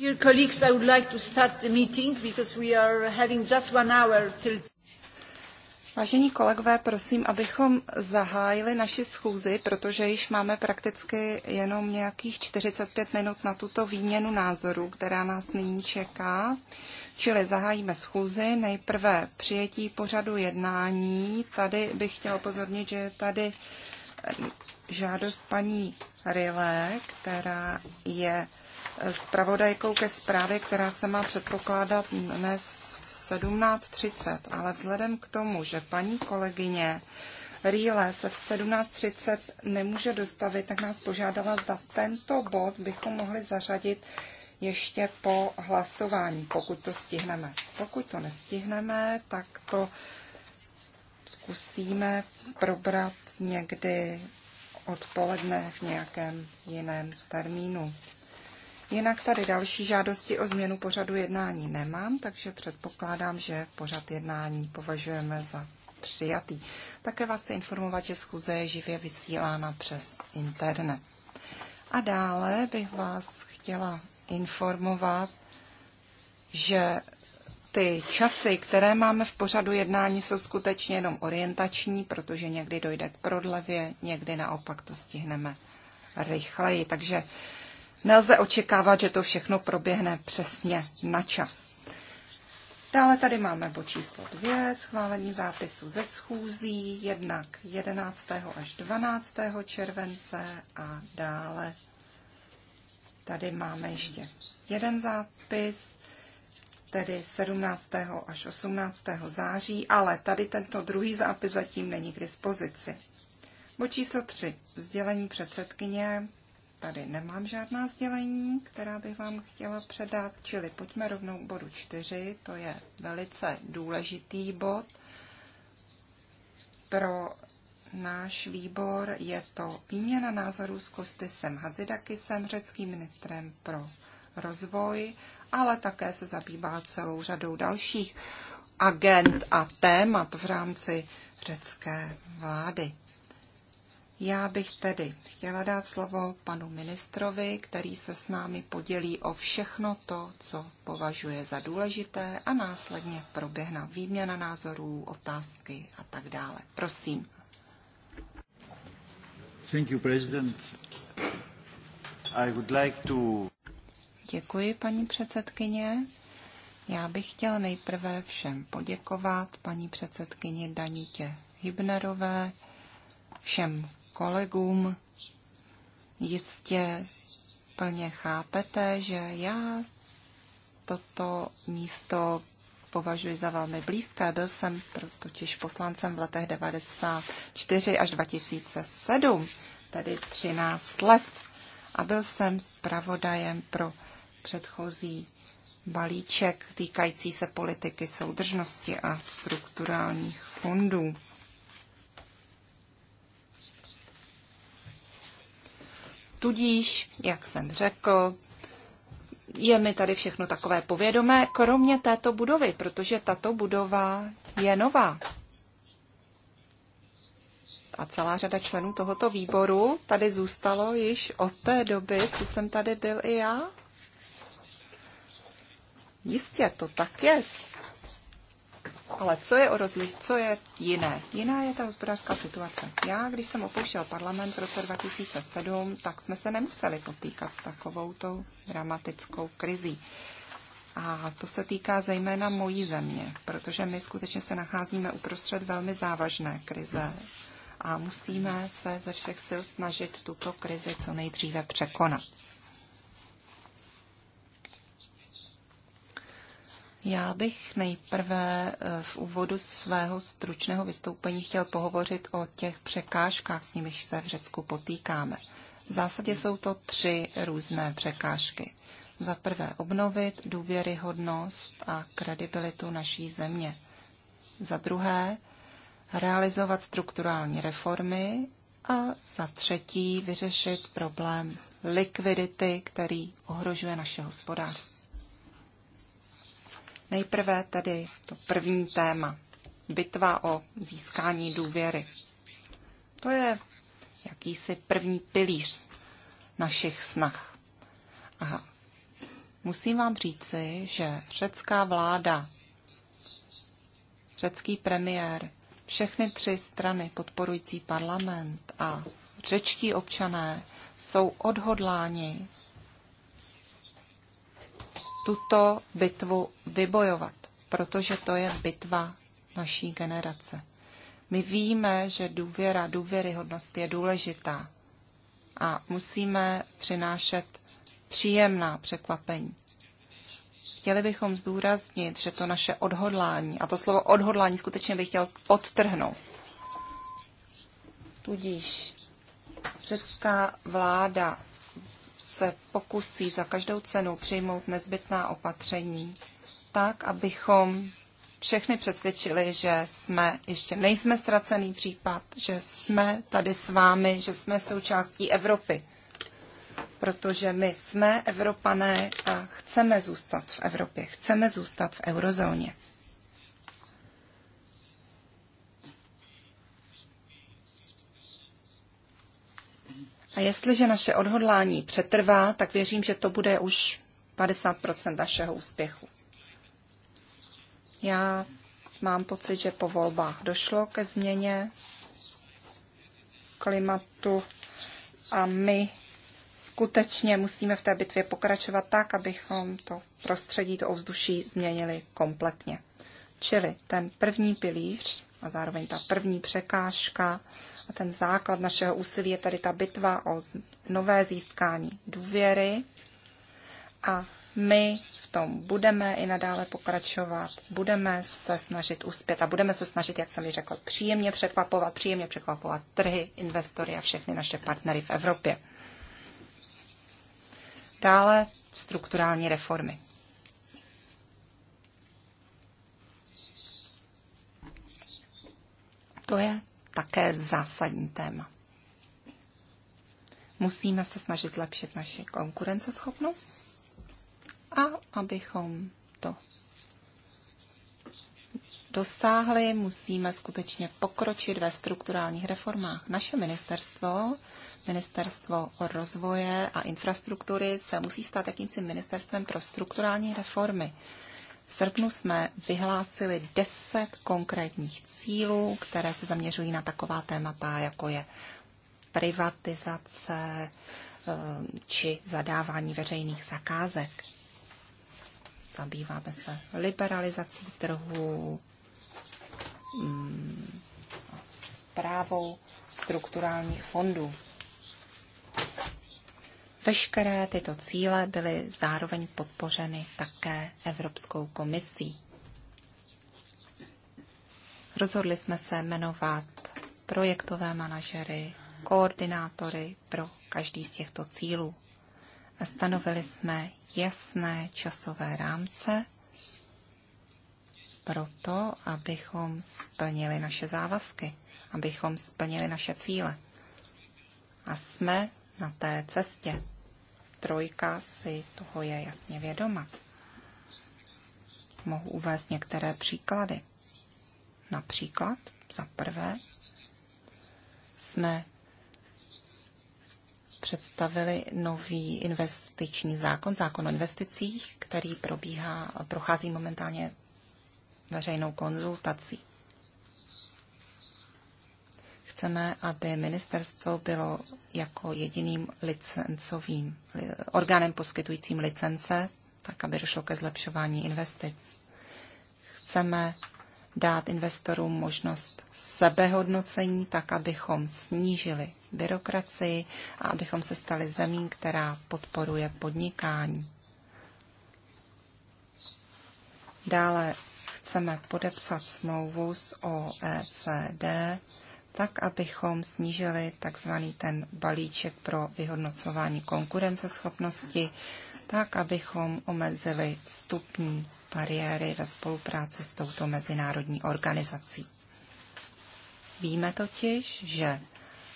Dear colleagues, I would like to start the meeting because we are having just one hour till Vážení kolegové, prosím, abychom zahájili naši schůzi, protože již máme prakticky jenom nějakých 45 minut na tuto výměnu názorů, která nás nyní čeká. Čili zahájíme schůzi. Nejprve přijetí pořadu jednání. Tady bych chtěla upozornit, že je tady eh, žádost paní Rile, která je zpravodajkou ke zprávě, která se má předpokládat dnes v 17.30, ale vzhledem k tomu, že paní kolegyně Rýle se v 17.30 nemůže dostavit, tak nás požádala, zda tento bod bychom mohli zařadit ještě po hlasování, pokud to stihneme. Pokud to nestihneme, tak to zkusíme probrat někdy odpoledne v nějakém jiném termínu. Jinak tady další žádosti o změnu pořadu jednání nemám, takže předpokládám, že pořad jednání považujeme za přijatý. Také vás chci informovat, že schůze je živě vysílána přes internet. A dále bych vás chtěla informovat, že ty časy, které máme v pořadu jednání, jsou skutečně jenom orientační, protože někdy dojde k prodlevě, někdy naopak to stihneme rychleji. Takže Nelze očekávat, že to všechno proběhne přesně na čas. Dále tady máme bod číslo 2, schválení zápisu ze schůzí, jednak 11. až 12. července a dále tady máme ještě jeden zápis, tedy 17. až 18. září, ale tady tento druhý zápis zatím není k dispozici. Bod číslo 3, sdělení předsedkyně tady nemám žádná sdělení, která bych vám chtěla předat, čili pojďme rovnou k bodu 4, to je velice důležitý bod. Pro náš výbor je to výměna názorů s Kostisem Hazidakisem, řeckým ministrem pro rozvoj, ale také se zabývá celou řadou dalších agent a témat v rámci řecké vlády. Já bych tedy chtěla dát slovo panu ministrovi, který se s námi podělí o všechno to, co považuje za důležité a následně proběhne výměna názorů, otázky a tak dále. Prosím. Thank you, President. I would like to... Děkuji, paní předsedkyně. Já bych chtěl nejprve všem poděkovat paní předsedkyni Danitě Hybnerové, všem kolegům. Jistě plně chápete, že já toto místo považuji za velmi blízké. Byl jsem totiž poslancem v letech 94 až 2007, tedy 13 let, a byl jsem zpravodajem pro předchozí balíček týkající se politiky soudržnosti a strukturálních fondů. Tudíž, jak jsem řekl, je mi tady všechno takové povědomé, kromě této budovy, protože tato budova je nová. A celá řada členů tohoto výboru tady zůstalo již od té doby, co jsem tady byl i já. Jistě, to tak je. Ale co je o rozliš, co je jiné? Jiná je ta hospodářská situace. Já, když jsem opouštěl parlament v roce 2007, tak jsme se nemuseli potýkat s takovou tou dramatickou krizí. A to se týká zejména mojí země, protože my skutečně se nacházíme uprostřed velmi závažné krize a musíme se ze všech sil snažit tuto krizi co nejdříve překonat. Já bych nejprve eh, v úvodu svého stručného vystoupení chtěl pohovořit o těch překážkách, s nimiž se v Řecku potýkáme. V zásadě jsou to tři různé překážky. Za prvé obnovit důvěryhodnost a kredibilitu naší země. Za druhé realizovat strukturální reformy a za třetí vyřešit problém likvidity, který ohrožuje naše hospodářství. Nejprve tedy to první téma. Bitva o získání důvěry. To je jakýsi první pilíř našich snah. Aha. musím vám říci, že řecká vláda, řecký premiér, všechny tři strany podporující parlament a řečtí občané jsou odhodláni tuto bitvu vybojovat, protože to je bitva naší generace. My víme, že důvěra, důvěryhodnost je důležitá a musíme přinášet příjemná překvapení. Chtěli bychom zdůraznit, že to naše odhodlání, a to slovo odhodlání skutečně bych chtěl odtrhnout. Tudíž řecká vláda se pokusí za každou cenu přijmout nezbytná opatření, tak, abychom všechny přesvědčili, že jsme ještě nejsme ztracený případ, že jsme tady s vámi, že jsme součástí Evropy. Protože my jsme Evropané a chceme zůstat v Evropě, chceme zůstat v eurozóně. A jestliže naše odhodlání přetrvá, tak věřím, že to bude už 50 našeho úspěchu. Já mám pocit, že po volbách došlo ke změně klimatu a my skutečně musíme v té bitvě pokračovat tak, abychom to prostředí, to ovzduší změnili kompletně. Čili ten první pilíř a zároveň ta první překážka a ten základ našeho úsilí je tady ta bitva o nové získání důvěry a my v tom budeme i nadále pokračovat, budeme se snažit uspět a budeme se snažit, jak jsem ji řekl, příjemně překvapovat, příjemně překvapovat trhy, investory a všechny naše partnery v Evropě. Dále strukturální reformy. To je také zásadní téma. Musíme se snažit zlepšit naši konkurenceschopnost a abychom to dosáhli, musíme skutečně pokročit ve strukturálních reformách. Naše ministerstvo, ministerstvo rozvoje a infrastruktury se musí stát jakýmsi ministerstvem pro strukturální reformy. V srpnu jsme vyhlásili 10 konkrétních cílů, které se zaměřují na taková témata, jako je privatizace eh, či zadávání veřejných zakázek. Zabýváme se liberalizací trhu, mm, právou strukturálních fondů. Veškeré tyto cíle byly zároveň podpořeny také Evropskou komisí. Rozhodli jsme se jmenovat projektové manažery, koordinátory pro každý z těchto cílů a stanovili jsme jasné časové rámce pro to, abychom splnili naše závazky, abychom splnili naše cíle. A jsme na té cestě trojka si toho je jasně vědoma. Mohu uvést některé příklady. Například, za prvé, jsme představili nový investiční zákon, zákon o investicích, který probíhá, prochází momentálně veřejnou konzultací chceme, aby ministerstvo bylo jako jediným licencovým orgánem poskytujícím licence, tak aby došlo ke zlepšování investic. Chceme dát investorům možnost sebehodnocení, tak abychom snížili byrokracii a abychom se stali zemí, která podporuje podnikání. Dále chceme podepsat smlouvu s OECD, tak abychom snížili takzvaný ten balíček pro vyhodnocování konkurenceschopnosti, tak abychom omezili vstupní bariéry ve spolupráci s touto mezinárodní organizací. Víme totiž, že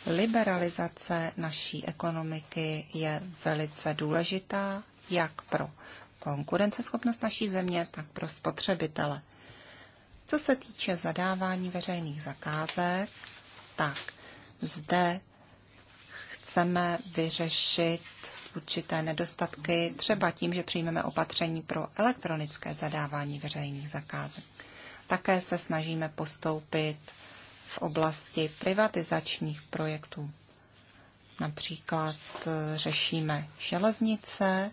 liberalizace naší ekonomiky je velice důležitá jak pro konkurenceschopnost naší země, tak pro spotřebitele. Co se týče zadávání veřejných zakázek, tak zde chceme vyřešit určité nedostatky, třeba tím, že přijmeme opatření pro elektronické zadávání veřejných zakázek. Také se snažíme postoupit v oblasti privatizačních projektů. Například e, řešíme železnice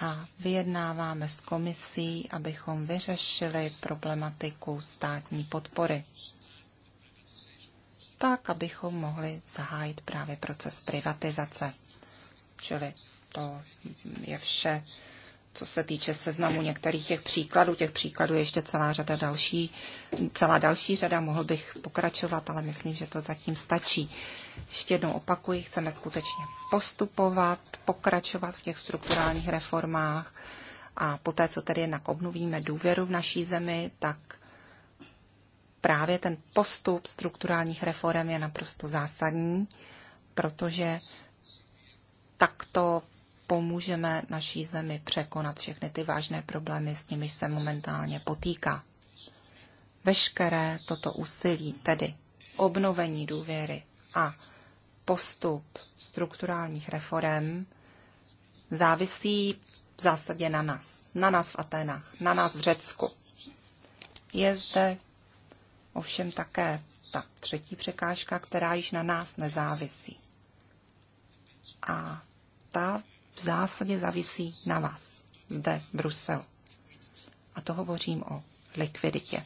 a vyjednáváme s komisí, abychom vyřešili problematiku státní podpory tak abychom mohli zahájit právě proces privatizace. Čili to je vše, co se týče seznamu některých těch příkladů. Těch příkladů je ještě celá řada další, celá další řada, mohl bych pokračovat, ale myslím, že to zatím stačí. Ještě jednou opakuji, chceme skutečně postupovat, pokračovat v těch strukturálních reformách a poté, co tedy jednak obnovíme důvěru v naší zemi, tak právě ten postup strukturálních reform je naprosto zásadní, protože takto pomůžeme naší zemi překonat všechny ty vážné problémy, s nimiž se momentálně potýká. Veškeré toto úsilí, tedy obnovení důvěry a postup strukturálních reform, závisí v zásadě na nás. Na nás v Atenách, na nás v Řecku. Je zde ovšem také ta třetí překážka, která již na nás nezávisí. A ta v zásadě závisí na vás, zde v Bruselu. A to hovořím o likviditě.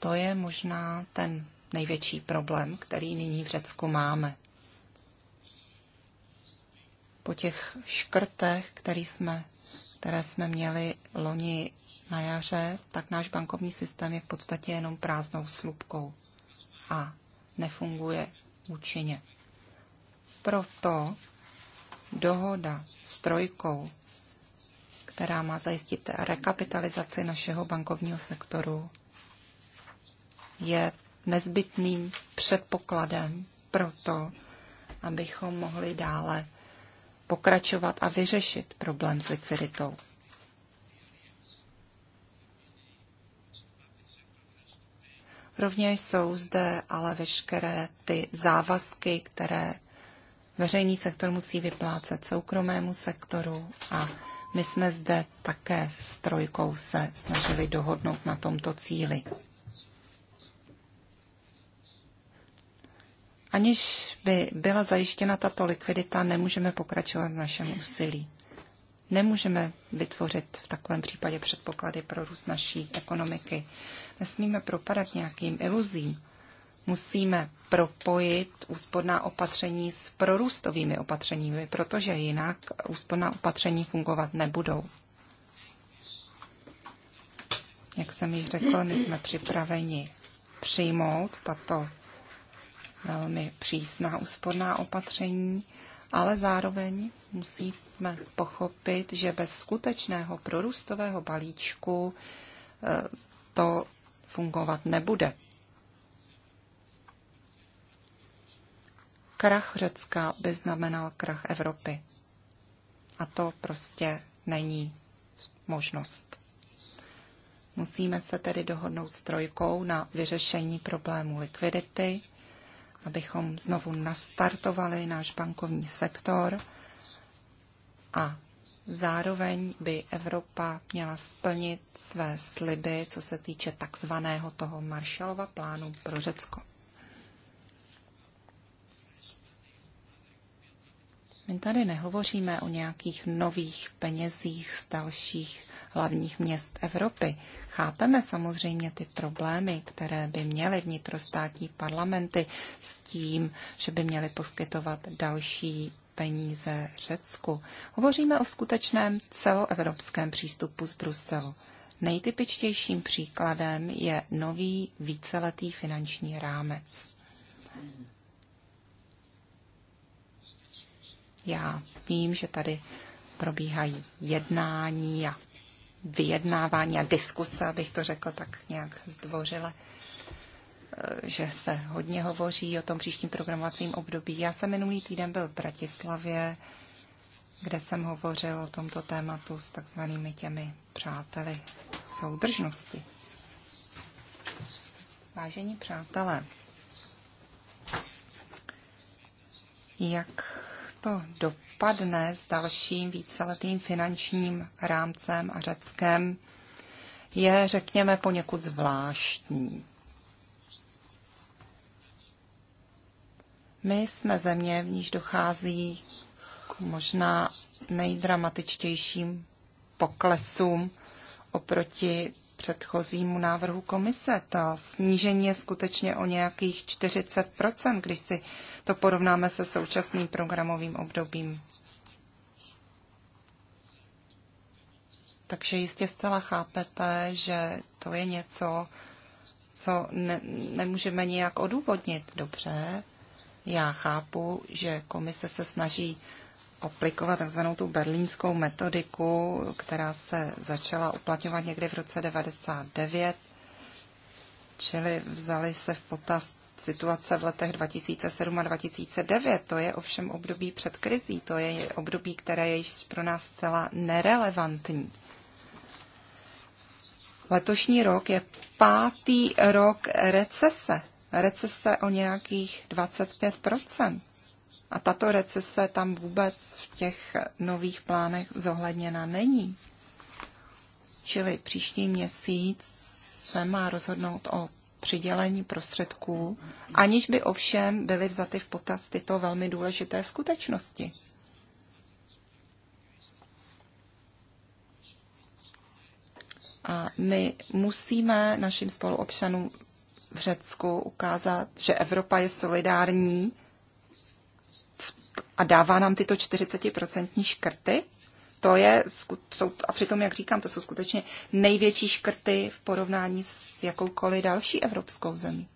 To je možná ten největší problém, který nyní v Řecku máme. Po těch škrtech, který jsme které jsme měli loni na jaře, tak náš bankovní systém je v podstatě jenom prázdnou slupkou a nefunguje účinně. Proto dohoda s trojkou, která má zajistit rekapitalizaci našeho bankovního sektoru, je nezbytným předpokladem pro to, abychom mohli dále pokračovat a vyřešit problém s likviditou. Rovněž jsou zde ale veškeré ty závazky, které veřejný sektor musí vyplácet soukromému sektoru a my jsme zde také s trojkou se snažili dohodnout na tomto cíli. Aniž by byla zajištěna tato likvidita, nemůžeme pokračovat v našem úsilí. Nemůžeme vytvořit v takovém případě předpoklady pro růst naší ekonomiky. Nesmíme propadat nějakým iluzím. Musíme propojit úsporná opatření s prorůstovými opatřeními, protože jinak úsporná opatření fungovat nebudou. Jak jsem již řekla, my jsme připraveni přijmout tato velmi přísná úsporná opatření, ale zároveň musíme pochopit, že bez skutečného prorůstového balíčku eh, to fungovat nebude. Krach Řecka by znamenal krach Evropy. A to prostě není možnost. Musíme se tedy dohodnout s trojkou na vyřešení problému likvidity, abychom znovu nastartovali náš bankovní sektor a zároveň by Evropa měla splnit své sliby, co se týče takzvaného toho Marshallova plánu pro Řecko. My tady nehovoříme o nějakých nových penězích z dalších hlavních měst Evropy. Chápeme samozřejmě ty problémy, které by měly vnitrostátní parlamenty s tím, že by měly poskytovat další peníze Řecku. Hovoříme o skutečném celoevropském přístupu z Bruselu. Nejtypičtějším příkladem je nový víceletý finanční rámec. Já vím, že tady probíhají jednání a vyjednávání a diskuse, abych to řekl tak nějak zdvořile, eh, že se hodně hovoří o tom příštím programovacím období. Já jsem minulý týden byl v Bratislavě, kde jsem hovořil o tomto tématu s takzvanými těmi přáteli soudržnosti. Vážení přátelé, jak to dopadne s dalším víceletým finančním rámcem a Řeckem, je, řekněme, poněkud zvláštní. My jsme země, v níž dochází k možná nejdramatičtějším poklesům oproti předchozímu návrhu komise. Ta snížení je skutečně o nějakých 40%, když si to porovnáme se současným programovým obdobím. Takže jistě zcela chápete, že to je něco, co ne, nemůžeme nijak odůvodnit. Dobře, já chápu, že komise se snaží aplikovat takzvanou tu berlínskou metodiku, která se začala uplatňovat někdy v roce 99, čili vzali se v potaz situace v letech 2007 a 2009. To je ovšem období před krizí, to je období, které je již pro nás zcela nerelevantní. Letošní rok je pátý rok recese. Recese o nějakých 25 a tato recese tam vůbec v těch nových plánech zohledněna není. Čili příští měsíc se má rozhodnout o přidělení prostředků, aniž by ovšem byly vzaty v potaz tyto velmi důležité skutečnosti. A my musíme našim spoluobčanům v Řecku ukázat, že Evropa je solidární a dává nám tyto 40% škrty. To je, jsou, a přitom, jak říkám, to jsou skutečně největší škrty v porovnání s jakoukoliv další evropskou zemí.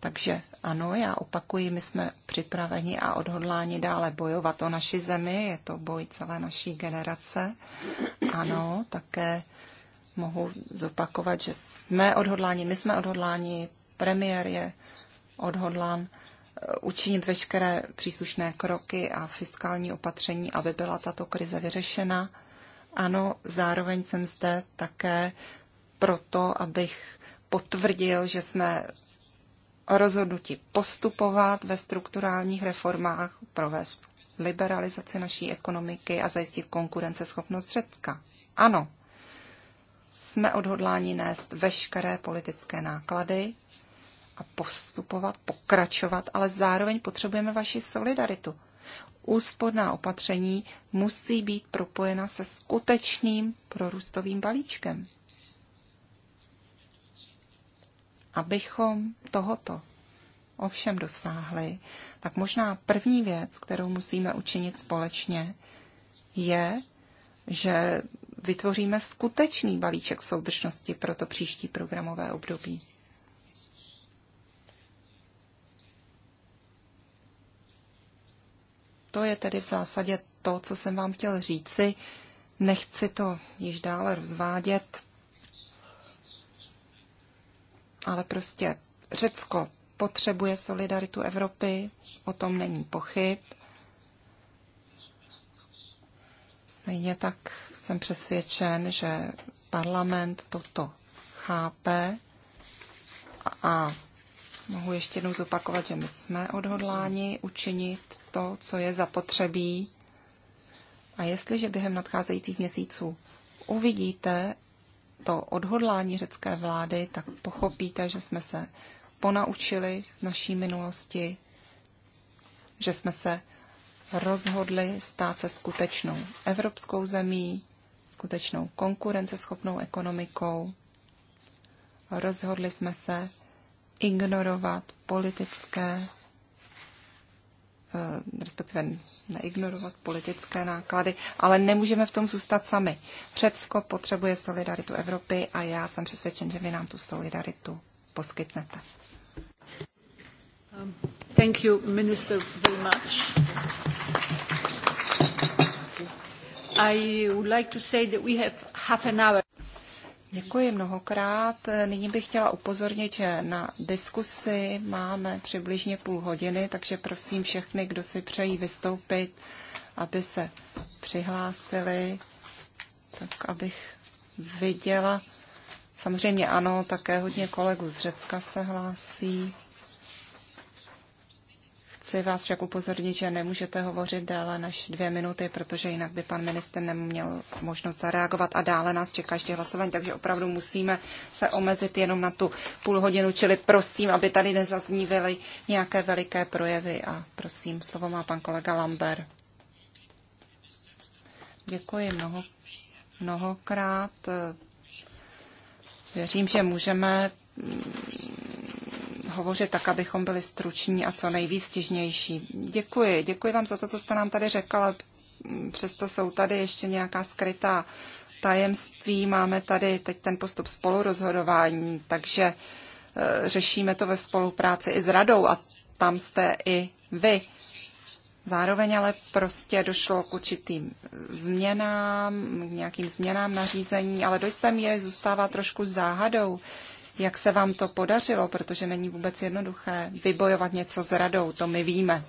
Takže ano, já opakuji, my jsme připraveni a odhodláni dále bojovat o naši zemi, je to boj celé naší generace. Ano, také mohu zopakovat, že jsme odhodláni, my jsme odhodláni, premiér je odhodlán učinit veškeré příslušné kroky a fiskální opatření, aby byla tato krize vyřešena. Ano, zároveň jsem zde také proto, abych potvrdil, že jsme rozhodnuti postupovat ve strukturálních reformách, provést liberalizaci naší ekonomiky a zajistit konkurenceschopnost řetka. Ano, jsme odhodláni nést veškeré politické náklady, a postupovat, pokračovat, ale zároveň potřebujeme vaši solidaritu. Úsporná opatření musí být propojena se skutečným prorůstovým balíčkem. Abychom tohoto ovšem dosáhli, tak možná první věc, kterou musíme učinit společně, je, že vytvoříme skutečný balíček soudržnosti pro to příští programové období. To je tedy v zásadě to, co jsem vám chtěl říci. Nechci to již dále rozvádět, ale prostě Řecko potřebuje solidaritu Evropy, o tom není pochyb. Stejně tak jsem přesvědčen, že parlament toto chápe a mohu ještě jednou zopakovat, že my jsme odhodláni učinit to, co je zapotřebí. A jestliže během nadcházejících měsíců uvidíte to odhodlání řecké vlády, tak pochopíte, že jsme se ponaučili v naší minulosti, že jsme se rozhodli stát se skutečnou evropskou zemí, skutečnou konkurenceschopnou ekonomikou. Rozhodli jsme se ignorovat politické eh, respektive neignorovat politické náklady, ale nemůžeme v tom zůstat sami. Řecko potřebuje solidaritu Evropy a já jsem přesvědčen, že vy nám tu solidaritu poskytnete. Um, thank you, Minister, very much. I would like to say that we have half an hour. Děkuji mnohokrát. Nyní bych chtěla upozornit, že na diskusi máme přibližně půl hodiny, takže prosím všechny, kdo si přejí vystoupit, aby se přihlásili, tak abych viděla. Samozřejmě ano, také hodně kolegů z Řecka se hlásí. Chci vás však upozornit, že nemůžete hovořit déle než dvě minuty, protože jinak by pan minister neměl možnost zareagovat a dále nás čeká ještě hlasování, takže opravdu musíme se omezit jenom na tu půl hodinu, čili prosím, aby tady nezaznívily nějaké veliké projevy a prosím, slovo má pan kolega Lambert. Děkuji mnoho, mnohokrát. Věřím, že můžeme hovořit tak, abychom byli struční a co nejvýstižnější. Děkuji, děkuji vám za to, co jste nám tady řekla. Přesto jsou tady ještě nějaká skrytá tajemství. Máme tady teď ten postup spolurozhodování, takže e, řešíme to ve spolupráci i s radou a tam jste i vy. Zároveň ale prostě došlo k určitým změnám, nějakým změnám nařízení, ale do jisté míry zůstává trošku záhadou, jak se vám to podařilo, protože není vůbec jednoduché vybojovat něco s radou, to my víme.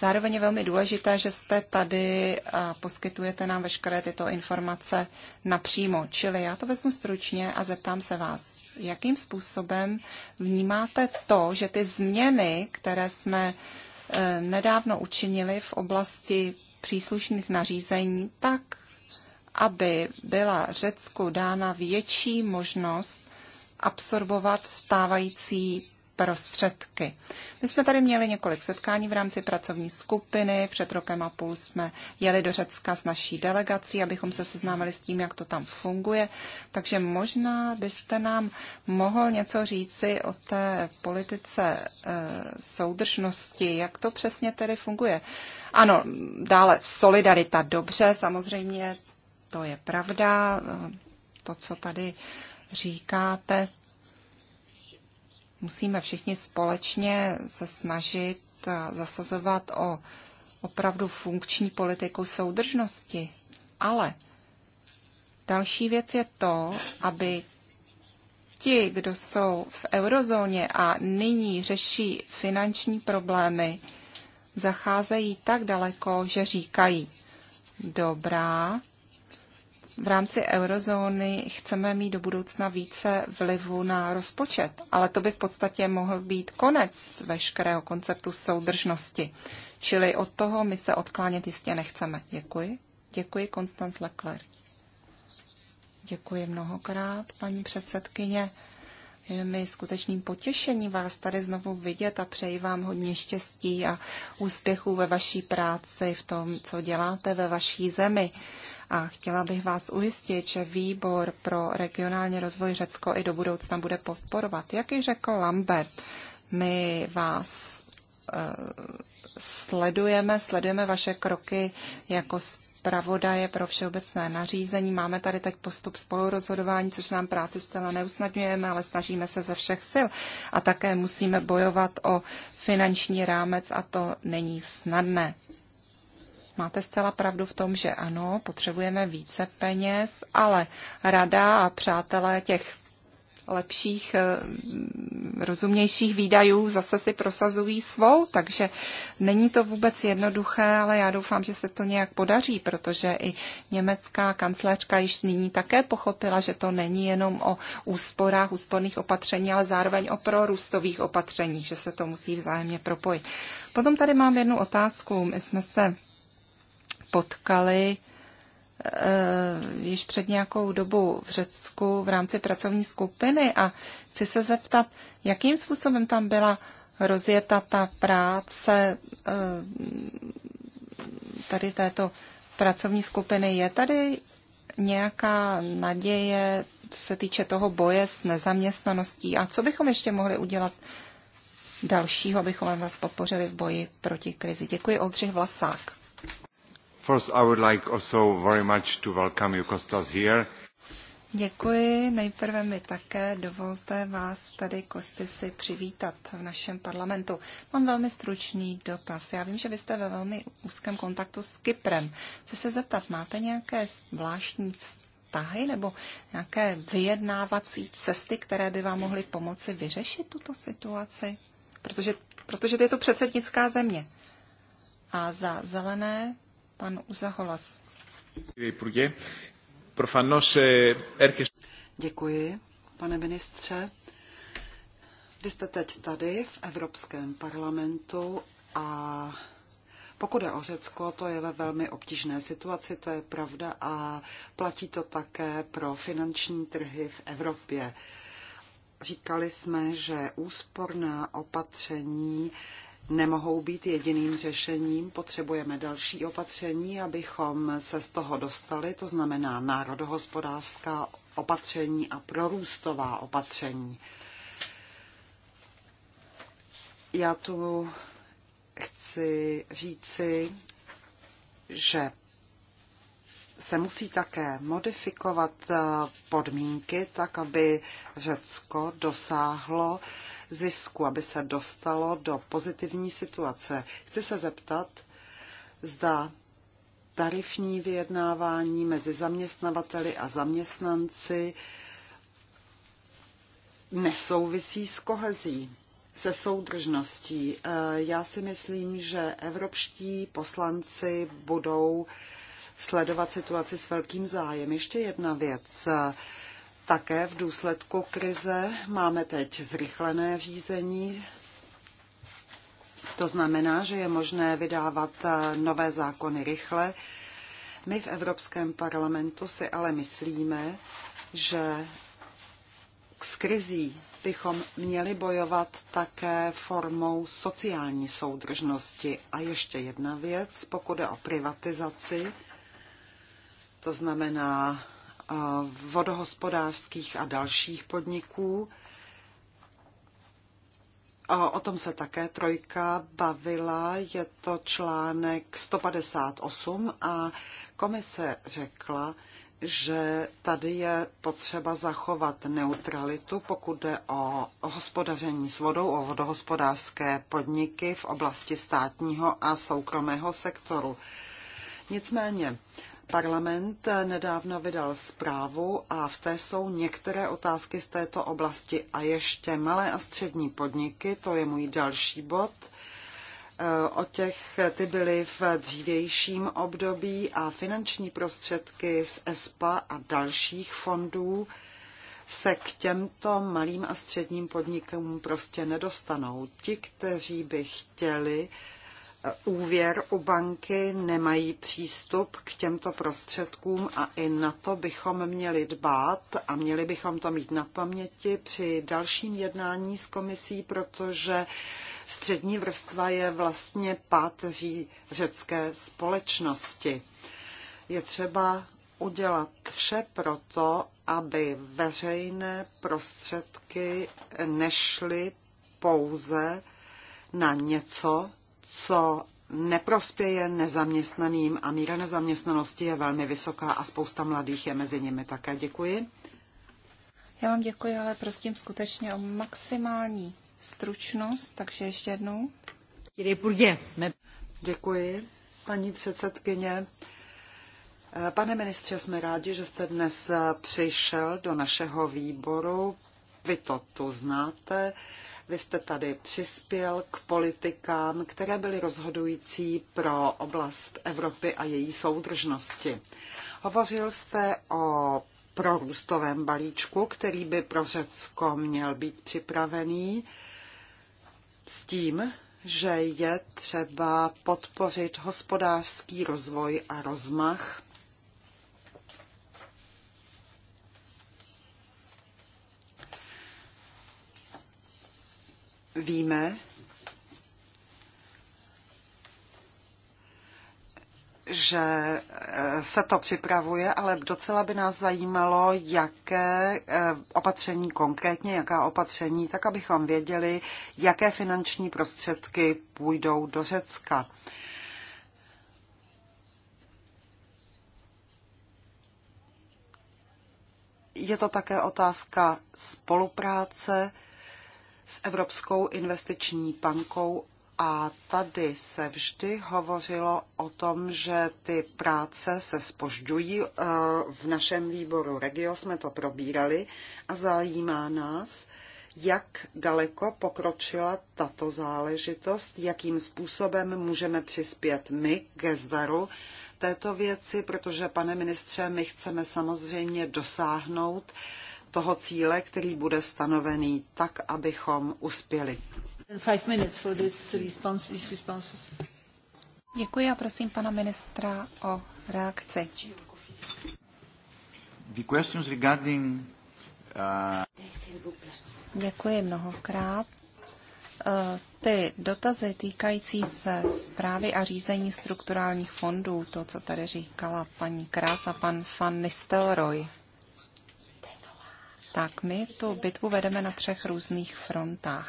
Zároveň je velmi důležité, že jste tady a poskytujete nám veškeré tyto informace napřímo. Čili já to vezmu stručně a zeptám se vás, jakým způsobem vnímáte to, že ty změny, které jsme e, nedávno učinili v oblasti příslušných nařízení, tak aby byla Řecku dána větší možnost absorbovat stávající prostředky. My jsme tady měli několik setkání v rámci pracovní skupiny. Před rokem a půl jsme jeli do Řecka s naší delegací, abychom se seznámili s tím, jak to tam funguje. Takže možná byste nám mohl něco říci o té politice e, soudržnosti, jak to přesně tedy funguje. Ano, dále solidarita, dobře, samozřejmě to je pravda, eh, to, co tady říkáte. Musíme všichni společně se snažit eh, zasazovat o opravdu funkční politiku soudržnosti. Ale další věc je to, aby ti, kdo jsou v eurozóně a nyní řeší finanční problémy, zacházejí tak daleko, že říkají, dobrá, v rámci eurozóny chceme mít do budoucna více vlivu na rozpočet, ale to by v podstatě mohl být konec veškerého konceptu soudržnosti. Čili od toho my se odklánět jistě nechceme. Děkuji. Děkuji, Konstanc Leclerc. Děkuji mnohokrát, paní předsedkyně. Je mi skutečným potěšením vás tady znovu vidět a přeji vám hodně štěstí a úspěchů ve vaší práci, v tom, co děláte ve vaší zemi. A chtěla bych vás ujistit, že výbor pro regionální rozvoj Řecko i do budoucna bude podporovat. Jak ji řekl Lambert, my vás eh, sledujeme, sledujeme vaše kroky jako zpravodaje pro všeobecné nařízení. Máme tady teď postup spolurozhodování, což nám práci zcela neusnadňujeme, ale snažíme se ze všech sil. A také musíme bojovat o finanční rámec a to není snadné. Máte zcela pravdu v tom, že ano, potřebujeme více peněz, ale rada a přátelé těch lepších, eh, rozumnějších výdajů zase si prosazují svou, takže není to vůbec jednoduché, ale já doufám, že se to nějak podaří, protože i německá kancléřka již nyní také pochopila, že to není jenom o úsporách, úsporných opatření, ale zároveň o prorůstových opatřeních, že se to musí vzájemně propojit. Potom tady mám jednu otázku. My jsme se potkali Eh, již před nějakou dobu v Řecku v rámci pracovní skupiny a chci se zeptat, jakým způsobem tam byla rozjeta ta práce eh, tady této pracovní skupiny. Je tady nějaká naděje, co se týče toho boje s nezaměstnaností? A co bychom ještě mohli udělat dalšího, abychom vás podpořili v boji proti krizi? Děkuji, Oldřich Vlasák. First, I would like also very much to welcome you, Kostas, here. Děkuji. Nejprve mi také dovolte vás tady, Kosty, si přivítat v našem parlamentu. Mám velmi stručný dotaz. Já vím, že vy jste ve velmi úzkém kontaktu s Kyprem. Chci se zeptat, máte nějaké zvláštní vztahy nebo nějaké vyjednávací cesty, které by vám mohly pomoci vyřešit tuto situaci? Protože, protože to je to předsednická země. A za zelené Pan Uzaholas. Eh, Děkuji, pane ministře. Vy jste teď tady v Evropském parlamentu a pokud je o Řecko, to je ve velmi obtížné situaci, to je pravda a platí to také pro finanční trhy v Evropě. Říkali jsme, že úsporná opatření nemohou být jediným řešením. Potřebujeme další opatření, abychom se z toho dostali, to znamená národohospodářská opatření a prorůstová opatření. Já tu chci říci, že se musí také modifikovat eh, podmínky tak, aby Řecko dosáhlo uh, zisku, aby se dostalo do pozitivní situace. Chci se zeptat, zda tarifní vyjednávání mezi zaměstnavateli a zaměstnanci nesouvisí s kohezí, se soudržností. E, já si myslím, že evropští poslanci budou sledovat situaci s velkým zájem. Ještě jedna věc. Také v důsledku krize máme teď zrychlené řízení. To znamená, že je možné vydávat eh, nové zákony rychle. My v Evropském parlamentu si ale myslíme, že s krizí bychom měli bojovat také formou sociální soudržnosti. A ještě jedna věc, pokud je o privatizaci, to znamená vodohospodářských a dalších podniků. O tom se také trojka bavila, je to článek 158 a komise řekla, že tady je potřeba zachovat neutralitu, pokud jde o hospodaření s vodou, o vodohospodářské podniky v oblasti státního a soukromého sektoru. Nicméně Parlament nedávno vydal zprávu a v té jsou některé otázky z této oblasti a ještě malé a střední podniky, to je můj další bod. O těch ty byly v dřívějším období a finanční prostředky z ESPA a dalších fondů se k těmto malým a středním podnikům prostě nedostanou. Ti, kteří by chtěli, úvěr u banky, nemají přístup k těmto prostředkům a i na to bychom měli dbát a měli bychom to mít na paměti při dalším jednání s komisí, protože střední vrstva je vlastně páteří řecké společnosti. Je třeba udělat vše proto, aby veřejné prostředky nešly pouze na něco, co neprospěje nezaměstnaným a míra nezaměstnanosti je velmi vysoká a spousta mladých je mezi nimi také. Děkuji. Já vám děkuji, ale prosím skutečně o maximální stručnost, takže ještě jednou. Děkuji, paní předsedkyně. Pane ministře, jsme rádi, že jste dnes přišel do našeho výboru. Vy to tu znáte. Vy jste tady přispěl k politikám, které byly rozhodující pro oblast Evropy a její soudržnosti. Hovořil jste o prorůstovém balíčku, který by pro Řecko měl být připravený s tím, že je třeba podpořit hospodářský rozvoj a rozmach víme, že eh, se to připravuje, ale docela by nás zajímalo, jaké eh, opatření konkrétně, jaká opatření, tak abychom věděli, jaké finanční prostředky půjdou do Řecka. Je to také otázka spolupráce s Evropskou investiční bankou a tady se vždy hovořilo o tom, že ty práce se spožďují. Eh, v našem výboru Regio jsme to probírali a zajímá nás, jak daleko pokročila tato záležitost, jakým způsobem můžeme přispět my ke zdaru této věci, protože, pane ministře, my chceme samozřejmě dosáhnout toho cíle, který bude stanovený tak, abychom uspěli. Děkuji a prosím pana ministra o reakci. The questions regarding, uh, Děkuji mnohokrát. Eh, ty dotazy týkající se zprávy a řízení strukturálních fondů, to, co tady říkala paní Krás a pan Van Nistelrooy, tak my tu bitvu vedeme na třech různých frontách.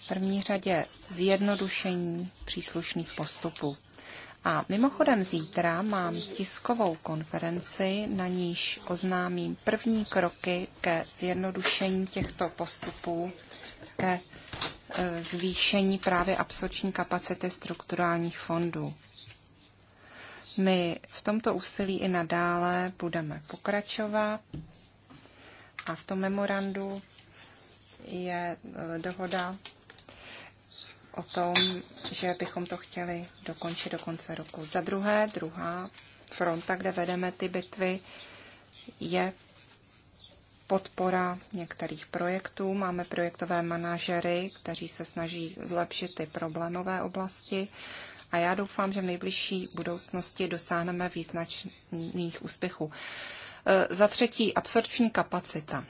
V první řadě zjednodušení příslušných postupů. A mimochodem zítra mám tiskovou konferenci, na níž oznámím první kroky ke zjednodušení těchto postupů, ke e, zvýšení právě absorční kapacity strukturálních fondů. My v tomto úsilí i nadále budeme pokračovat a v tom memorandu je e, dohoda o tom, že bychom to chtěli dokončit do konce roku. Za druhé, druhá fronta, kde vedeme ty bitvy, je podpora některých projektů. Máme projektové manažery, kteří se snaží zlepšit ty problémové oblasti. A já doufám, že v nejbližší budoucnosti dosáhneme význačných úspěchů. Eh, za třetí, absorpční kapacita.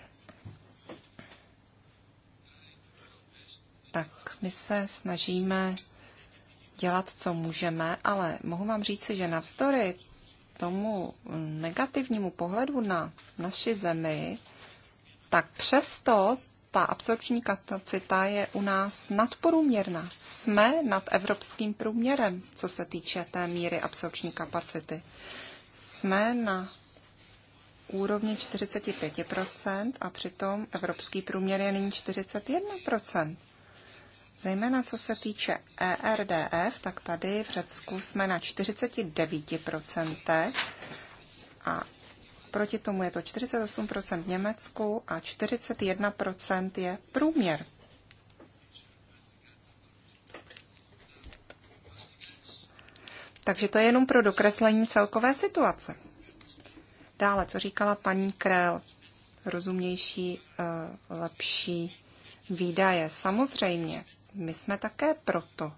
Tak my se snažíme dělat, co můžeme, ale mohu vám říci, že navzdory tomu negativnímu pohledu na naši zemi, tak přesto ta absorpční kapacita je u nás nadprůměrná. Jsme nad evropským průměrem, co se týče té míry absorpční kapacity. Jsme na úrovni 45% a přitom evropský průměr je nyní 41%. Zejména co se týče ERDF, tak tady v Řecku jsme na 49% a proti tomu je to 48% v Německu a 41% je průměr. Takže to je jenom pro dokreslení celkové situace. Dále, co říkala paní Krell, rozumnější, eh, lepší výdaje. Samozřejmě, my jsme také proto.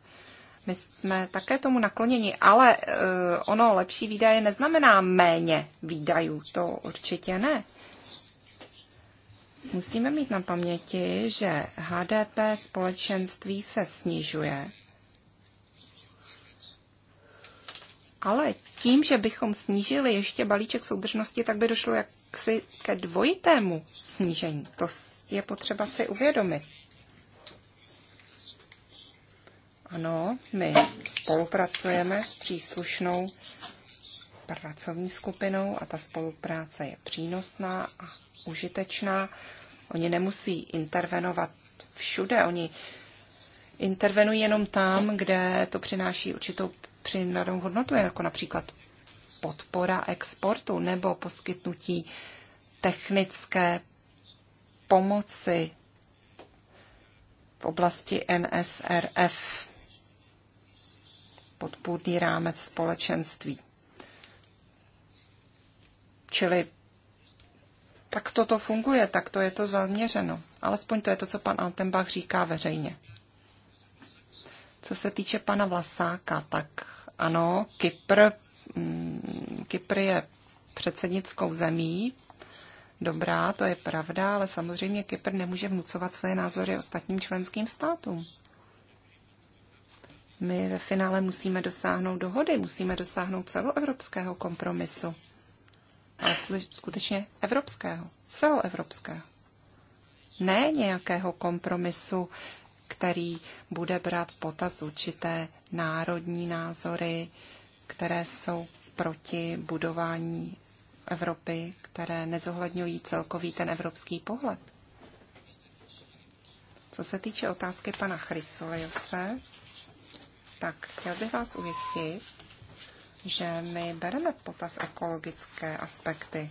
My jsme také tomu nakloněni, ale eh, ono lepší výdaje neznamená méně výdajů, to určitě ne. Musíme mít na paměti, že HDP společenství se snižuje Ale tím, že bychom snížili ještě balíček soudržnosti, tak by došlo jaksi ke dvojitému snížení. To je potřeba si uvědomit. Ano, my spolupracujeme s příslušnou pracovní skupinou a ta spolupráce je přínosná a užitečná. Oni nemusí intervenovat všude, oni intervenují jenom tam, kde to přináší určitou přidanou hodnotu, jako například podpora exportu nebo poskytnutí technické pomoci v oblasti NSRF, podpůrný rámec společenství. Čili tak toto funguje, tak to je to zaměřeno. Alespoň to je to, co pan Altenbach říká veřejně. Co se týče pana Vlasáka, tak ano, Kypr, mm, Kypr je předsednickou zemí. Dobrá, to je pravda, ale samozřejmě Kypr nemůže vnucovat své názory ostatním členským státům. My ve finále musíme dosáhnout dohody, musíme dosáhnout celoevropského kompromisu. Ale skutečně evropského, celoevropského. Ne nějakého kompromisu, který bude brát v potaz určité národní názory, které jsou proti budování Evropy, které nezohledňují celkový ten evropský pohled. Co se týče otázky pana Chrysoliose, tak chtěl bych vás ujistit, že my bereme v potaz ekologické aspekty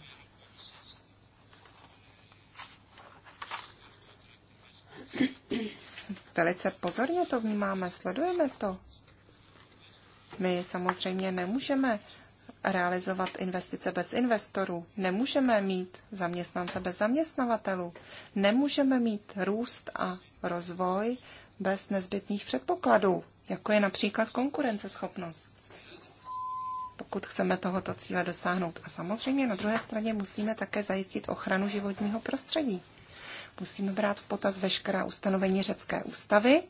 velice pozorně to vnímáme, sledujeme to. My samozřejmě nemůžeme realizovat investice bez investorů, nemůžeme mít zaměstnance bez zaměstnavatelů, nemůžeme mít růst a rozvoj bez nezbytných předpokladů, jako je například konkurenceschopnost. Pokud chceme tohoto cíle dosáhnout. A samozřejmě na druhé straně musíme také zajistit ochranu životního prostředí musíme brát v potaz veškerá ustanovení řecké ústavy.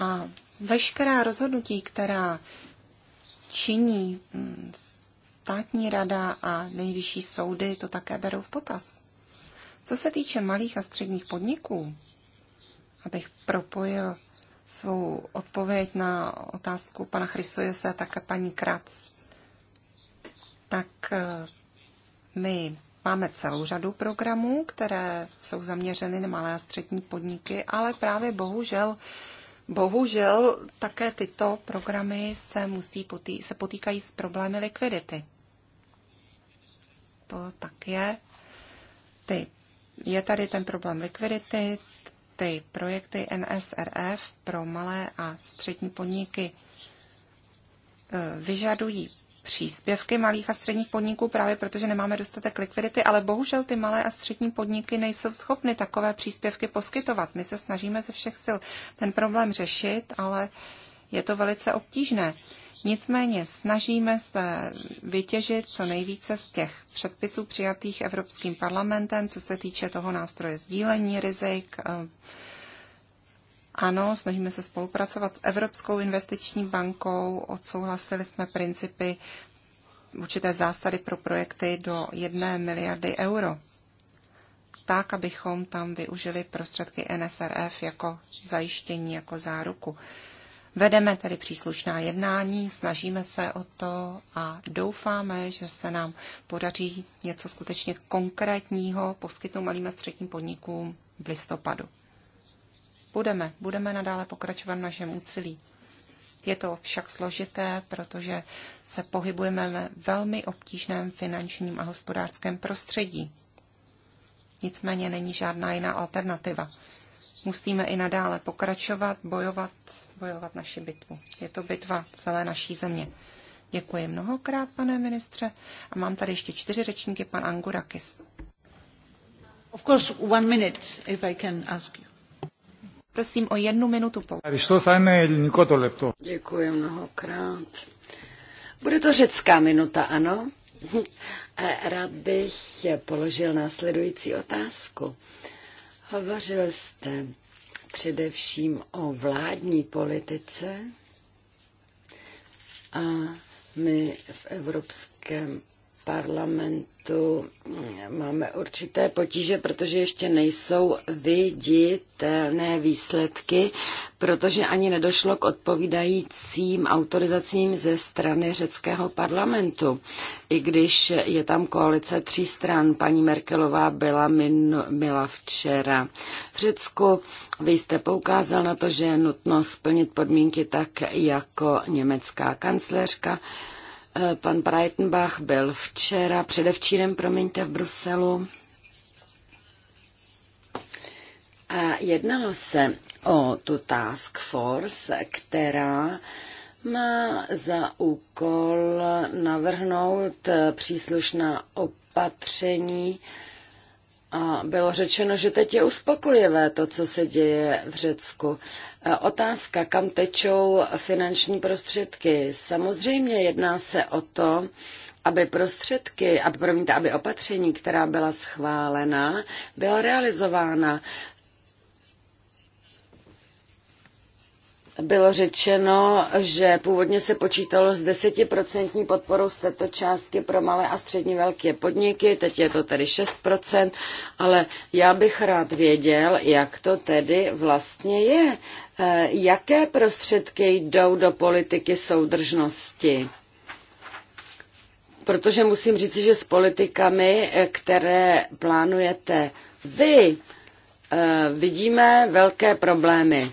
A veškerá rozhodnutí, která činí mm, státní rada a nejvyšší soudy, to také berou v potaz. Co se týče malých a středních podniků, abych propojil svou odpověď na otázku pana Chrysojese a také paní Krac, tak eh, my Máme celou řadu programů, které jsou zaměřeny na malé a střední podniky, ale právě bohužel Bohužel také tyto programy se, musí potý, se potýkají s problémy likvidity. To tak je. Ty, je tady ten problém likvidity, ty projekty NSRF pro malé a střední podniky e, vyžadují příspěvky malých a středních podniků právě protože nemáme dostatek likvidity, ale bohužel ty malé a střední podniky nejsou schopny takové příspěvky poskytovat. My se snažíme ze všech sil ten problém řešit, ale je to velice obtížné. Nicméně snažíme se vytěžit co nejvíce z těch předpisů přijatých Evropským parlamentem, co se týče toho nástroje sdílení rizik, eh, ano, snažíme se spolupracovat s Evropskou investiční bankou, odsouhlasili jsme principy určité zásady pro projekty do jedné miliardy euro, tak, abychom tam využili prostředky NSRF jako zajištění, jako záruku. Vedeme tedy příslušná jednání, snažíme se o to a doufáme, že se nám podaří něco skutečně konkrétního poskytnout malým a středním podnikům v listopadu budeme. Budeme nadále pokračovat v našem úsilí. Je to však složité, protože se pohybujeme ve velmi obtížném finančním a hospodářském prostředí. Nicméně není žádná jiná alternativa. Musíme i nadále pokračovat, bojovat, bojovat naši bitvu. Je to bitva celé naší země. Děkuji mnohokrát, pane ministře. A mám tady ještě čtyři řečníky, pan Angurakis. Of course, one minute, if I can ask you. Prosím o jednu minutu. Děkuji mnohokrát. Bude to řecká minuta, ano? Rád bych položil následující otázku. Hovořil jste především o vládní politice a my v Evropském parlamentu máme určité potíže, protože ještě nejsou viditelné výsledky, protože ani nedošlo k odpovídajícím autorizacím ze strany řeckého parlamentu. I když je tam koalice tří stran, paní Merkelová byla min, byla včera v Řecku. Vy jste poukázal na to, že je nutno splnit podmínky tak jako německá kancléřka. Eh, pan Breitenbach byl včera, předevčírem, promiňte, v Bruselu. A jednalo se o tu task force, která má za úkol navrhnout eh, příslušná opatření, a bylo řečeno, že teď je uspokojivé to, co se děje v Řecku. E, otázka, kam tečou finanční prostředky. Samozřejmě jedná se o to, aby prostředky, a promiňte, aby opatření, která byla schválena, byla realizována. bylo řečeno, že původně se počítalo s desetiprocentní podporou z této částky pro malé a středně velké podniky, teď je to tedy 6%, ale já bych rád věděl, jak to tedy vlastně je. Eh, jaké prostředky jdou do politiky soudržnosti? Protože musím říci, že s politikami, eh, které plánujete vy, eh, vidíme velké problémy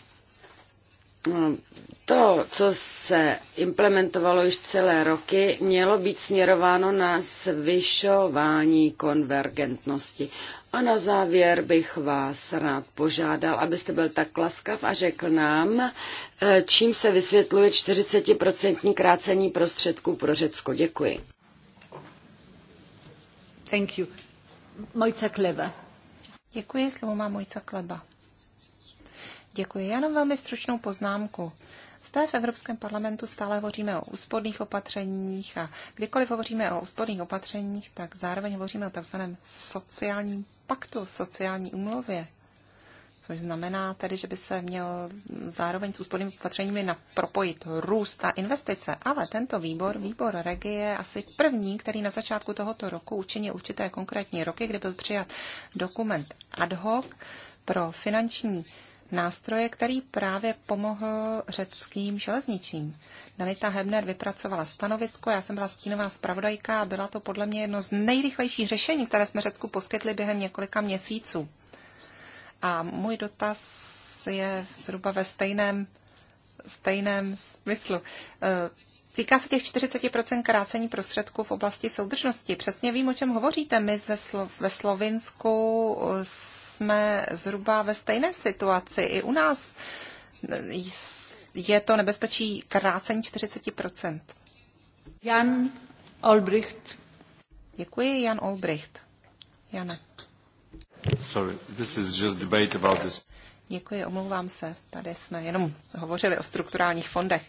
to, co se implementovalo již celé roky, mělo být směrováno na zvyšování konvergentnosti. A na závěr bych vás rád požádal, abyste byl tak laskav a řekl nám, eh, čím se vysvětluje 40% krácení prostředků pro Řecko. Děkuji. Thank you. Mojca Kleba. Děkuji, slovo má Mojca Kleba. Děkuji. Já jenom velmi stručnou poznámku. Zde v Evropském parlamentu stále hovoříme o úsporných opatřeních a kdykoliv hovoříme o úsporných opatřeních, tak zároveň hovoříme o tzv. sociálním paktu, sociální umluvě, což znamená tedy, že by se měl zároveň s úspornými opatřeními propojit růst a investice. Ale tento výbor, výbor regie, je asi první, který na začátku tohoto roku učinil určité konkrétní roky, kdy byl přijat dokument ad hoc pro finanční nástroje, který právě pomohl řeckým železničím. Danita Hebner vypracovala stanovisko, já jsem byla stínová zpravodajka a byla to podle mě jedno z nejrychlejších řešení, které jsme Řecku poskytli během několika měsíců. A můj dotaz je zhruba ve stejném, stejném smyslu. E, týká se těch 40% krácení prostředků v oblasti soudržnosti. Přesně vím, o čem hovoříte. My ze Slo- ve Slovinsku s jsme zhruba ve stejné situaci. I u nás je to nebezpečí krácení 40%. Jan Olbricht. Děkuji, Jan Olbricht. Jana. Sorry, this is just debate about this. Děkuji, omlouvám se. Tady jsme jenom hovořili o strukturálních fondech.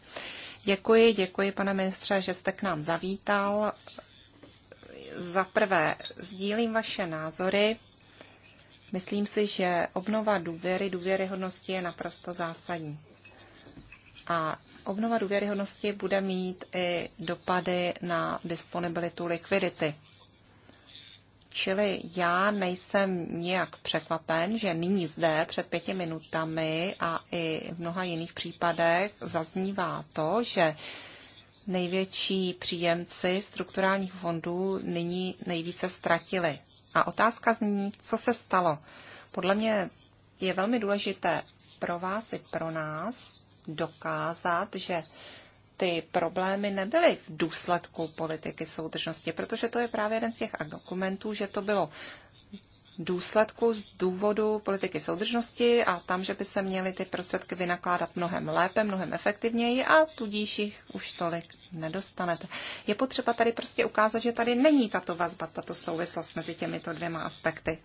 Děkuji, děkuji, pane ministře, že jste k nám zavítal. Za prvé, sdílím vaše názory. Myslím si, že obnova důvěry, důvěryhodnosti je naprosto zásadní. A obnova důvěryhodnosti bude mít i dopady na disponibilitu likvidity. Čili já nejsem nijak překvapen, že nyní zde před pěti minutami a i v mnoha jiných případech zaznívá to, že největší příjemci strukturálních fondů nyní nejvíce ztratili a otázka zní, co se stalo. Podle mě je velmi důležité pro vás i pro nás dokázat, že ty problémy nebyly v důsledku politiky soudržnosti, protože to je právě jeden z těch argumentů, že to bylo důsledku z důvodu politiky soudržnosti a tam, že by se měly ty prostředky vynakládat mnohem lépe, mnohem efektivněji a tudíž jich už tolik nedostanete. Je potřeba tady prostě ukázat, že tady není tato vazba, tato souvislost mezi těmito dvěma aspekty.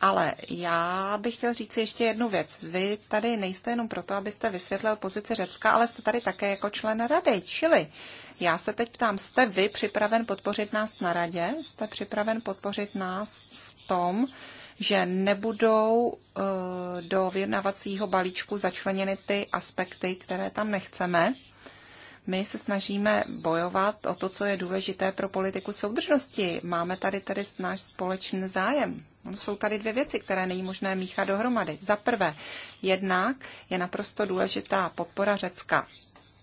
Ale já bych chtěl říct ještě jednu věc. Vy tady nejste jenom proto, abyste vysvětlil pozici Řecka, ale jste tady také jako člen rady. Čili já se teď ptám, jste vy připraven podpořit nás na radě? Jste připraven podpořit nás v tom, že nebudou eh, do vyjednavacího balíčku začleněny ty aspekty, které tam nechceme. My se snažíme bojovat o to, co je důležité pro politiku soudržnosti. Máme tady tedy náš společný zájem. No, jsou tady dvě věci, které není možné míchat dohromady. Za prvé, jednak je naprosto důležitá podpora Řecka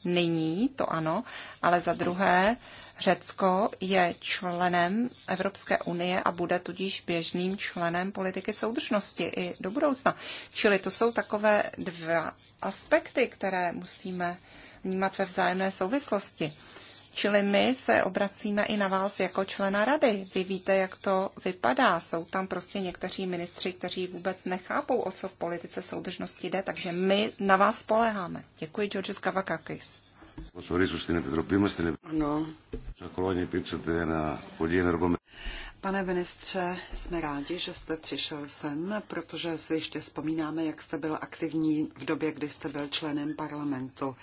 nyní, to ano, ale za druhé, Řecko je členem Evropské unie a bude tudíž běžným členem politiky soudržnosti i do budoucna. Čili to jsou takové dva aspekty, které musíme vnímat ve vzájemné souvislosti. Čili my se obracíme i na vás jako člena rady. Vy víte, jak to vypadá. Jsou tam prostě někteří ministři, kteří vůbec nechápou, o co v politice soudržnosti jde, takže my na vás spoleháme. Děkuji, George Kavakakis. Ano. Pane ministře, jsme rádi, že jste přišel sem, protože si ještě vzpomínáme, jak jste byl aktivní v době, kdy jste byl členem parlamentu.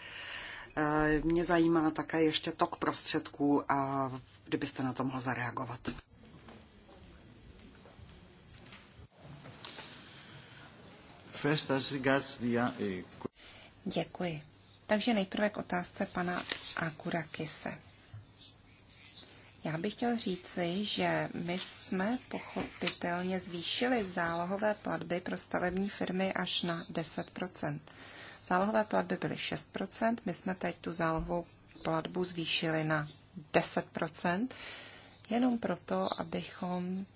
Eh, mě zajímá také ještě tok prostředků a kdybyste na to mohl zareagovat. First as regards the, uh, eh, Děkuji. Takže nejprve k otázce pana Akurakise. Já bych chtěl říci, že my jsme pochopitelně zvýšili zálohové platby pro stavební firmy až na 10 Zálohové platby byly 6%, my jsme teď tu zálohovou platbu zvýšili na 10%, jenom proto, abychom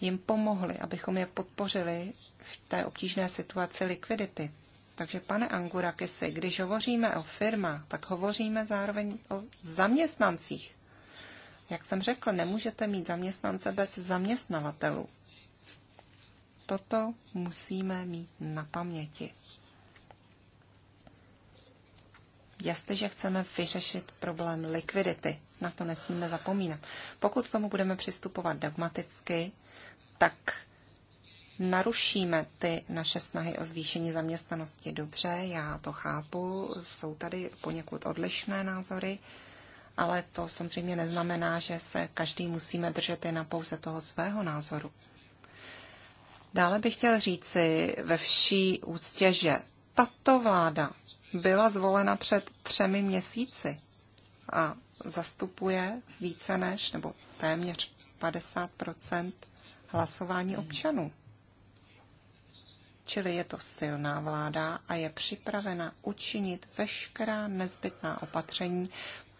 jim pomohli, abychom je podpořili v té obtížné situaci likvidity. Takže pane Angurakisi, když hovoříme o firmách, tak hovoříme zároveň o zaměstnancích. Jak jsem řekl, nemůžete mít zaměstnance bez zaměstnavatelů. Toto musíme mít na paměti. jasně, že chceme vyřešit problém likvidity. Na to nesmíme zapomínat. Pokud k tomu budeme přistupovat dogmaticky, tak narušíme ty naše snahy o zvýšení zaměstnanosti. Dobře, já to chápu, jsou tady poněkud odlišné názory, ale to samozřejmě neznamená, že se každý musíme držet jen na pouze toho svého názoru. Dále bych chtěl říci ve vší úctě, že tato vláda byla zvolena před třemi měsíci a zastupuje více než nebo téměř 50 hlasování občanů. Čili je to silná vláda a je připravena učinit veškerá nezbytná opatření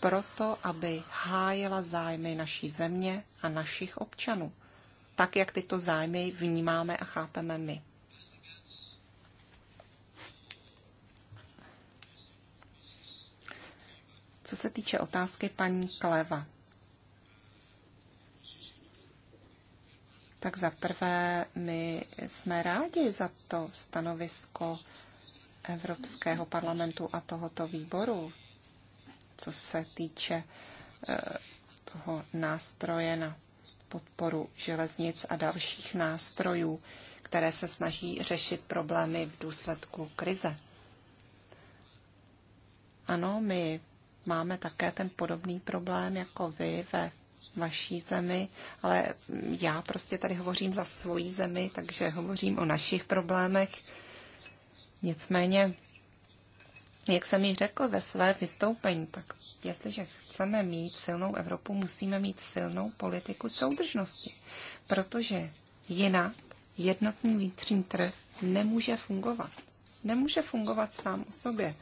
proto, aby hájela zájmy naší země a našich občanů, tak jak tyto zájmy vnímáme a chápeme my. Co se týče otázky paní Kleva, tak za prvé my jsme rádi za to stanovisko Evropského parlamentu a tohoto výboru, co se týče eh, toho nástroje na podporu železnic a dalších nástrojů, které se snaží řešit problémy v důsledku krize. Ano, my máme také ten podobný problém jako vy ve vaší zemi, ale já prostě tady hovořím za svoji zemi, takže hovořím o našich problémech. Nicméně, jak jsem ji řekl ve své vystoupení, tak jestliže chceme mít silnou Evropu, musíme mít silnou politiku soudržnosti, protože jinak jednotný vnitřní trh nemůže fungovat. Nemůže fungovat sám o sobě.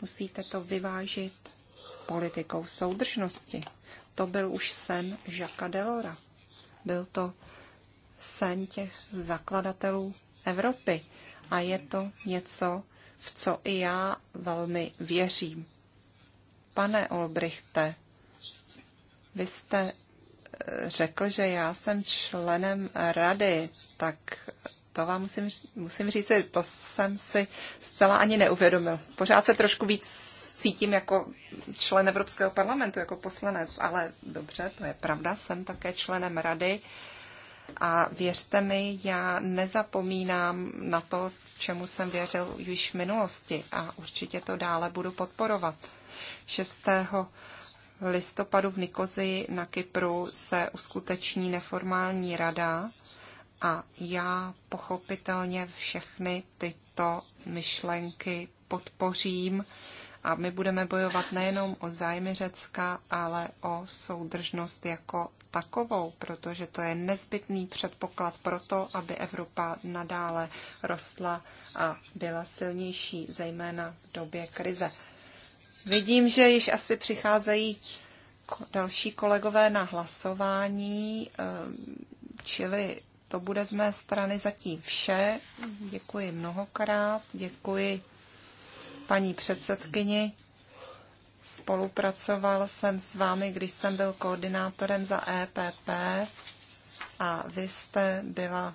Musíte to vyvážit politikou soudržnosti. To byl už sen Jacques Delora. Byl to sen těch zakladatelů Evropy. A je to něco, v co i já velmi věřím. Pane Olbrichte, vy jste eh, řekl, že já jsem členem rady, tak to vám musím, musím říct, to jsem si zcela ani neuvědomil. Pořád se trošku víc cítím jako člen Evropského parlamentu, jako poslanec, ale dobře, to je pravda, jsem také členem rady. A věřte mi, já nezapomínám na to, čemu jsem věřil již v minulosti a určitě to dále budu podporovat. 6. listopadu v Nikozi na Kypru se uskuteční neformální rada a já pochopitelně všechny tyto myšlenky podpořím a my budeme bojovat nejenom o zájmy Řecka, ale o soudržnost jako takovou, protože to je nezbytný předpoklad pro to, aby Evropa nadále rostla a byla silnější, zejména v době krize. Vidím, že již asi přicházejí další kolegové na hlasování, ehm, čili to bude z mé strany zatím vše. Děkuji mnohokrát, děkuji paní předsedkyni. Spolupracoval jsem s vámi, když jsem byl koordinátorem za EPP a vy jste byla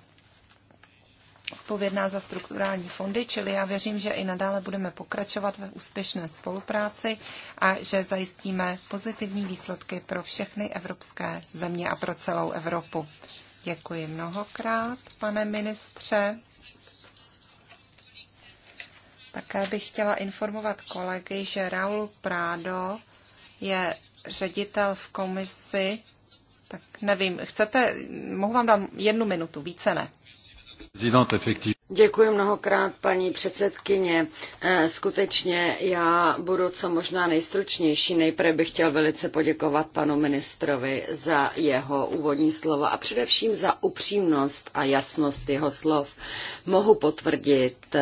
odpovědná za strukturální fondy, čili já věřím, že i nadále budeme pokračovat ve úspěšné spolupráci a že zajistíme pozitivní výsledky pro všechny evropské země a pro celou Evropu. Děkuji mnohokrát, pane ministře. Také bych chtěla informovat kolegy, že Raul Prado je ředitel v komisi. Tak nevím, chcete, mohu vám dát jednu minutu, více ne. Děkuji mnohokrát, paní předsedkyně. Eh, skutečně já budu co možná nejstručnější. Nejprve bych chtěl velice poděkovat panu ministrovi za jeho úvodní slova a především za upřímnost a jasnost jeho slov. Mohu potvrdit,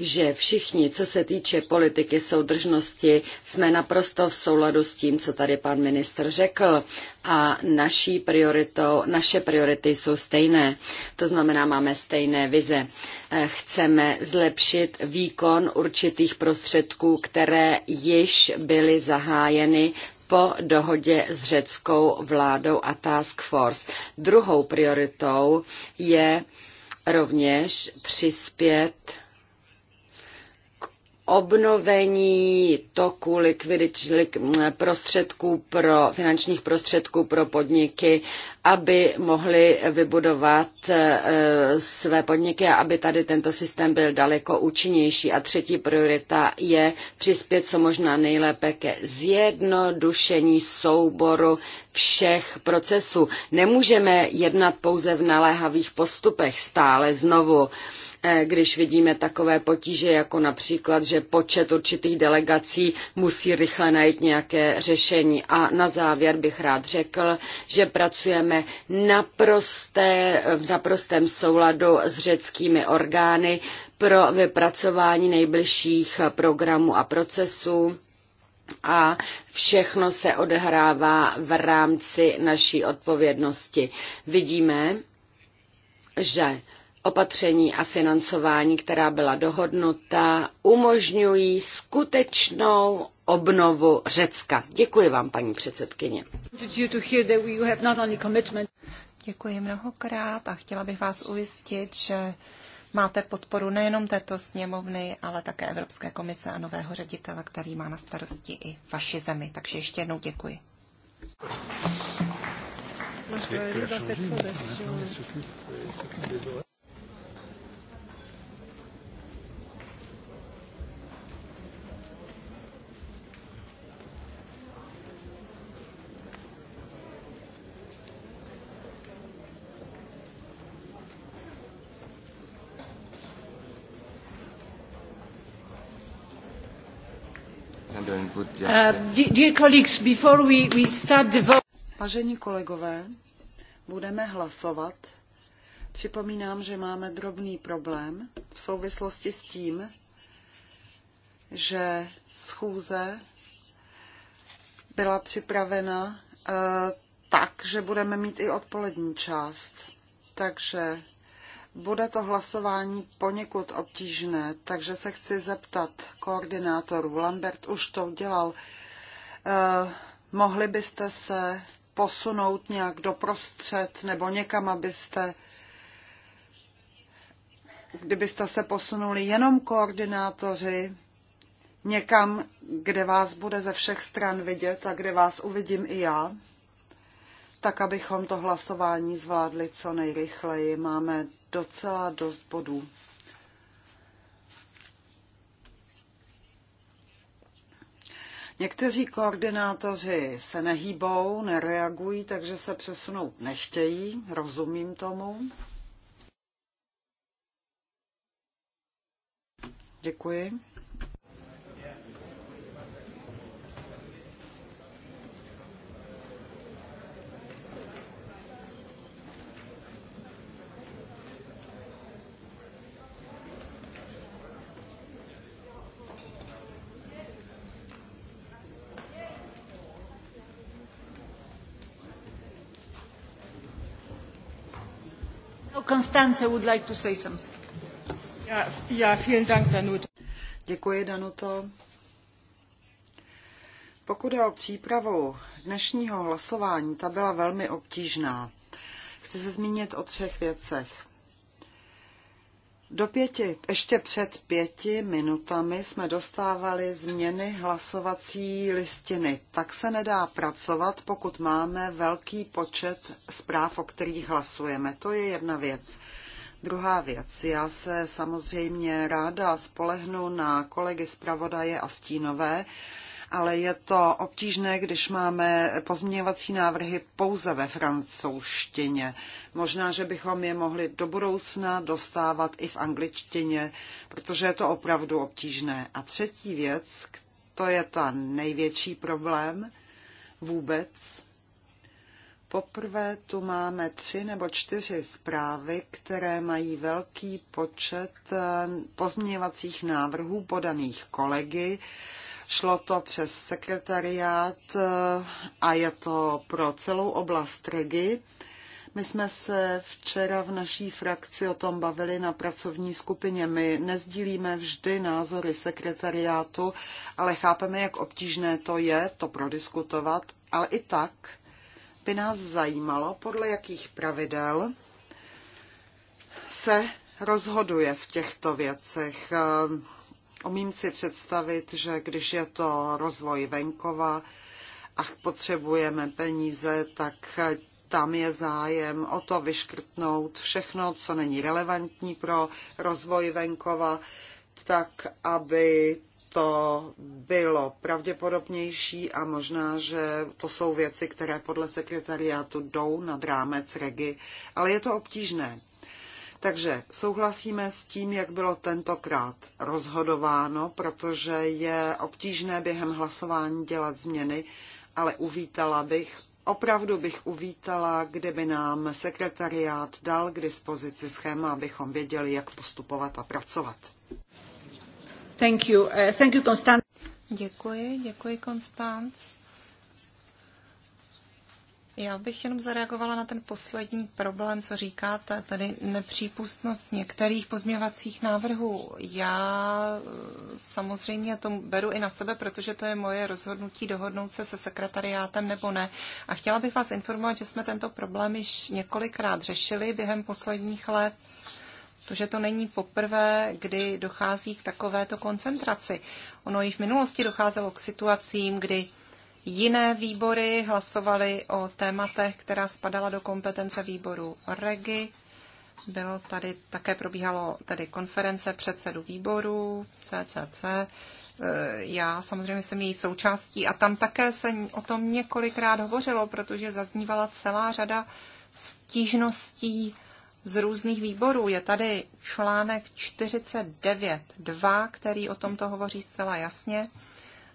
že všichni, co se týče politiky soudržnosti, jsme naprosto v souladu s tím, co tady pan ministr řekl a naší prioritou, naše priority jsou stejné. To znamená, máme stejné vize. Eh, chceme zlepšit výkon určitých prostředků, které již byly zahájeny po dohodě s řeckou vládou a task force. Druhou prioritou je rovněž přispět obnovení toku likvidič, lik, prostředků pro, finančních prostředků pro podniky, aby mohli vybudovat e, své podniky a aby tady tento systém byl daleko účinnější. A třetí priorita je přispět co možná nejlépe ke zjednodušení souboru všech procesů. Nemůžeme jednat pouze v naléhavých postupech stále znovu Eh, když vidíme takové potíže, jako například, že počet určitých delegací musí rychle najít nějaké řešení. A na závěr bych rád řekl, že pracujeme naprosté, v naprostém souladu s řeckými orgány pro vypracování nejbližších programů a procesů a všechno se odehrává v rámci naší odpovědnosti. Vidíme, že opatření a financování, která byla dohodnuta, umožňují skutečnou obnovu Řecka. Děkuji vám, paní předsedkyně. Děkuji mnohokrát a chtěla bych vás ujistit, že máte podporu nejenom této sněmovny, ale také Evropské komise a nového ředitele, který má na starosti i vaši zemi. Takže ještě jednou děkuji. je Vážení kolegové, budeme hlasovat. Připomínám, že máme drobný problém v souvislosti s tím, že schůze byla připravena uh, tak, že budeme mít i odpolední část. Takže bude to hlasování poněkud obtížné, takže se chci zeptat koordinátorů. Lambert už to udělal. Eh, mohli byste se posunout nějak doprostřed nebo někam, abyste kdybyste se posunuli jenom koordinátoři někam, kde vás bude ze všech stran vidět a kde vás uvidím i já, tak abychom to hlasování zvládli co nejrychleji. Máme docela dost bodů. Někteří koordinátoři se nehýbou, nereagují, takže se přesunout nechtějí, rozumím tomu. Děkuji. Constanze would like to say something. Ja, ja, vielen Dank, Danuto. Děkuji, Danuto. Pokud je o přípravu dnešního hlasování, ta byla velmi obtížná. Chci se zmínit o třech věcech. Do pěti, ještě před pěti minutami jsme dostávali změny hlasovací listiny. Tak se nedá pracovat, pokud máme velký počet zpráv, o kterých hlasujeme. To je jedna věc. Druhá věc, já se samozřejmě ráda spolehnu na kolegy zpravodaje a stínové, ale je to obtížné, když máme pozměňovací návrhy pouze ve francouzštině. Možná, že bychom je mohli do budoucna dostávat i v angličtině, protože je to opravdu obtížné. A třetí věc, to je ta největší problém vůbec, Poprvé tu máme tři nebo čtyři zprávy, které mají velký počet eh, pozměňovacích návrhů podaných kolegy. Šlo to přes sekretariát eh, a je to pro celou oblast Regi. My jsme se včera v naší frakci o tom bavili na pracovní skupině. My nezdílíme vždy názory sekretariátu, ale chápeme, jak obtížné to je to prodiskutovat. Ale i tak by nás zajímalo, podle jakých pravidel se rozhoduje v těchto věcech. Umím si představit, že když je to rozvoj venkova a potřebujeme peníze, tak tam je zájem o to vyškrtnout všechno, co není relevantní pro rozvoj venkova, tak aby to bylo pravděpodobnější a možná, že to jsou věci, které podle sekretariátu jdou nad rámec regi, ale je to obtížné. Takže souhlasíme s tím, jak bylo tentokrát rozhodováno, protože je obtížné během hlasování dělat změny, ale uvítala bych, opravdu bych uvítala, kdyby nám sekretariát dal k dispozici schéma, abychom věděli, jak postupovat a pracovat. Thank you. Uh, thank you, Constance. Děkuji, děkuji, Konstanc. Já bych jenom zareagovala na ten poslední problém, co říkáte, tedy nepřípustnost některých pozměvacích návrhů. Já eh, samozřejmě to beru i na sebe, protože to je moje rozhodnutí dohodnout se se sekretariátem nebo ne. A chtěla bych vás informovat, že jsme tento problém již několikrát řešili během posledních let že to není poprvé, kdy dochází k takovéto koncentraci. Ono již v minulosti docházelo k situacím, kdy Jiné výbory hlasovaly o tématech, která spadala do kompetence výboru REGI. Bylo tady, také probíhalo tedy konference předsedu výboru CCC. E, já samozřejmě jsem její součástí a tam také se o tom několikrát hovořilo, protože zaznívala celá řada stížností z různých výborů. Je tady článek 49.2, který o tomto hovoří zcela jasně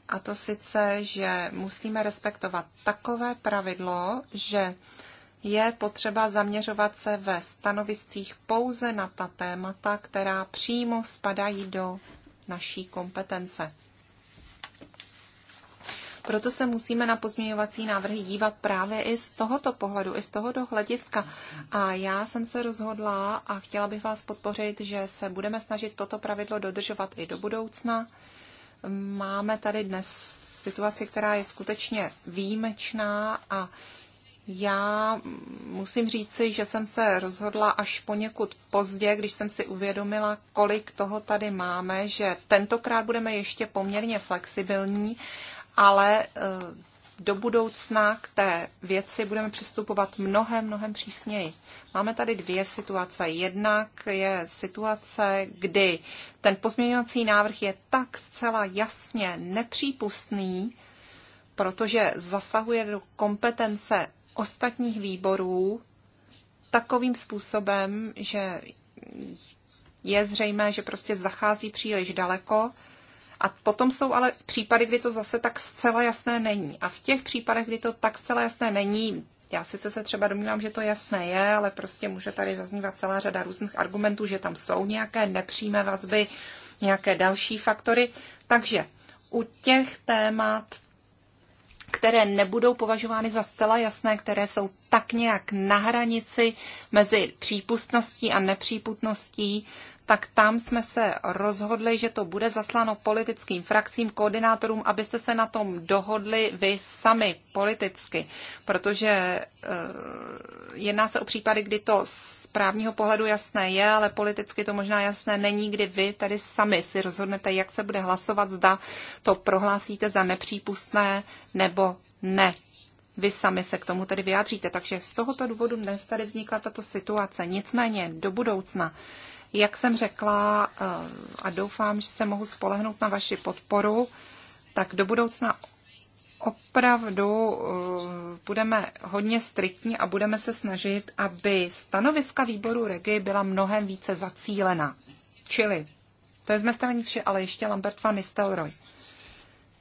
a to sice, že musíme respektovat takové pravidlo, že je potřeba zaměřovat se ve stanoviscích pouze na ta témata, která přímo spadají do naší kompetence. Proto se musíme na pozměňovací návrhy dívat právě i z tohoto pohledu, i z tohoto hlediska. A já jsem se rozhodla a chtěla bych vás podpořit, že se budeme snažit toto pravidlo dodržovat i do budoucna Máme tady dnes situaci, která je skutečně výjimečná a já musím říci, že jsem se rozhodla až poněkud pozdě, když jsem si uvědomila, kolik toho tady máme, že tentokrát budeme ještě poměrně flexibilní, ale eh, do budoucna k té věci budeme přistupovat mnohem, mnohem přísněji. Máme tady dvě situace. Jednak je situace, kdy ten pozměňovací návrh je tak zcela jasně nepřípustný, protože zasahuje do kompetence ostatních výborů takovým způsobem, že je zřejmé, že prostě zachází příliš daleko a potom jsou ale případy, kdy to zase tak zcela jasné není. A v těch případech, kdy to tak zcela jasné není, já sice se třeba domnívám, že to jasné je, ale prostě může tady zaznívat celá řada různých argumentů, že tam jsou nějaké nepřímé vazby, nějaké další faktory. Takže u těch témat, které nebudou považovány za zcela jasné, které jsou tak nějak na hranici mezi přípustností a nepřípustností, tak tam jsme se rozhodli, že to bude zasláno politickým frakcím, koordinátorům, abyste se na tom dohodli vy sami politicky, protože uh, jedná se o případy, kdy to z právního pohledu jasné je, ale politicky to možná jasné není, kdy vy tady sami si rozhodnete, jak se bude hlasovat, zda to prohlásíte za nepřípustné nebo ne vy sami se k tomu tedy vyjádříte. Takže z tohoto důvodu dnes tady vznikla tato situace. Nicméně do budoucna jak jsem řekla eh, a doufám, že se mohu spolehnout na vaši podporu, tak do budoucna opravdu eh, budeme hodně striktní a budeme se snažit, aby stanoviska výboru Regi byla mnohem více zacílena. Čili, to je z mé strany vše, ale ještě Lambert van Nistelrooy.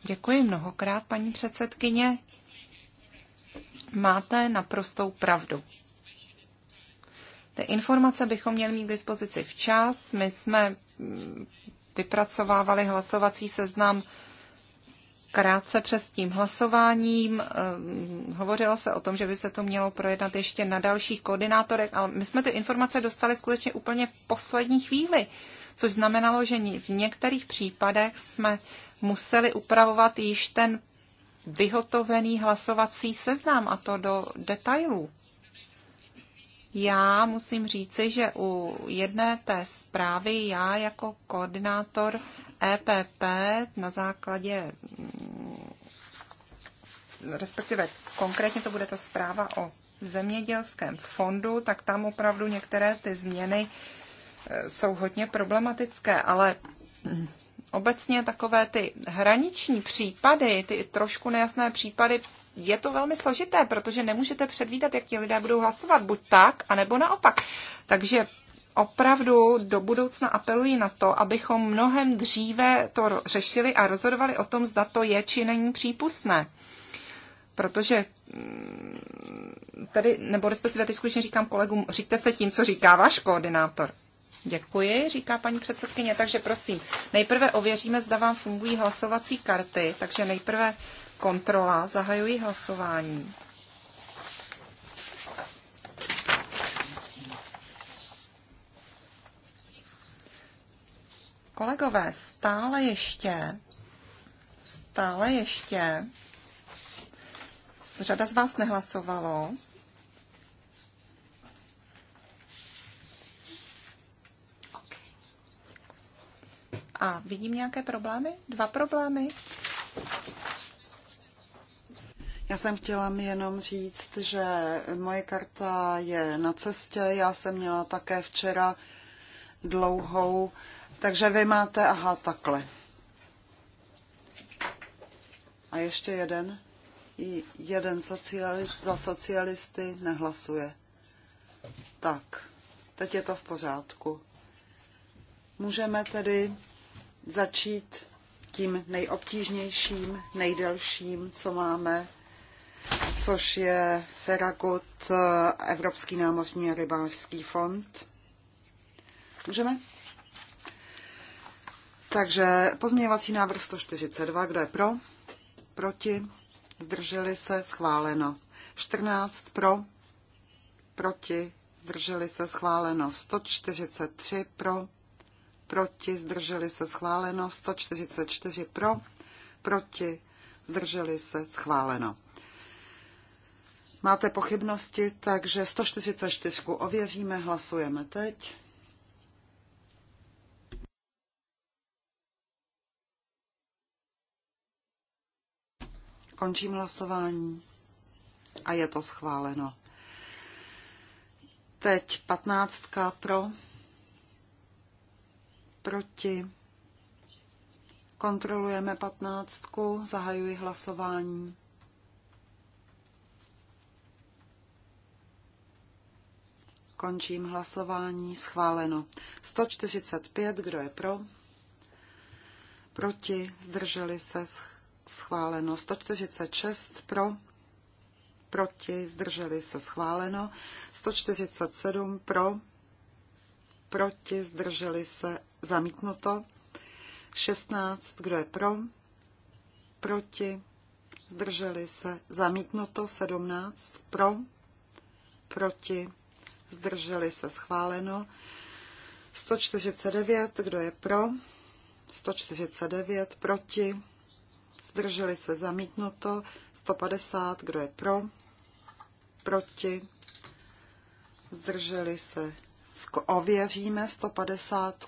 Děkuji mnohokrát, paní předsedkyně. Máte naprostou pravdu. Ty informace bychom měli mít k dispozici včas. My jsme mm, vypracovávali hlasovací seznam krátce přes tím hlasováním. Ehm, hovořilo se o tom, že by se to mělo projednat ještě na dalších koordinátorech, ale my jsme ty informace dostali skutečně úplně poslední chvíli, což znamenalo, že v některých případech jsme museli upravovat již ten vyhotovený hlasovací seznam a to do detailů. Já musím říci, že u jedné té zprávy já jako koordinátor EPP na základě, mm, respektive konkrétně to bude ta zpráva o zemědělském fondu, tak tam opravdu některé ty změny e, jsou hodně problematické, ale mm, obecně takové ty hraniční případy, ty trošku nejasné případy je to velmi složité, protože nemůžete předvídat, jak ti lidé budou hlasovat, buď tak, anebo naopak. Takže opravdu do budoucna apeluji na to, abychom mnohem dříve to řešili a rozhodovali o tom, zda to je či není přípustné. Protože mm, tady, nebo respektive teď skutečně říkám kolegům, říkte se tím, co říká váš koordinátor. Děkuji, říká paní předsedkyně, takže prosím, nejprve ověříme, zda vám fungují hlasovací karty, takže nejprve kontrola, zahajuji hlasování. Kolegové, stále ještě, stále ještě, řada z vás nehlasovalo. A vidím nějaké problémy? Dva problémy? Já jsem chtěla jenom říct, že moje karta je na cestě. Já jsem měla také včera dlouhou, takže vy máte, aha, takhle. A ještě jeden. Jeden socialist za socialisty nehlasuje. Tak, teď je to v pořádku. Můžeme tedy začít tím nejobtížnějším, nejdelším, co máme což je Feragut, Evropský námořní a rybářský fond. Můžeme? Takže pozměňovací návrh 142, kdo je pro? Proti? Zdrželi se? Schváleno. 14 pro? Proti? Zdrželi se? Schváleno. 143 pro? Proti? Zdrželi se? Schváleno. 144 pro? Proti? Zdrželi se? Schváleno. Máte pochybnosti, takže 144 ověříme, hlasujeme teď. Končím hlasování a je to schváleno. Teď patnáctka pro, proti, kontrolujeme patnáctku, zahajuji hlasování. Končím hlasování. Schváleno. 145. Kdo je pro? Proti. Zdrželi se. Schváleno. 146. Pro. Proti. Zdrželi se. Schváleno. 147. Pro. Proti. Zdrželi se. Zamítnuto. 16. Kdo je pro? Proti. Zdrželi se. Zamítnuto. 17. Pro. Proti zdrželi se schváleno. 149, kdo je pro? 149, proti? Zdrželi se zamítnuto. 150, kdo je pro? Proti? Zdrželi se. Ověříme 150.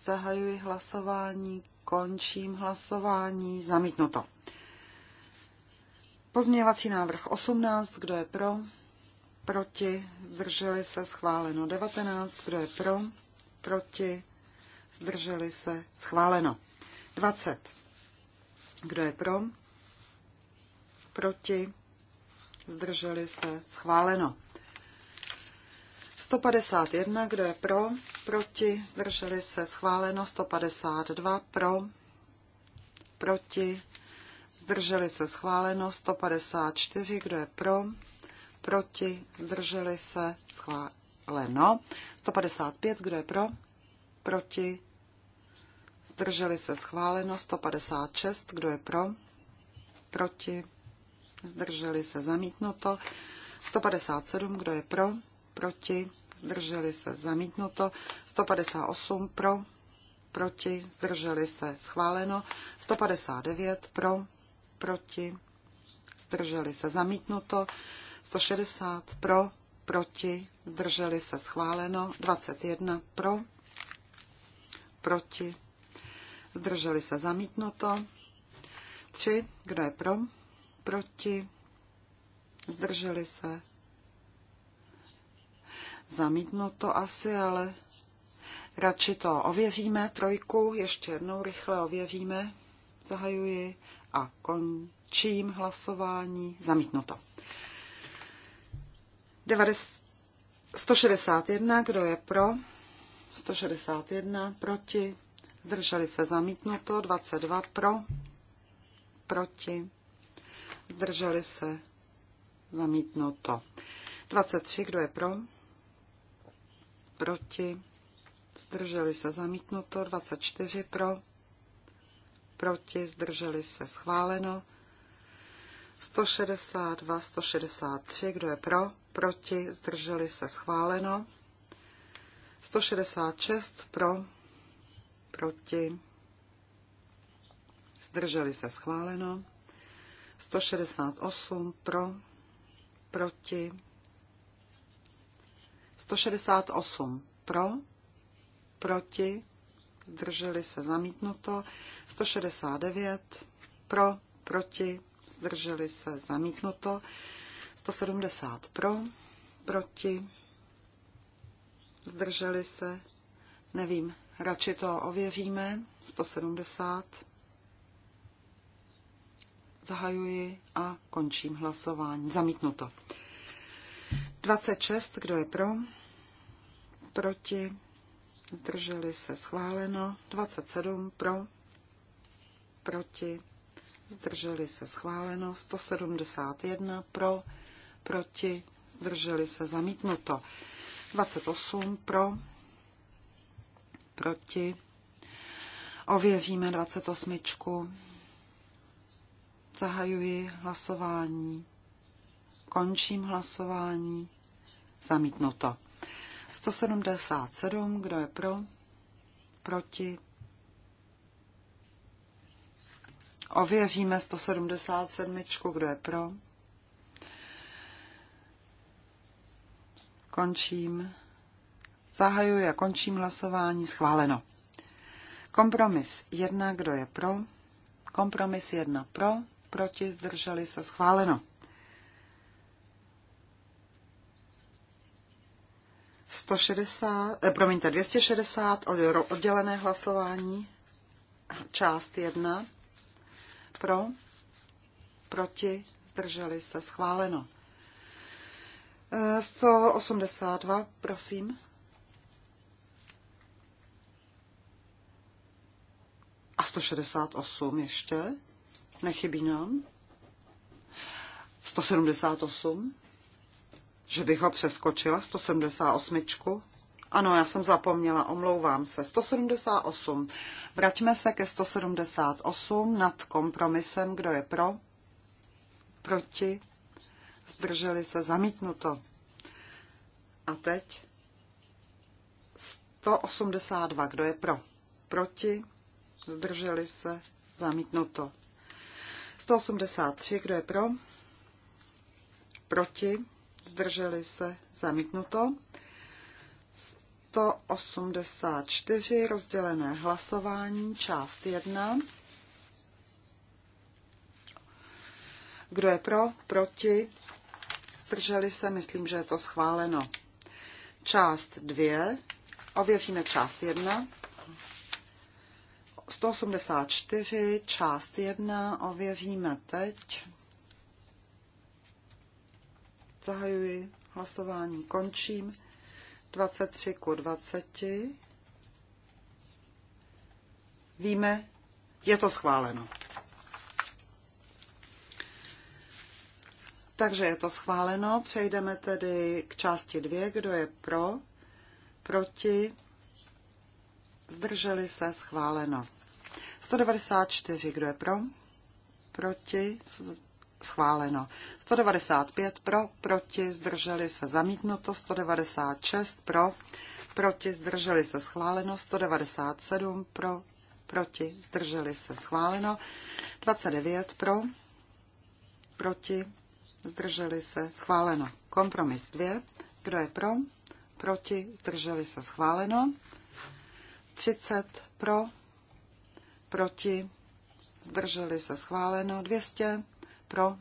Zahajuji hlasování, končím hlasování. Zamítnuto. Pozměňovací návrh 18, kdo je pro? Proti, zdrželi se, schváleno. 19, kdo je pro? Proti, zdrželi se, schváleno. 20, kdo je pro? Proti, zdrželi se, schváleno. 151, kdo je pro? Proti, zdrželi se, schváleno. 152, pro? Proti, zdrželi se schváleno 154, kdo je pro, proti, zdrželi se schváleno 155, kdo je pro, proti, zdrželi se schváleno 156, kdo je pro, proti, zdrželi se zamítnuto 157, kdo je pro, proti, zdrželi se zamítnuto 158 pro, proti, zdrželi se schváleno, 159 pro, proti, zdrželi se zamítnuto, 160 pro, proti, zdrželi se schváleno, 21 pro, proti, zdrželi se zamítnuto, 3, kdo je pro, proti, zdrželi se zamítnuto asi, ale radši to ověříme, trojku, ještě jednou rychle ověříme, zahajuji a končím hlasování. Zamítnuto. 161, kdo je pro? 161 proti. Zdrželi se zamítnuto. 22 pro. Proti. Zdrželi se zamítnuto. 23, kdo je pro? Proti. Zdrželi se zamítnuto. 24 pro proti, zdrželi se schváleno. 162, 163, kdo je pro, proti, zdrželi se schváleno. 166 pro, proti, zdrželi se schváleno. 168 pro, proti, 168 pro, proti, zdrželi se zamítnuto, 169 pro, proti, zdrželi se zamítnuto, 170 pro, proti, zdrželi se, nevím, radši to ověříme, 170, zahajuji a končím hlasování, zamítnuto. 26, kdo je pro, proti, zdrželi se schváleno, 27 pro, proti, zdrželi se schváleno, 171 pro, proti, zdrželi se zamítnuto, 28 pro, proti, ověříme 28. Zahajuji hlasování, končím hlasování, zamítnuto. 177, kdo je pro? Proti? Ověříme 177, kdo je pro? Končím. Zahajuji a končím hlasování. Schváleno. Kompromis 1, kdo je pro? Kompromis 1 pro, proti, zdrželi se, schváleno. 160, eh, promiňte, 260 oddělené hlasování, část 1, pro, proti, zdrželi se, schváleno. 182, eh, prosím. A 168 ještě. Nechybí nám. 178 že bych ho přeskočila, 178. Ano, já jsem zapomněla, omlouvám se. 178. Vraťme se ke 178 nad kompromisem, kdo je pro, proti, zdrželi se, zamítnuto. A teď 182, kdo je pro, proti, zdrželi se, zamítnuto. 183, kdo je pro, proti, zdrželi se, zamítnuto. 184 rozdělené hlasování, část 1. Kdo je pro, proti, zdrželi se, myslím, že je to schváleno. Část 2, ověříme část 1. 184, část 1, ověříme teď. Zahajuji hlasování, končím. 23 ku 20. Víme, je to schváleno. Takže je to schváleno. Přejdeme tedy k části dvě. Kdo je pro? Proti? Zdrželi se? Schváleno. 194. Kdo je pro? Proti? schváleno. 195 pro, proti, zdrželi se zamítnuto, 196 pro, proti, zdrželi se schváleno, 197 pro, proti, zdrželi se schváleno, 29 pro, proti, zdrželi se schváleno. Kompromis 2, kdo je pro, proti, zdrželi se schváleno, 30 pro, proti, zdrželi se schváleno, 200 pro,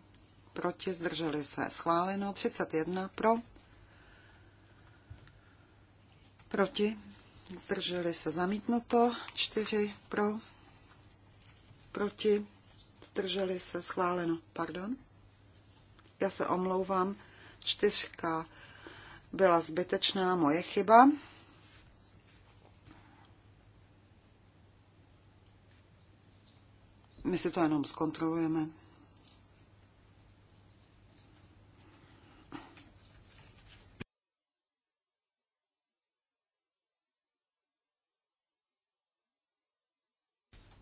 proti, zdrželi se, schváleno. 31 pro, proti, zdrželi se, zamítnuto. 4 pro, proti, zdrželi se, schváleno. Pardon. Já se omlouvám. Čtyřka byla zbytečná, moje chyba. My si to jenom zkontrolujeme.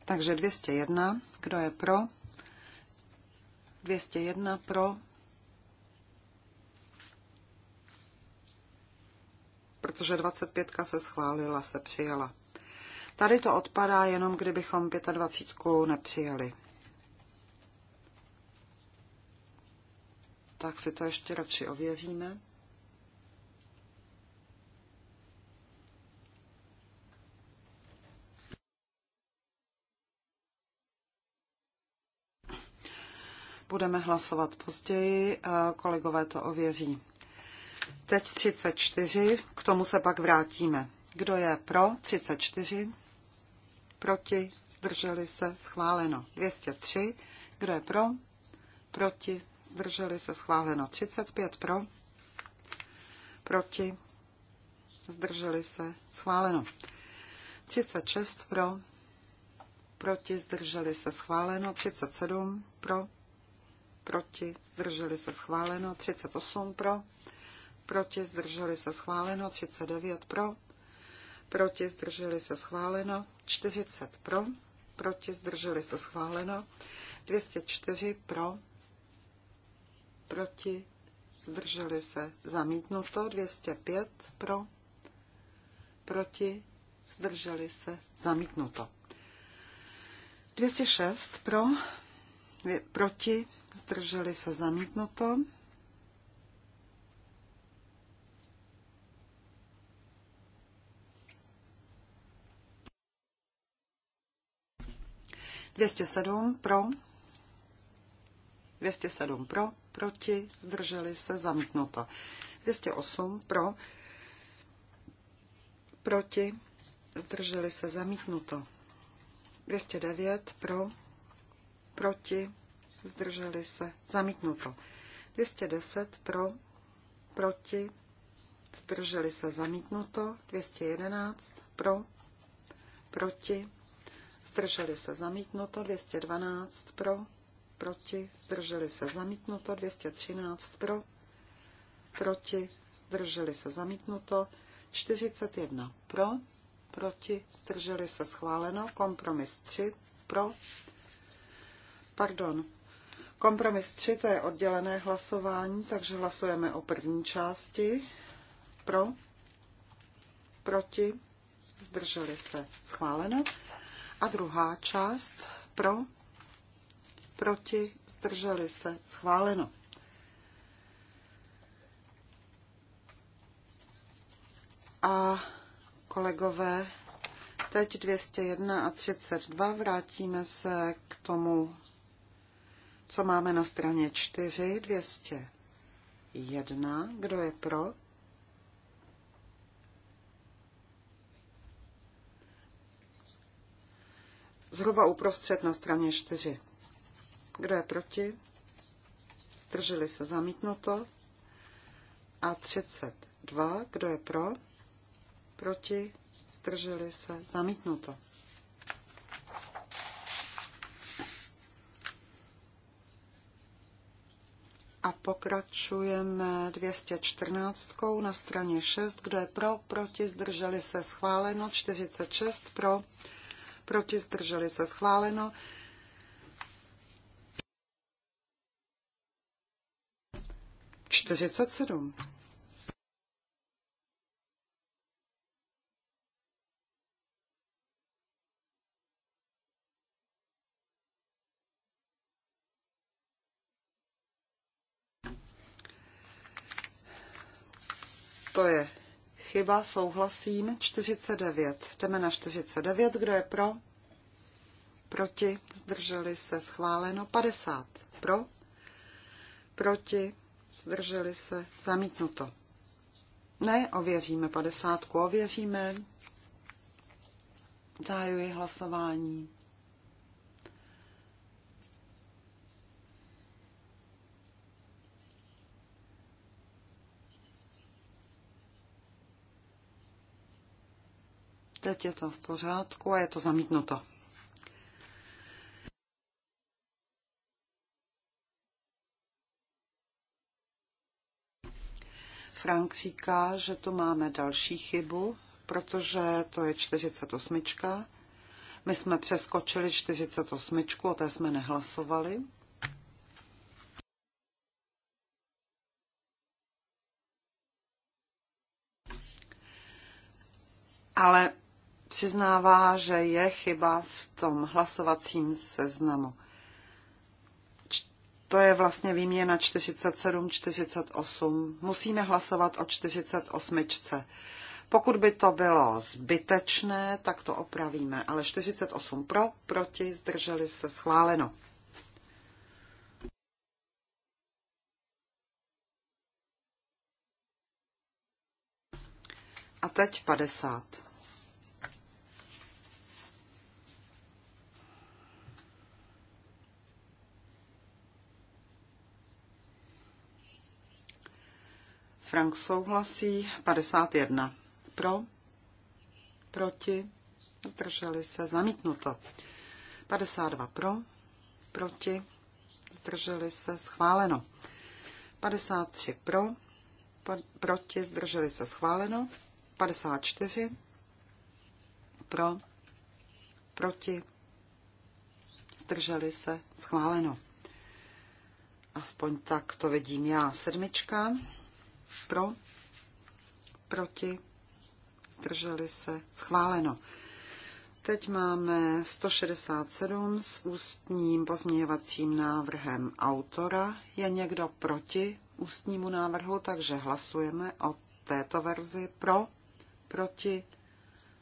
Takže 201, kdo je pro? 201 pro. Protože 25 se schválila, se přijela. Tady to odpadá jenom, kdybychom 25 nepřijeli. Tak si to ještě radši ověříme. budeme hlasovat později, kolegové to ověří. Teď 34, k tomu se pak vrátíme. Kdo je pro 34? Proti? Zdrželi se? Schváleno. 203. Kdo je pro? Proti? Zdrželi se? Schváleno. 35 pro? Proti? Zdrželi se? Schváleno. 36 pro? Proti? Zdrželi se? Schváleno. 37 pro? proti, zdrželi se schváleno, 38 pro, proti, zdrželi se schváleno, 39 pro, proti, zdrželi se schváleno, 40 pro, proti, zdrželi se schváleno, 204 pro, proti, zdrželi se zamítnuto, 205 pro, proti, zdrželi se zamítnuto. 206 pro, proti, zdrželi se zamítnuto. Dvěstě sedm pro, 207 pro, proti, zdrželi se, zamítnuto. 208 pro, proti, zdrželi se, zamítnuto. 209 pro, proti, zdrželi se, zamítnuto. 210 pro, proti, zdrželi se, zamítnuto. 211 pro, proti, zdrželi se, zamítnuto. 212 pro, proti, zdrželi se, zamítnuto. 213 pro, proti, zdrželi se, zamítnuto. 41 pro, proti, zdrželi se, schváleno. Kompromis 3 pro, Pardon. Kompromis 3, to je oddělené hlasování, takže hlasujeme o první části. Pro, proti, zdrželi se, schváleno. A druhá část, pro, proti, zdrželi se, schváleno. A kolegové, teď 201 a 32 vrátíme se k tomu co máme na straně 4, 201. Kdo je pro? Zhruba uprostřed na straně 4. Kdo je proti? Zdrželi se zamítnuto. A 32. Kdo je pro? Proti? Zdrželi se zamítnuto. a pokračujeme 214 na straně 6, kdo je pro, proti, zdrželi se schváleno, 46 pro, proti, zdrželi se schváleno. Čtyřicet sedm. to je chyba, souhlasím. 49. Jdeme na 49. Kdo je pro? Proti. Zdrželi se. Schváleno. 50. Pro. Proti. Zdrželi se. Zamítnuto. Ne, ověříme 50. Ověříme. Zahajuji hlasování. teď je to v pořádku a je to zamítnuto. Frank říká, že tu máme další chybu, protože to je 48. My jsme přeskočili 48, o té jsme nehlasovali. Ale přiznává, že je chyba v tom hlasovacím seznamu. To je vlastně výměna 47-48. Musíme hlasovat o 48. Pokud by to bylo zbytečné, tak to opravíme. Ale 48 pro, proti, zdrželi se schváleno. A teď 50. Frank souhlasí. 51 pro, proti, zdrželi se, zamítnuto. 52 pro, proti, zdrželi se, schváleno. 53 pro, proti, zdrželi se, schváleno. 54 pro, proti, zdrželi se, schváleno. Aspoň tak to vidím já. Sedmička pro, proti, zdrželi se, schváleno. Teď máme 167 s ústním pozměňovacím návrhem autora. Je někdo proti ústnímu návrhu, takže hlasujeme o této verzi pro, proti,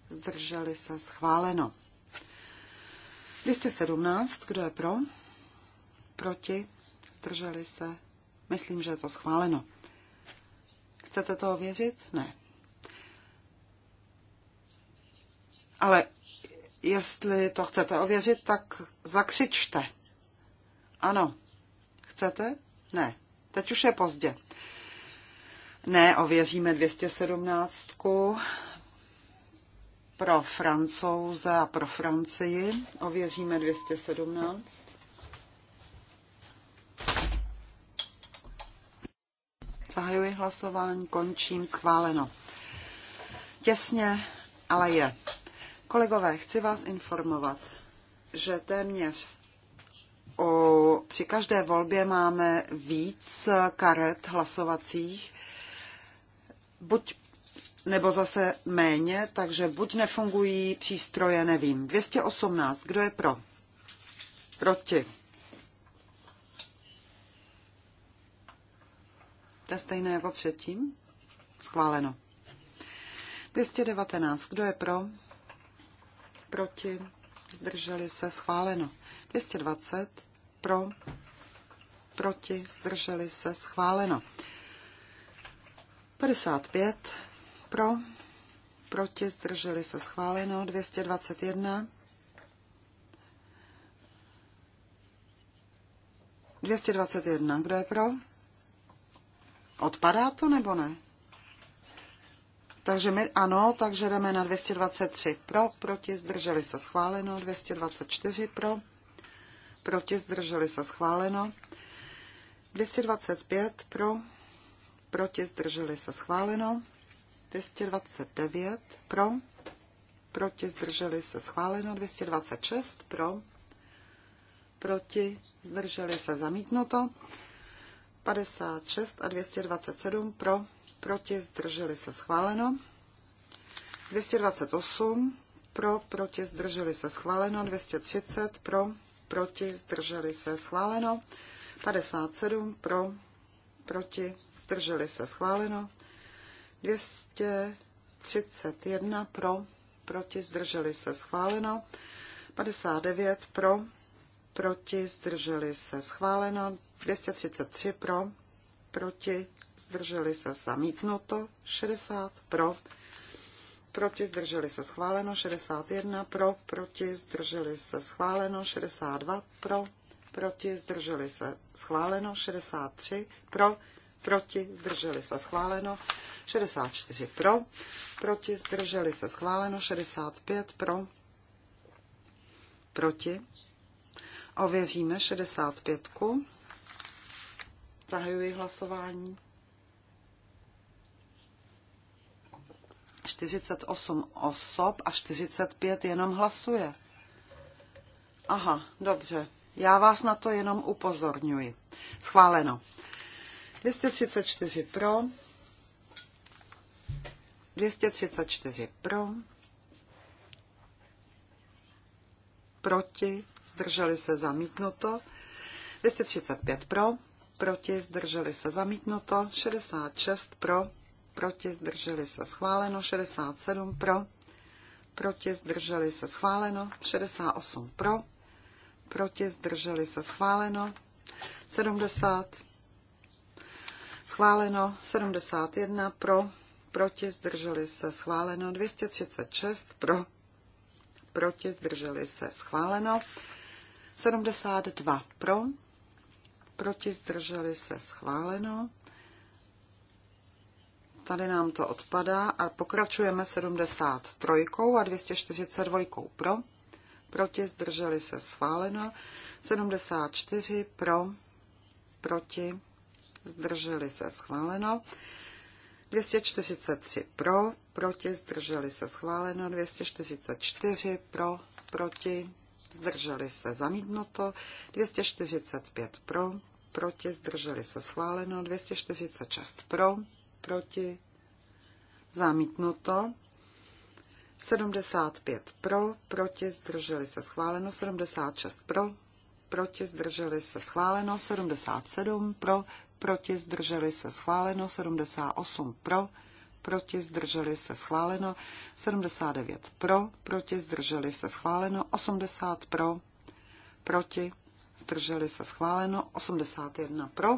zdrželi se, schváleno. 217, kdo je pro, proti, zdrželi se, myslím, že je to schváleno. Chcete to ověřit? Ne. Ale jestli to chcete ověřit, tak zakřičte. Ano. Chcete? Ne. Teď už je pozdě. Ne, ověříme 217 pro francouze a pro Francii. Ověříme 217. Zahajuji hlasování, končím, schváleno. Těsně, ale je. Kolegové, chci vás informovat, že téměř o, při každé volbě máme víc karet hlasovacích, buď nebo zase méně, takže buď nefungují přístroje, nevím. 218, kdo je pro? Proti. To je stejné jako předtím. Schváleno. 219. Kdo je pro? Proti? Zdrželi se? Schváleno. 220. Pro? Proti? Zdrželi se? Schváleno. 55. Pro? Proti? Zdrželi se? Schváleno. 221. 221. Kdo je pro? Odpadá to nebo ne? Takže my, ano, takže jdeme na 223 pro, proti, zdrželi se schváleno, 224 pro, proti, zdrželi se schváleno, 225 pro, proti, zdrželi se schváleno, 229 pro, proti, zdrželi se schváleno, 226 pro, proti, zdrželi se zamítnuto, 56 a 227 pro, proti, zdrželi se schváleno. 228 pro, proti, zdrželi se schváleno. 230 pro, proti, zdrželi se schváleno. 57 pro, proti, zdrželi se schváleno. 231 pro, proti, zdrželi se schváleno. 59 pro, proti, zdrželi se schváleno. 233 pro, proti, zdrželi se zamítnuto, 60 pro, proti, zdrželi se schváleno, 61 pro, proti, zdrželi se schváleno, 62 pro, proti, zdrželi se schváleno, 63 pro, proti, zdrželi se schváleno, 64 pro, proti, zdrželi se schváleno, 65 pro, proti. Ověříme 65. Zahajuji hlasování. 48 osob a 45 jenom hlasuje. Aha, dobře. Já vás na to jenom upozorňuji. Schváleno. 234 pro. 234 pro. Proti. Zdrželi se zamítnuto. 235 pro proti, zdrželi se zamítnuto, 66 pro, proti, zdrželi se schváleno, 67 pro, proti, zdrželi se schváleno, 68 pro, proti, zdrželi se schváleno, 70 schváleno, 71 pro, proti, zdrželi se schváleno, 236 pro, proti, zdrželi se schváleno, 72 pro, proti, zdrželi se, schváleno. Tady nám to odpadá a pokračujeme 73 a 242 pro, proti, zdrželi se, schváleno. 74 pro, proti, zdrželi se, schváleno. 243 pro, proti, zdrželi se schváleno, 244 pro, proti, zdrželi se zamítnuto, 245 pro, proti, zdrželi se schváleno, 246 pro, proti, zamítnuto, 75 pro, proti, zdrželi se schváleno, 76 pro, proti, zdrželi se schváleno, 77 pro, proti, zdrželi se schváleno, 78 pro, proti, zdrželi se schváleno, 79 pro, proti, zdrželi se schváleno, 80 pro, proti, zdrželi se schváleno, 81 pro,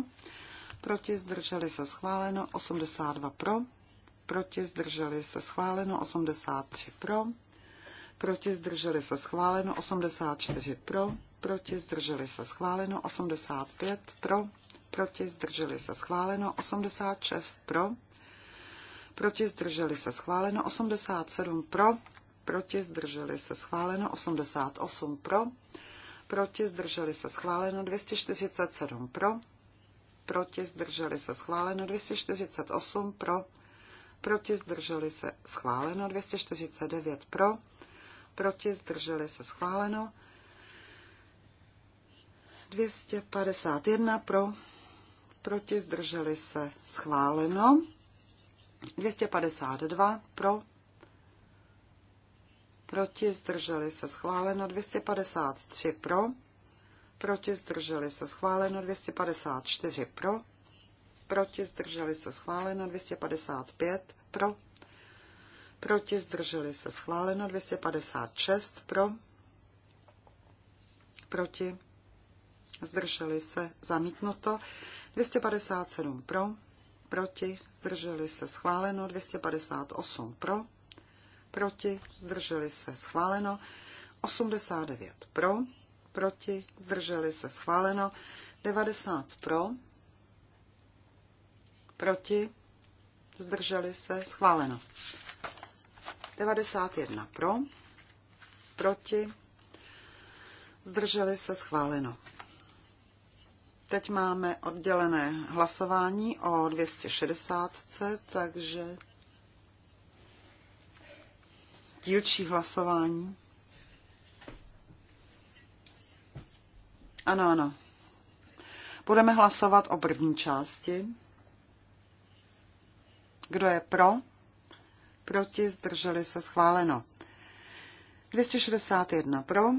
proti zdrželi se schváleno, 82 pro, proti zdrželi se schváleno, 83 pro, proti zdrželi se schváleno, 84 pro, proti zdrželi se schváleno, 85 pro, proti zdrželi se schváleno, 86 pro, proti zdrželi se schváleno, 87 pro, proti zdrželi se schváleno, 88 pro, proti, zdrželi se schváleno 247 pro, proti, zdrželi se schváleno 248 pro, proti, zdrželi se schváleno 249 pro, proti, zdrželi se schváleno 251 pro, proti, zdrželi se schváleno 252 pro, proti, zdrželi se schváleno 253 pro, proti, zdrželi se schváleno 254 pro, proti, zdrželi se schváleno 255 pro, proti, zdrželi se schváleno 256 pro, proti, zdrželi se zamítnuto 257 pro, proti, zdrželi se schváleno 258 pro, proti, zdrželi se schváleno, 89 pro, proti, zdrželi se schváleno, 90 pro, proti, zdrželi se schváleno. 91 pro, proti, zdrželi se schváleno. Teď máme oddělené hlasování o 260, takže dílčí hlasování. Ano, ano. Budeme hlasovat o první části. Kdo je pro? Proti, zdrželi se schváleno. 261 pro,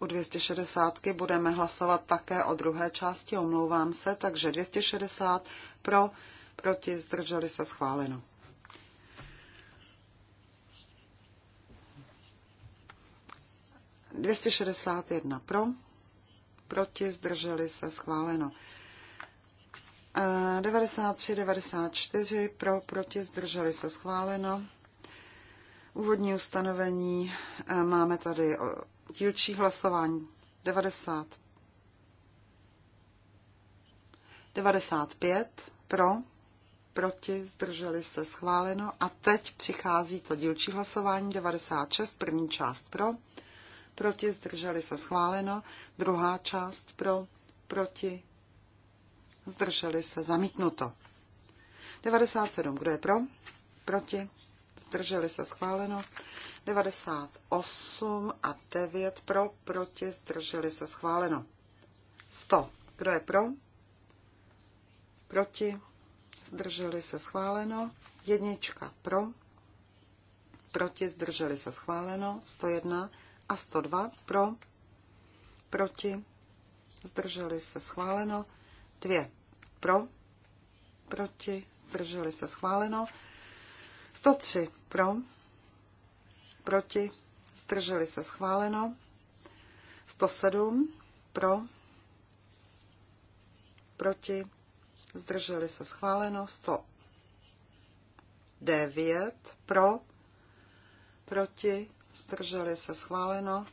U 260 budeme hlasovat také o druhé části, omlouvám se, takže 260 pro, proti, zdrželi se schváleno. Dvěstě šedesát jedna pro, proti, zdrželi se schváleno. 93, eh, 94, pro, proti, zdrželi se schváleno. Úvodní ustanovení eh, máme tady dílčí hlasování 90. 95 pro, proti, zdrželi se schváleno. A teď přichází to dílčí hlasování 96, první část pro, proti, zdrželi se schváleno. Druhá část pro, proti, zdrželi se zamítnuto. 97, kdo je pro, proti, zdrželi se schváleno. 98 a 9 pro, proti, zdrželi se schváleno. 100. Kdo je pro? Proti, zdrželi se schváleno. Jednička pro, proti, zdrželi se schváleno. 101 a 102 pro, proti, zdrželi se schváleno. 2 pro, proti, zdrželi se schváleno. 103 pro, proti, zdrželi se schváleno. 107 pro, proti, zdrželi se schváleno. 109 pro, proti, zdrželi se schváleno.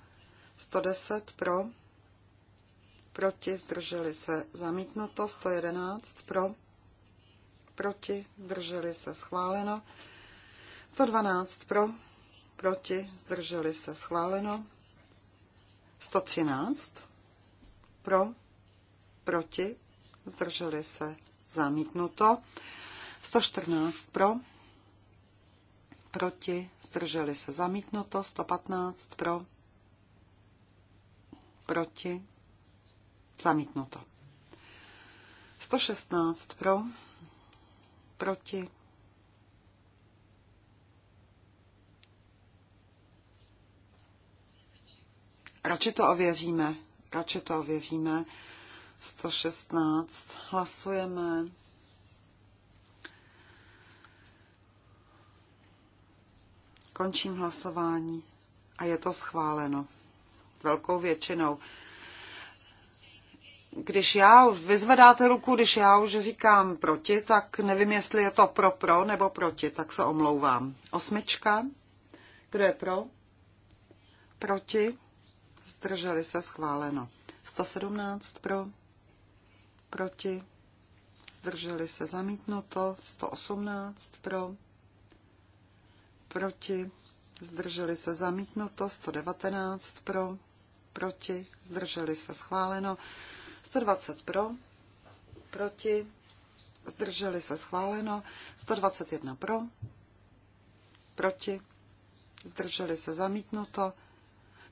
110 pro, proti, zdrželi se zamítnuto. 111 pro, proti, zdrželi se schváleno. 112 pro, proti, zdrželi se, schváleno. 113 pro, proti, zdrželi se, zamítnuto. 114 pro, proti, zdrželi se, zamítnuto. 115 pro, proti, zamítnuto. 116 pro, proti, Radši to ověříme. Radši to ověříme. 116. Hlasujeme. Končím hlasování a je to schváleno velkou většinou. Když já vyzvedáte ruku, když já už říkám proti, tak nevím, jestli je to pro pro nebo proti, tak se omlouvám. Osmička. Kdo je pro? Proti zdrželi se schváleno. 117 pro, proti, zdrželi se zamítnuto, 118 pro, proti, zdrželi se zamítnuto, 119 pro, proti, zdrželi se schváleno, 120 pro, proti, zdrželi se schváleno, 121 pro, proti, zdrželi se zamítnuto,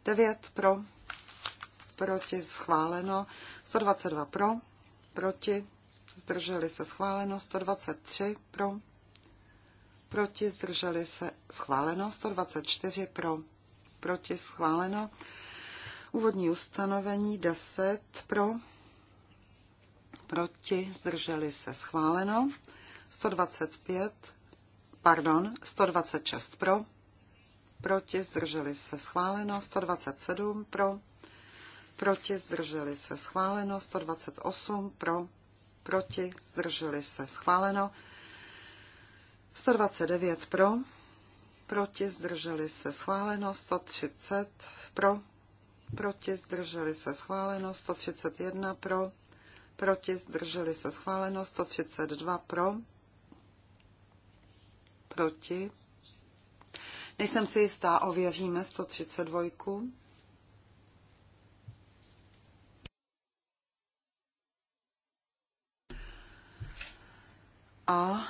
9 pro, proti schváleno, 122 pro, proti, zdrželi se schváleno, 123 pro, proti, zdrželi se schváleno, 124 pro, proti schváleno, úvodní ustanovení 10 pro, proti, zdrželi se schváleno, 125, pardon, 126 pro, proti, zdrželi se schváleno, 127 pro, proti, zdrželi se schváleno, 128 pro, proti, zdrželi se schváleno, 129 pro, proti, zdrželi se schváleno, 130 pro, proti, zdrželi se schváleno, 131 pro, proti, zdrželi se schváleno, 132 pro, proti, Nejsem si jistá, ověříme 132. A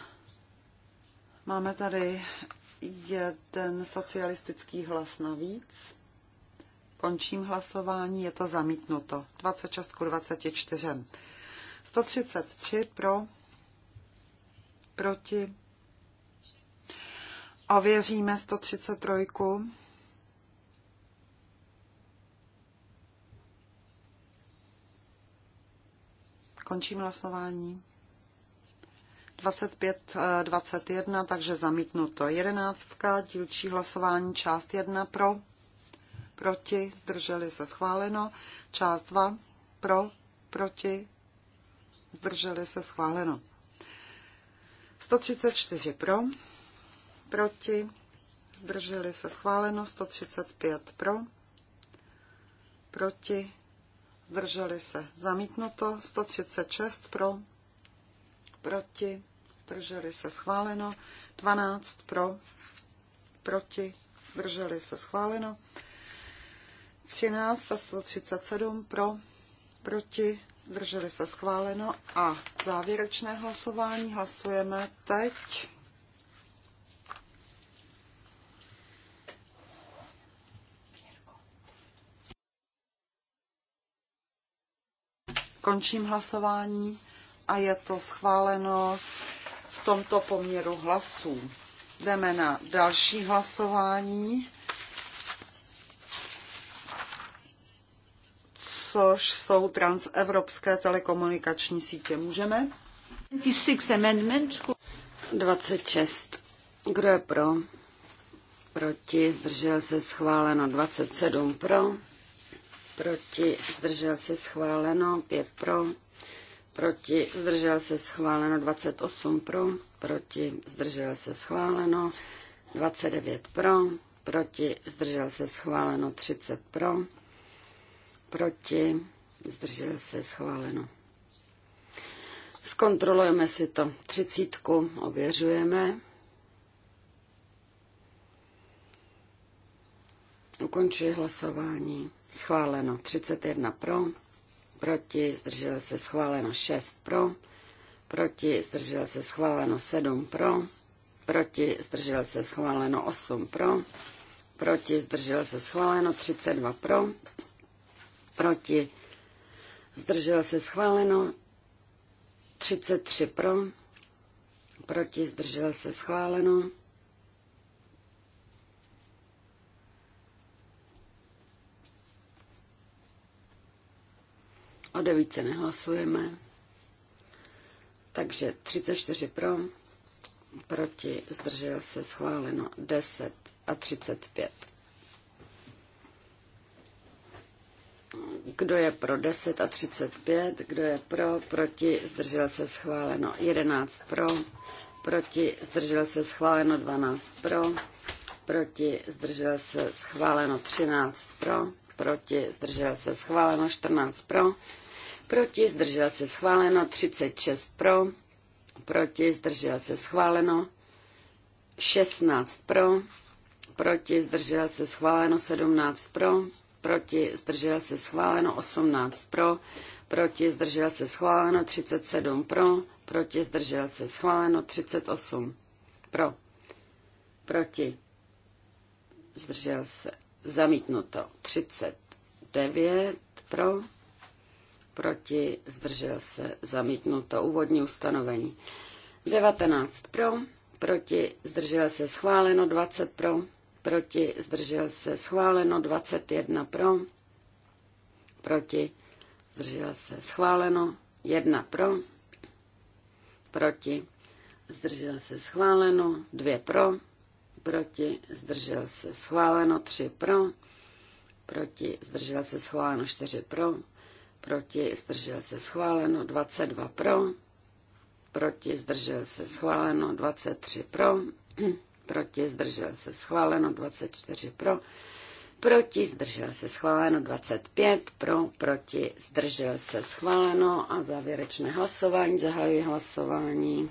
máme tady jeden socialistický hlas navíc. Končím hlasování, je to zamítnuto. 26 k 24. 133 pro, proti, Ověříme 133. Končím hlasování. 25, 21, takže zamítnuto. 11. Dílčí hlasování, část 1 pro, proti, zdrželi se schváleno. Část 2 pro, proti, zdrželi se schváleno. 134 pro, proti, zdrželi se schváleno 135 pro, proti, zdrželi se zamítnuto 136 pro, proti, zdrželi se schváleno 12 pro, proti, zdrželi se schváleno 13 a 137 pro, proti, zdrželi se schváleno a závěrečné hlasování hlasujeme teď. Končím hlasování a je to schváleno v tomto poměru hlasů. Jdeme na další hlasování, což jsou transevropské telekomunikační sítě. Můžeme? 26. Kdo je pro? Proti? Zdržel se schváleno 27 pro proti, zdržel se schváleno, 5 pro, proti, zdržel se schváleno, 28 pro, proti, zdržel se schváleno, 29 pro, proti, zdržel se schváleno, 30 pro, proti, zdržel se schváleno. Zkontrolujeme si to. Třicítku ověřujeme. Ukončuji hlasování schváleno 31 pro, proti, zdržel se schváleno 6 pro, proti, zdržel se schváleno 7 pro, proti, zdržel se schváleno 8 pro, proti, zdržel se schváleno 32 pro, proti, zdržel se schváleno 33 pro, proti, zdržel se schváleno O devíce nehlasujeme. Takže 34 pro, proti, zdržel se, schváleno 10 a 35. Kdo je pro 10 a 35, kdo je pro, proti, zdržel se, schváleno 11 pro, proti, zdržel se, schváleno 12 pro, proti, zdržel se, schváleno 13 pro, proti, zdržel se, schváleno 14 pro, proti, zdržel se schváleno, 36 pro, proti, zdržel se schváleno, 16 pro, proti, zdržel se schváleno, 17 pro, proti, zdržel se schváleno, 18 pro, proti, zdržel se schváleno, 37 pro, proti, zdržel se schváleno, 38 pro, proti, zdržel se zamítnuto, 39 pro, proti, zdržel se, zamítnuto. Úvodní ustanovení. 19 pro, proti, zdržel se, schváleno. 20 pro, proti, zdržel se, schváleno. 21 pro, proti, zdržel se, schváleno. 1 pro, proti, zdržel se, schváleno. 2 pro, proti, zdržel se, schváleno. 3 pro, proti, zdržel se, schváleno. 4 pro, proti, zdržel se schváleno, 22 pro, proti, zdržel se schváleno, 23 pro, proti, zdržel se schváleno, 24 pro, proti, zdržel se schváleno, 25 pro, proti, zdržel se schváleno a závěrečné hlasování, zahajuji hlasování.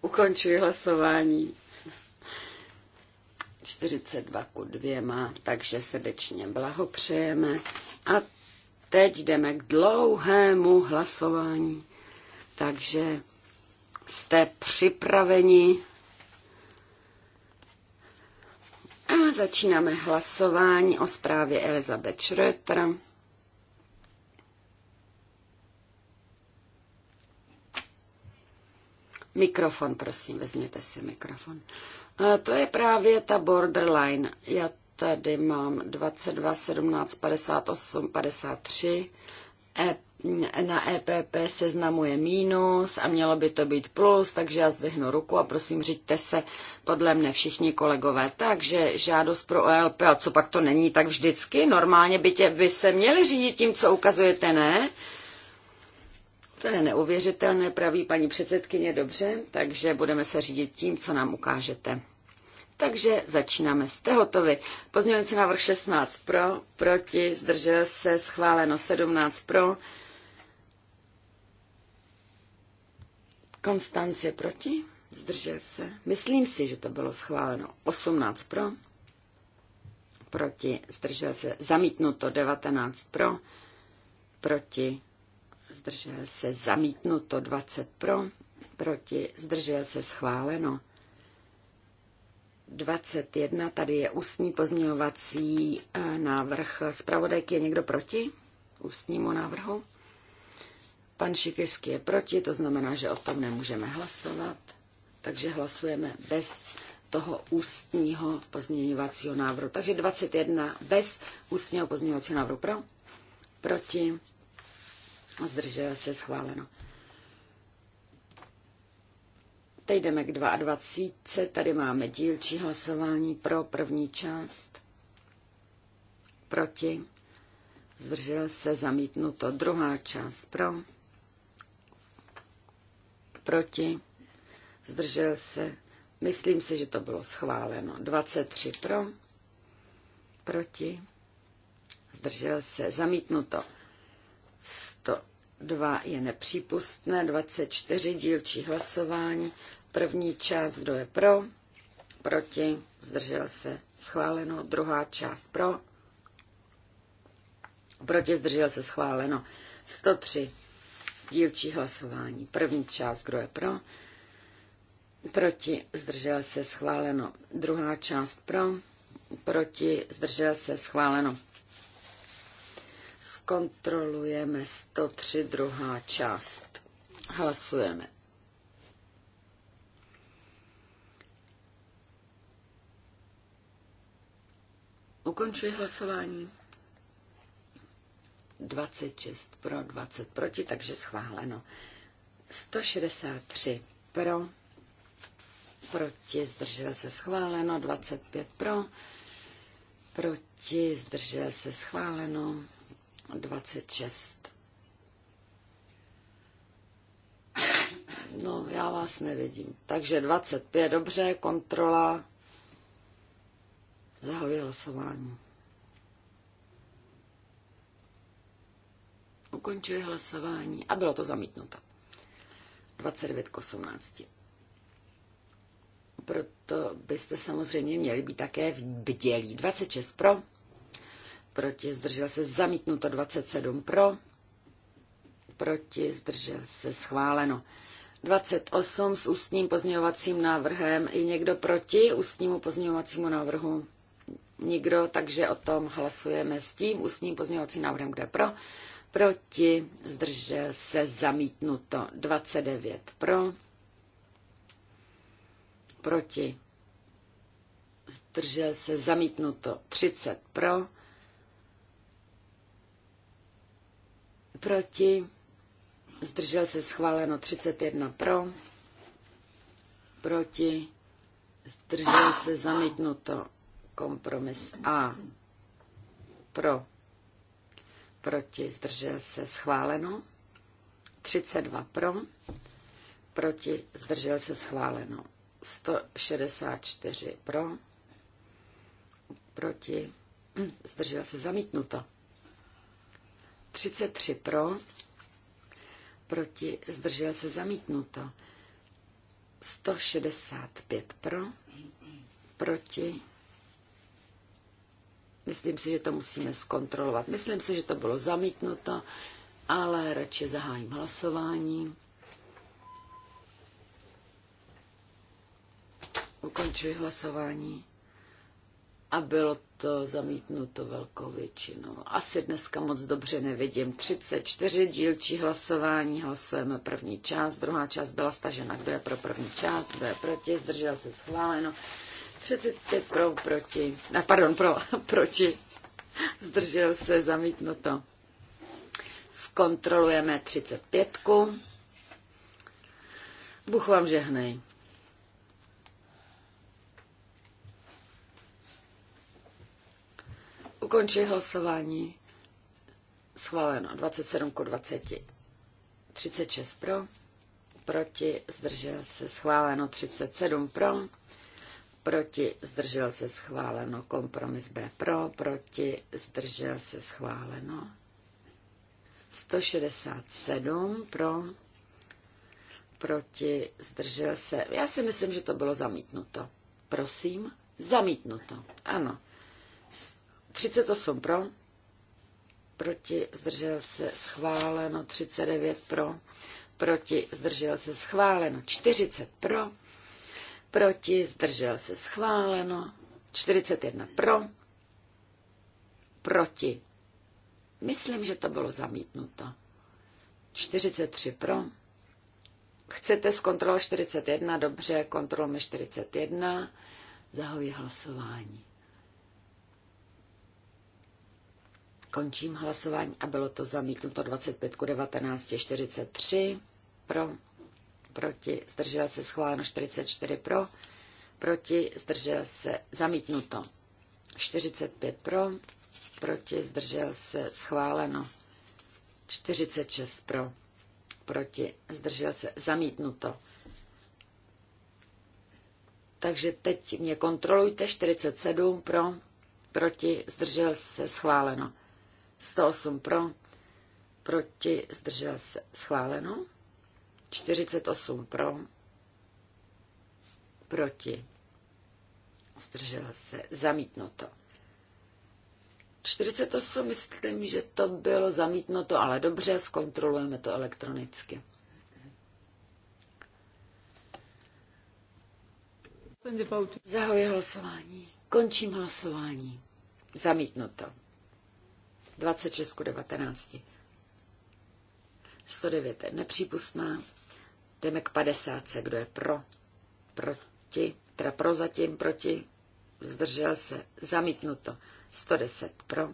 Ukončuji hlasování. 42 ku dvěma, takže srdečně blahopřejeme. A teď jdeme k dlouhému hlasování. Takže jste připraveni. A začínáme hlasování o zprávě Elizabeth Schröter. Mikrofon, prosím, vezměte si mikrofon. To je právě ta borderline. Já tady mám 22, 17, 58, 53. E, na EPP seznamuje mínus a mělo by to být plus, takže já zdvihnu ruku a prosím, řiďte se podle mne všichni kolegové. Takže žádost pro OLP, a co pak to není tak vždycky? Normálně by, tě, by se měli řídit tím, co ukazujete, ne? To je neuvěřitelné, praví paní předsedkyně, dobře, takže budeme se řídit tím, co nám ukážete. Takže začínáme. Jste hotovi. Pozměňující návrh 16 pro, proti, zdržel se, schváleno 17 pro. Konstance proti, zdržel se. Myslím si, že to bylo schváleno 18 pro, proti, zdržel se, zamítnuto 19 pro, proti, zdržel se zamítnuto 20 pro, proti, zdržel se schváleno. 21, tady je ústní pozměňovací eh, návrh. Spravodajky je někdo proti ústnímu návrhu? Pan Šikyřský je proti, to znamená, že o tom nemůžeme hlasovat, takže hlasujeme bez toho ústního pozměňovacího návrhu. Takže 21 bez ústního pozměňovacího návrhu pro, proti, Zdržel se schváleno. Teď jdeme k 22. Tady máme dílčí hlasování pro první část. Proti. Zdržel se zamítnuto. Druhá část pro. Proti. Zdržel se. Myslím si, že to bylo schváleno. 23 pro. Proti. Zdržel se. Zamítnuto. 102 je nepřípustné, 24 dílčí hlasování, první část, kdo je pro, proti, zdržel se, schváleno, druhá část pro, proti, zdržel se, schváleno, 103 dílčí hlasování, první část, kdo je pro, proti, zdržel se, schváleno, druhá část pro, proti, zdržel se, schváleno. Zkontrolujeme 103 druhá část. Hlasujeme. Ukončuji hlasování. 26 pro, 20 proti, takže schváleno. 163 pro, proti, zdržel se schváleno, 25 pro, proti, zdržel se schváleno, 26. No, já vás nevidím. Takže 25, dobře, kontrola. Zahajuji hlasování. Ukončuji hlasování a bylo to zamítnuto. 29 k 18. Proto byste samozřejmě měli být také v bdělí. 26 pro proti, zdržel se, zamítnuto 27 pro, proti, zdržel se, schváleno. 28 s ústním pozměňovacím návrhem. Je někdo proti ústnímu pozměňovacímu návrhu? Nikdo, takže o tom hlasujeme s tím ústním pozměňovacím návrhem, kde pro. Proti, zdržel se, zamítnuto 29 pro. Proti, zdržel se, zamítnuto 30 pro proti, zdržel se schváleno 31 pro, proti, zdržel se zamítnuto kompromis A pro, proti, zdržel se schváleno 32 pro, proti, zdržel se schváleno 164 pro, proti, zdržel se zamítnuto 33 pro, proti, zdržel se zamítnuto. 165 pro, proti. Myslím si, že to musíme zkontrolovat. Myslím si, že to bylo zamítnuto, ale radši zahájím hlasování. Ukončuji hlasování a bylo to zamítnuto velkou většinou. Asi dneska moc dobře nevidím. 34 dílčí hlasování, hlasujeme první část, druhá část byla stažena. Kdo je pro první část, kdo je proti, zdržel se schváleno. 35 pro, proti, Ne, pardon, pro, proti, zdržel se zamítnuto. Zkontrolujeme 35. Bůh vám žehnej. ukončí hlasování. Schváleno. 27 k 20. 36 pro. Proti. Zdržel se. Schváleno. 37 pro. Proti. Zdržel se. Schváleno. Kompromis B pro. Proti. Zdržel se. Schváleno. 167 pro. Proti. Zdržel se. Já si myslím, že to bylo zamítnuto. Prosím. Zamítnuto. Ano. 38 pro, proti, zdržel se schváleno, 39 pro, proti, zdržel se schváleno, 40 pro, proti, zdržel se schváleno, 41 pro, proti. Myslím, že to bylo zamítnuto. 43 pro. Chcete z kontrol 41? Dobře, kontrolujeme 41. Zahojí hlasování. Končím hlasování a bylo to zamítnuto 25 ku 19, 43 pro, proti, zdržel se schváleno 44 pro, proti, zdržel se zamítnuto 45 pro, proti, zdržel se schváleno 46 pro, proti, zdržel se zamítnuto. Takže teď mě kontrolujte 47 pro, proti, zdržel se schváleno. 108 pro, proti, zdržel se, schváleno. 48 pro, proti, zdržel se, zamítnuto. 48, myslím, že to bylo zamítnuto, ale dobře, zkontrolujeme to elektronicky. Zahoji hlasování. Končím hlasování. Zamítnuto. 26 19. 109 je nepřípustná. Jdeme k 50. Kdo je pro? Proti? Teda pro zatím, proti? Zdržel se. Zamítnuto. 110 pro.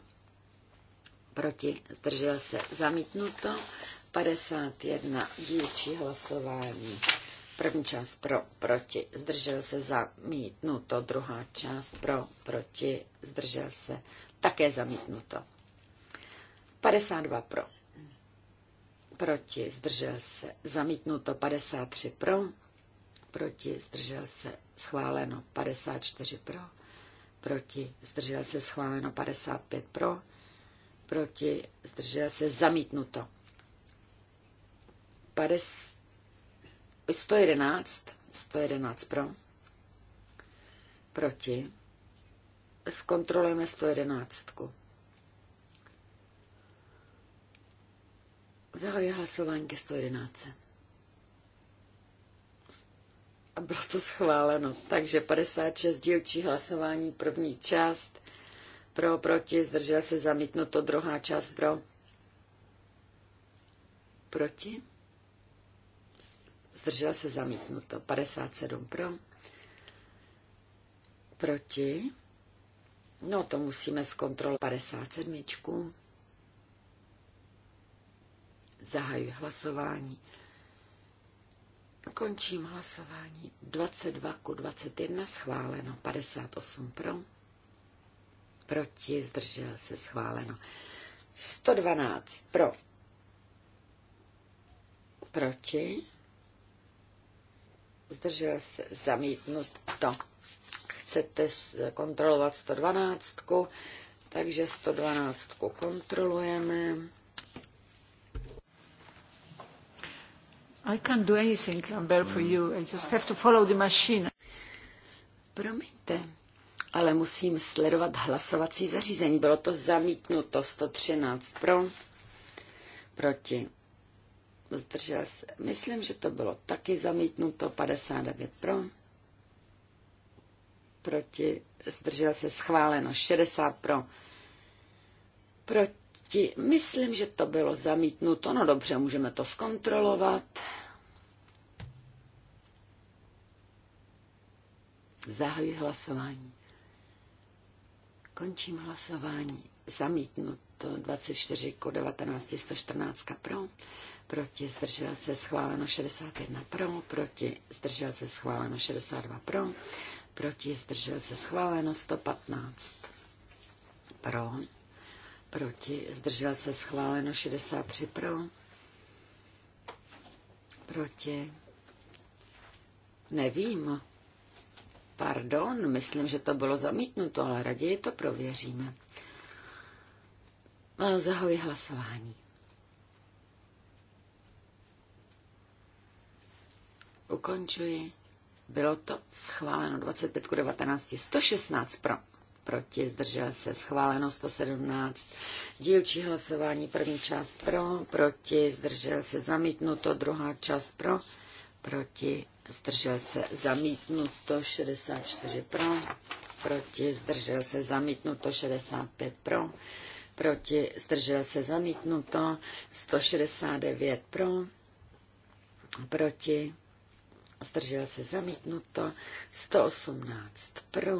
Proti? Zdržel se. Zamítnuto. 51 dílčí hlasování. První část pro, proti, zdržel se, zamítnuto. Druhá část pro, proti, zdržel se, také zamítnuto. 52 pro. Proti zdržel se. Zamítnuto 53 pro. Proti zdržel se. Schváleno 54 pro. Proti zdržel se. Schváleno 55 pro. Proti zdržel se. Zamítnuto. 111. 111 pro. Proti. Zkontrolujeme 111. Zahajuji hlasování ke 111. A bylo to schváleno. Takže 56 dílčí hlasování, první část pro, proti, zdržel se zamítnuto, druhá část pro, proti, zdržel se zamítnuto, 57 pro, proti, no to musíme zkontrolovat 57. Zahajuji hlasování. Končím hlasování. 22 ku 21 schváleno. 58 pro. Proti zdržel se schváleno. 112 pro. Proti. Zdržel se zamítnout to. Chcete kontrolovat 112, takže 112 kontrolujeme. I can't do anything, Lambert, for you. I just have to follow the machine. Promiňte, ale musím sledovat hlasovací zařízení. Bylo to zamítnuto 113 pro, proti. Zdržel se. Myslím, že to bylo taky zamítnuto 59 pro, proti. Zdržel se schváleno 60 pro, proti ti Myslím, že to bylo zamítnuto. No dobře, můžeme to zkontrolovat. Zahajuji hlasování. Končím hlasování. Zamítnuto 24 k 19, 114 pro, proti zdržel se schváleno 61 pro, proti zdržel se schváleno 62 pro, proti zdržel se schváleno 115 pro proti, zdržel se schváleno 63 pro, proti, nevím, pardon, myslím, že to bylo zamítnuto, ale raději to prověříme. Zahoji hlasování. Ukončuji. Bylo to schváleno 25 19, 116 pro proti, zdržel se, schváleno 117. Dílčí hlasování, první část pro, proti, zdržel se, zamítnuto, druhá část pro, proti, zdržel se, zamítnuto, 64 pro, proti, zdržel se, zamítnuto, 65 pro, proti, zdržel se, zamítnuto, 169 pro, proti, zdržel se, zamítnuto, 118 pro,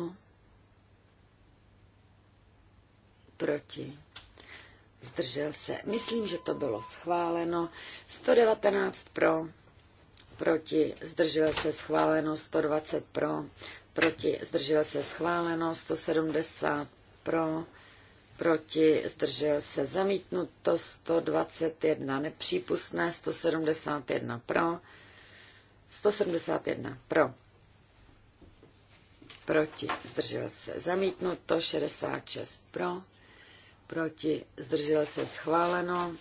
proti, zdržel se. Myslím, že to bylo schváleno. 119 pro, proti, zdržel se schváleno. 120 pro, proti, zdržel se schváleno. 170 pro, proti, zdržel se zamítnuto. 121 nepřípustné, 171 pro, 171 pro proti, zdržel se. Zamítnuto 66 pro, proti, zdržel se schváleno.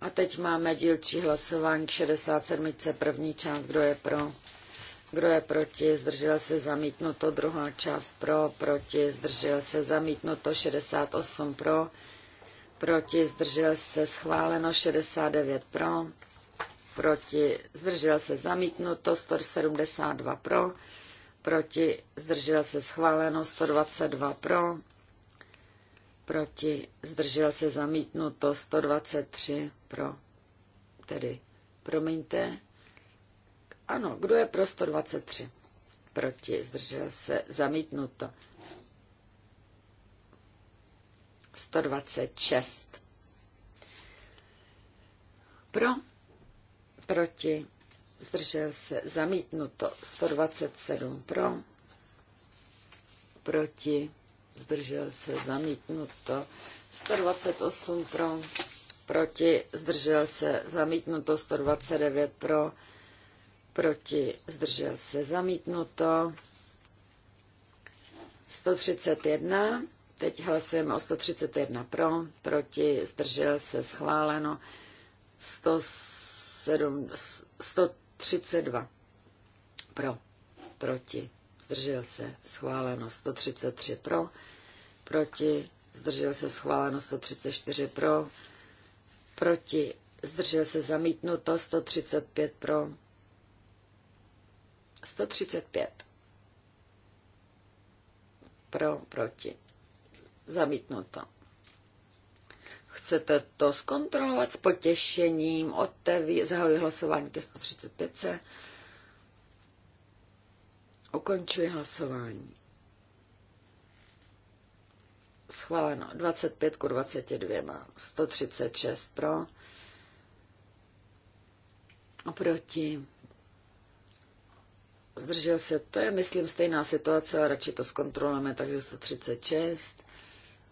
A teď máme dílčí hlasování k 67. první část, kdo je pro, kdo je proti, zdržel se zamítnuto, druhá část pro, proti, zdržel se zamítnuto, 68 pro, proti, zdržel se schváleno, 69 pro, proti, zdržel se zamítnuto, 172 pro, proti, zdržel se schváleno, 122 pro, proti, zdržel se zamítnuto 123 pro, tedy promiňte, ano, kdo je pro 123? Proti, zdržel se zamítnuto 126 pro, proti, zdržel se zamítnuto 127 pro, proti, zdržel se, zamítnuto. 128 pro, proti, zdržel se, zamítnuto. 129 pro, proti, zdržel se, zamítnuto. 131, teď hlasujeme o 131 pro, proti, zdržel se, schváleno. 107, 132 pro, proti, zdržel se, schváleno 133 pro, proti, zdržel se, schváleno 134 pro, proti, zdržel se, zamítnuto 135 pro, 135 pro, proti, zamítnuto. Chcete to zkontrolovat s potěšením, otevřít, zahajuji hlasování ke 135. Ukončuji hlasování. Schváleno 25 ku 22, 136 pro, proti, zdržel se, to je, myslím, stejná situace, ale radši to zkontrolujeme, takže 136,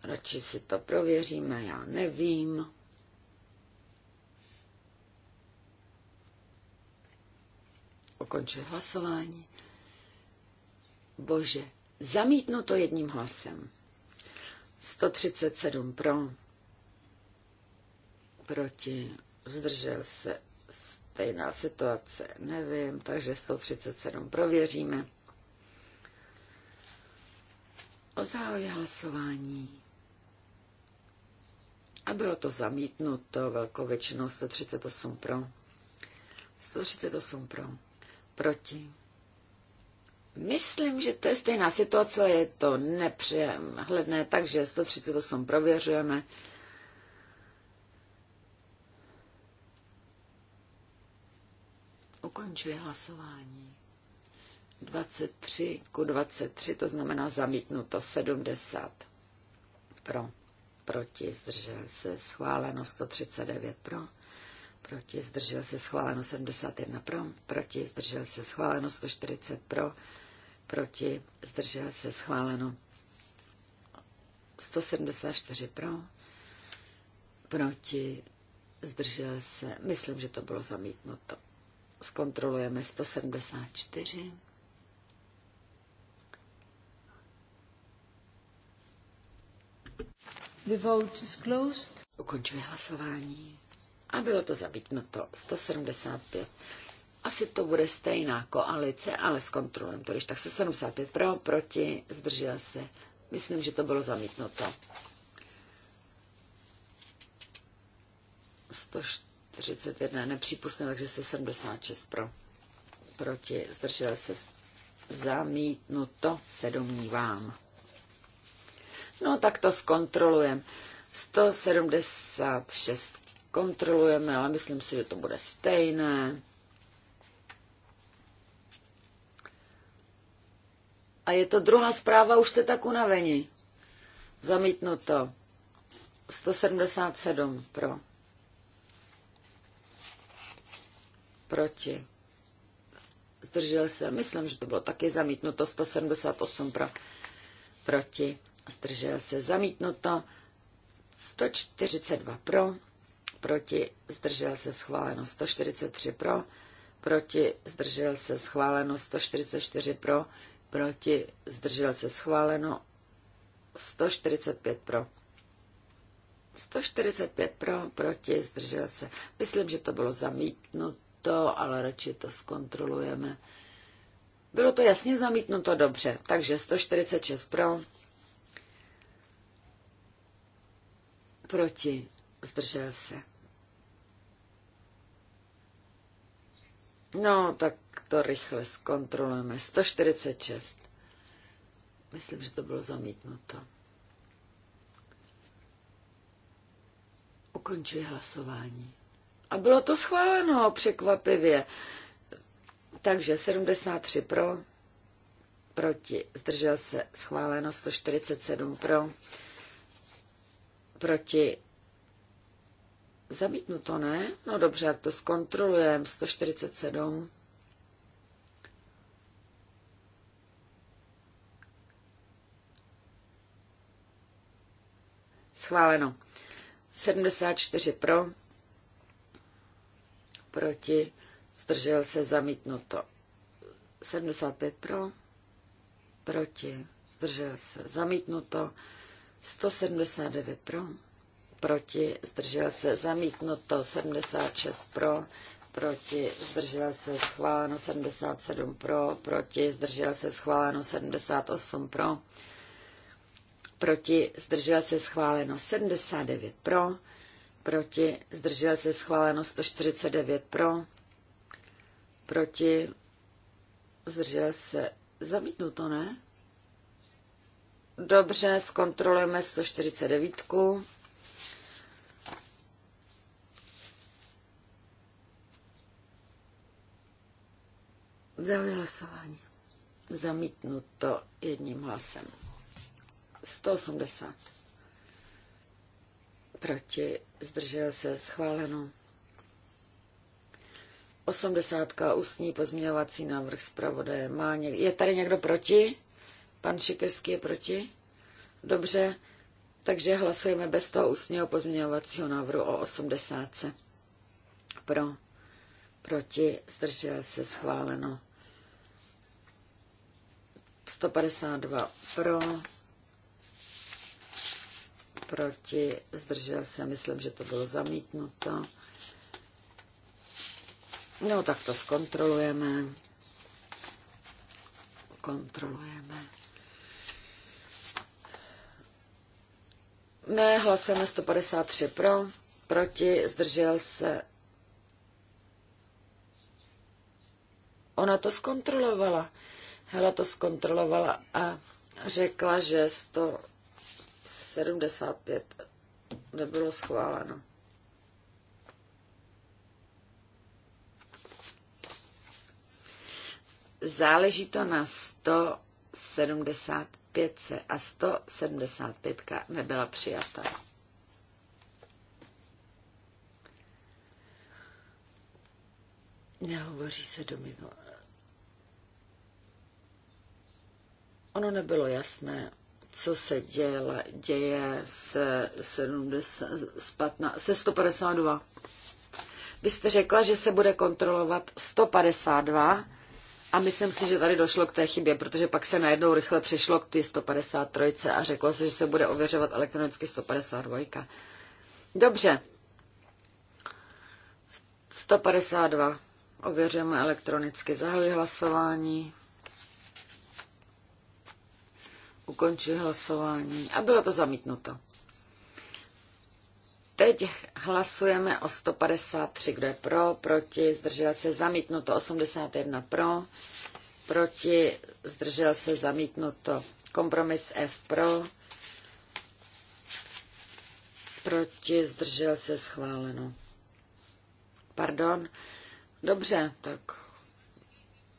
radši si to prověříme, já nevím. Ukončuji hlasování. Bože, zamítnu to jedním hlasem. 137 pro, proti, zdržel se, stejná situace, nevím, takže 137 prověříme. O zahoji hlasování. A bylo to zamítnuto velkou většinou 138 pro. 138 pro. Proti. Myslím, že to je stejná situace, je to nepřehledné, takže 138 prověřujeme. Ukončuje hlasování. 23 ku 23, to znamená zamítnuto 70 pro, proti, zdržel se, schváleno 139 pro, proti, zdržel se, schváleno 71 pro, proti, zdržel se, schváleno 140 pro, proti, zdržel se, schváleno. 174 pro, proti, zdržel se, myslím, že to bylo zamítnuto. Zkontrolujeme 174. The vote is closed. Ukončuje hlasování. A bylo to zamítnuto 175 asi to bude stejná koalice, ale s kontrolem. To když tak se 75 pro, proti, zdržel se. Myslím, že to bylo zamítnuto. 141 nepřípustné, takže 176 pro. Proti, zdržel se. Zamítnuto se domnívám. No tak to zkontrolujeme. 176 kontrolujeme, ale myslím si, že to bude stejné. A je to druhá zpráva, už jste tak unavení. Zamítnuto. 177 pro. Proti. Zdržel se. Myslím, že to bylo taky zamítnuto. 178 pro. Proti. Zdržel se. Zamítnuto. 142 pro. Proti. Zdržel se. Schváleno. 143 pro. Proti. Zdržel se. Schváleno. 144 pro proti, zdržel se schváleno, 145 pro. 145 pro, proti, zdržel se. Myslím, že to bylo zamítnuto, ale radši to zkontrolujeme. Bylo to jasně zamítnuto dobře, takže 146 pro, proti, zdržel se. No, tak to rychle zkontrolujeme. 146. Myslím, že to bylo zamítnuto. Ukončuji hlasování. A bylo to schváleno překvapivě. Takže 73 pro, proti, zdržel se, schváleno 147 pro, proti, zamítnuto ne? No dobře, jak to zkontrolujeme, 147. Schváleno. 74 pro, proti, zdržel se zamítnuto. 75 pro, proti, zdržel se zamítnuto. 179 pro, proti, zdržel se zamítnuto. 76 pro, proti, zdržel se schváleno. 77 pro, proti, zdržel se schváleno. 78 pro proti, zdržel se schváleno 79 pro, proti, zdržel se schváleno 149 pro, proti, zdržel se zamítnuto, ne? Dobře, zkontrolujeme 149. Zahajuji hlasování. Zamítnuto jedním hlasem. 180. Proti zdržel se schváleno. 80. ústní pozměňovací návrh zpravodaje. Má něk- je tady někdo proti? Pan Šikerský je proti? Dobře, takže hlasujeme bez toho ústního pozměňovacího návrhu o 80. Pro, proti, zdržel se schváleno. 152 pro, proti, zdržel se, myslím, že to bylo zamítnuto. No, tak to zkontrolujeme. Kontrolujeme. Ne, hlasujeme 153 pro, proti, zdržel se. Ona to zkontrolovala. Hela to zkontrolovala a řekla, že 100 75 nebylo schváleno. Záleží to na 175 a 175 nebyla přijata. Nehovoří se do minulého. Ono nebylo jasné, co se děle, děje se, 70, s 15, se 152. Vy jste řekla, že se bude kontrolovat 152 a myslím si, že tady došlo k té chybě, protože pak se najednou rychle přišlo k ty 153 a řeklo se, že se bude ověřovat elektronicky 152. Dobře. 152. Ověřujeme elektronicky. Zahajuji hlasování. Ukončuji hlasování. A bylo to zamítnuto. Teď hlasujeme o 153, kdo je pro, proti, zdržel se zamítnuto, 81 pro, proti, zdržel se zamítnuto, kompromis F pro, proti, zdržel se schváleno. Pardon, dobře, tak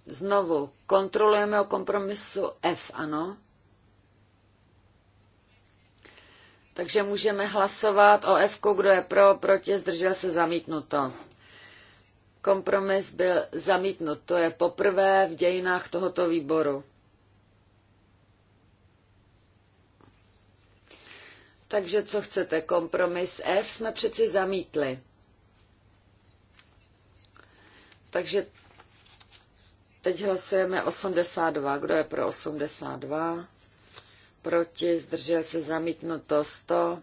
znovu kontrolujeme o kompromisu F, ano. Takže můžeme hlasovat o F, kdo je pro, proti, zdržel se zamítnuto. Kompromis byl zamítnut. To je poprvé v dějinách tohoto výboru. Takže co chcete? Kompromis F jsme přeci zamítli. Takže teď hlasujeme 82. Kdo je pro 82? proti, zdržel se zamítnuto 100.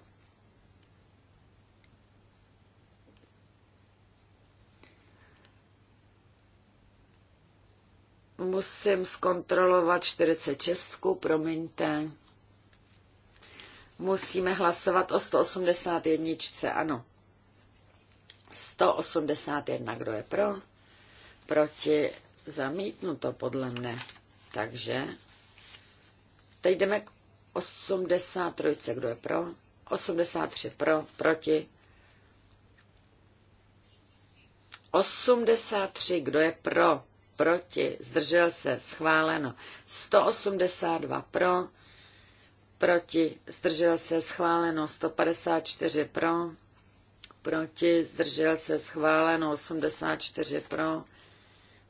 Musím zkontrolovat 46, promiňte. Musíme hlasovat o 181, ano. 181, kdo je pro? Proti zamítnuto podle mne. Takže teď jdeme k 83, kdo je pro? 83 pro, proti. 83, kdo je pro? Proti, zdržel se, schváleno. 182 pro, proti, zdržel se, schváleno. 154 pro, proti, zdržel se, schváleno. 84 pro,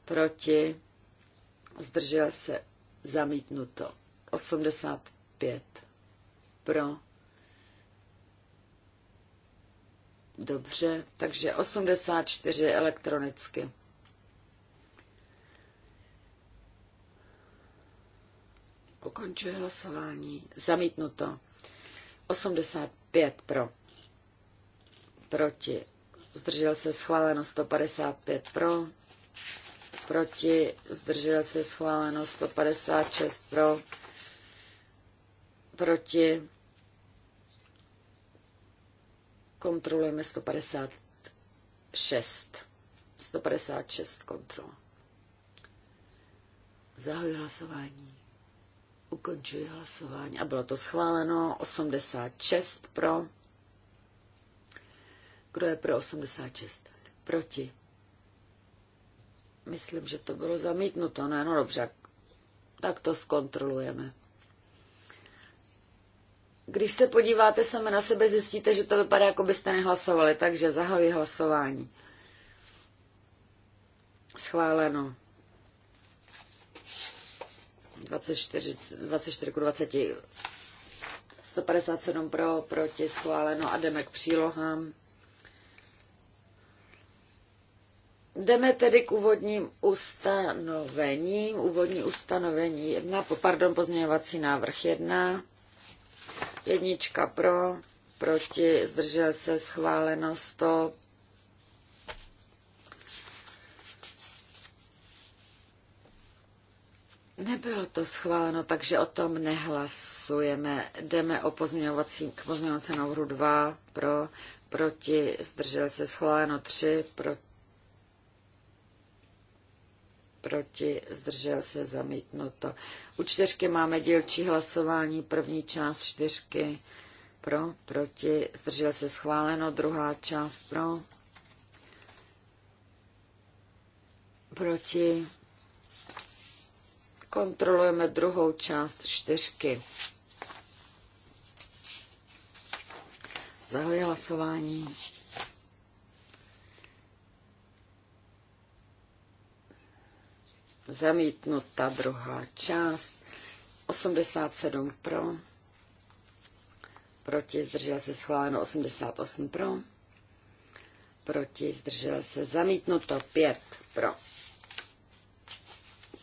proti, zdržel se, zamítnuto. 80 105 pro. Dobře, takže 84 elektronicky. Ukončuje hlasování. Zamítnuto. 85 pro. Proti. Zdržel se schváleno 155 pro. Proti. Zdržel se schváleno 156 pro proti, kontrolujeme 156. 156 kontrol. Zahajuji hlasování. Ukončuji hlasování. A bylo to schváleno. 86 pro. Kdo je pro 86? Proti. Myslím, že to bylo zamítnuto. Ne, no, no dobře. Tak to zkontrolujeme. Když se podíváte sami na sebe, zjistíte, že to vypadá, jako byste nehlasovali, takže zahajuji hlasování. Schváleno. 24, 24 k 20. 157 pro, proti, schváleno a jdeme k přílohám. Jdeme tedy k úvodním ustanovením. Úvodní ustanovení 1, pardon, pozměňovací návrh 1. Jednička pro, proti, zdržel se schváleno 100. Nebylo to schváleno, takže o tom nehlasujeme. Jdeme o pozměňovací, k pozměňovacímu návrhu 2 pro, proti, zdržel se schváleno 3, proti proti, zdržel se, zamítnuto. U čtyřky máme dílčí hlasování, první část čtyřky pro, proti, zdržel se, schváleno, druhá část pro, proti, kontrolujeme druhou část čtyřky. Zahoj hlasování. Zamítnuta druhá část. 87 pro. Proti zdržel se schváleno 88 pro. Proti zdržel se zamítnuto 5 pro.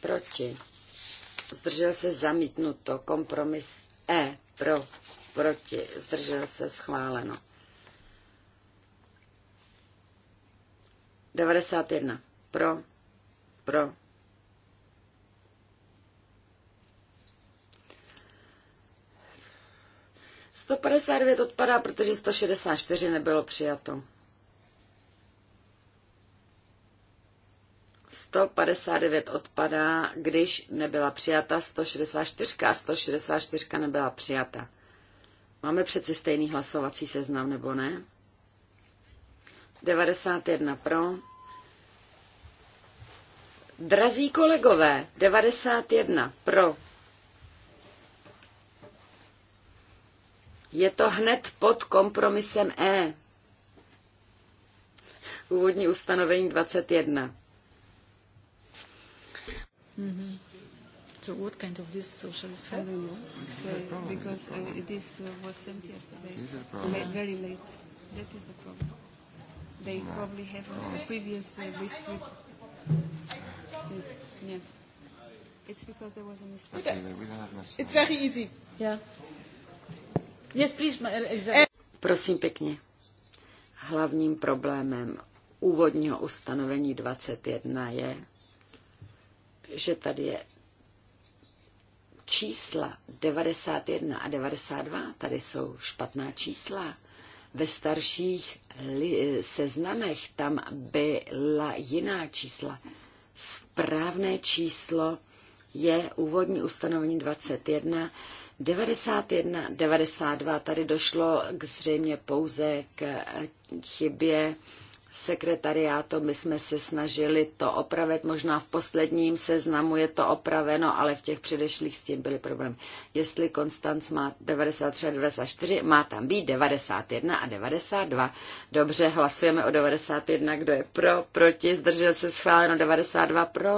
Proti zdržel se zamítnuto kompromis E pro. Proti zdržel se schváleno. 91 pro. Pro 159 odpadá, protože 164 nebylo přijato. 159 odpadá, když nebyla přijata 164 a 164 nebyla přijata. Máme přeci stejný hlasovací seznam, nebo ne? 91 pro. Drazí kolegové, 91 pro, Je to hned pod kompromisem E. Úvodní ustanovení 21. Mm-hmm. So what kind of this socialist have? I don't know. because uh, this uh, was sent yesterday. La- very late. That is the problem. They no. probably have a no. previous uh, list. With, yeah. It's because there was a mistake. It's very easy. Yeah. Eh, Prosím pěkně. Hlavním problémem úvodního ustanovení 21 je, že tady je čísla 91 a 92, tady jsou špatná čísla. Ve starších eh, seznamech tam byla jiná čísla. Správné číslo je úvodní ustanovení 21 91, 92, tady došlo k zřejmě pouze k chybě sekretariátu. My jsme se snažili to opravit, možná v posledním seznamu je to opraveno, ale v těch předešlých s tím byly problémy. Jestli Konstanc má 93 a 94, má tam být 91 a 92. Dobře, hlasujeme o 91, kdo je pro, proti, zdržel se schváleno, 92 pro,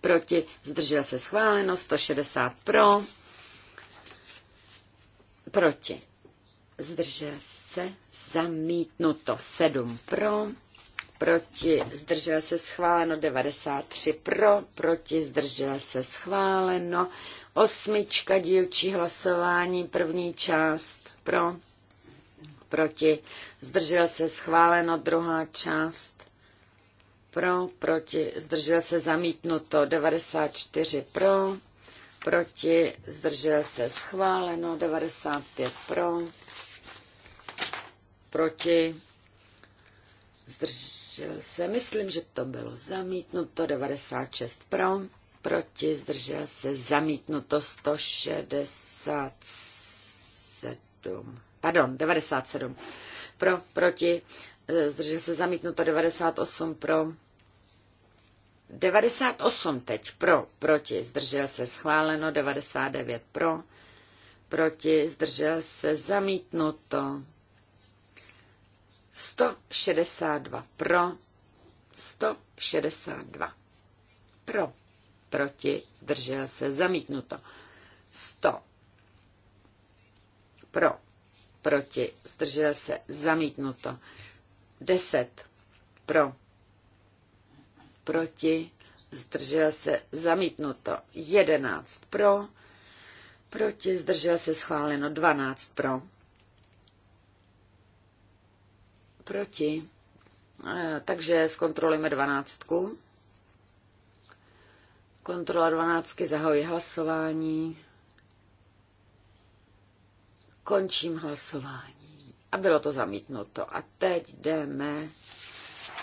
proti, zdržel se schváleno, 160 pro proti, zdržel se, zamítnuto 7 pro, proti, zdržel se schváleno 93 pro, proti, zdržel se schváleno, osmička dílčí hlasování, první část pro, proti, zdržel se schváleno, druhá část pro, proti, zdržel se zamítnuto 94 pro, proti, zdržel se schváleno, 95 pro, proti, zdržel se, myslím, že to bylo zamítnuto, 96 pro, proti, zdržel se, zamítnuto 167, pardon, 97 pro, proti, zdržel se, zamítnuto 98 pro, 98 teď pro, proti, zdržel se schváleno, 99 pro, proti, zdržel se zamítnuto, 162 pro, 162 pro, proti, zdržel se zamítnuto, 100 pro, proti, zdržel se zamítnuto, 10 pro, proti, zdržel se, zamítnuto 11 pro, proti, zdržel se, schváleno 12 pro, proti, eh, takže zkontrolujeme 12. Kontrola 12 zahojí hlasování. Končím hlasování. A bylo to zamítnuto. A teď jdeme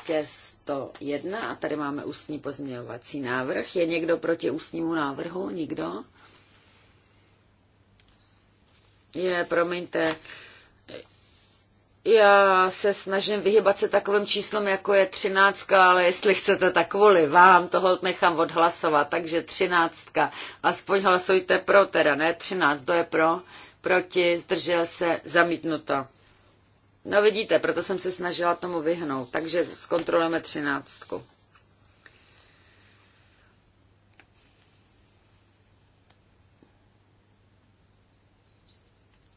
místě 101 a tady máme ústní pozměňovací návrh. Je někdo proti ústnímu návrhu? Nikdo? Je, promiňte, já se snažím vyhybat se takovým číslem, jako je třináctka, ale jestli chcete, tak kvůli vám toho nechám odhlasovat. Takže třináctka. Aspoň hlasujte pro, teda ne třináct. to je pro? Proti? Zdržel se? Zamítnuto. No vidíte, proto jsem se snažila tomu vyhnout. Takže zkontrolujeme třináctku.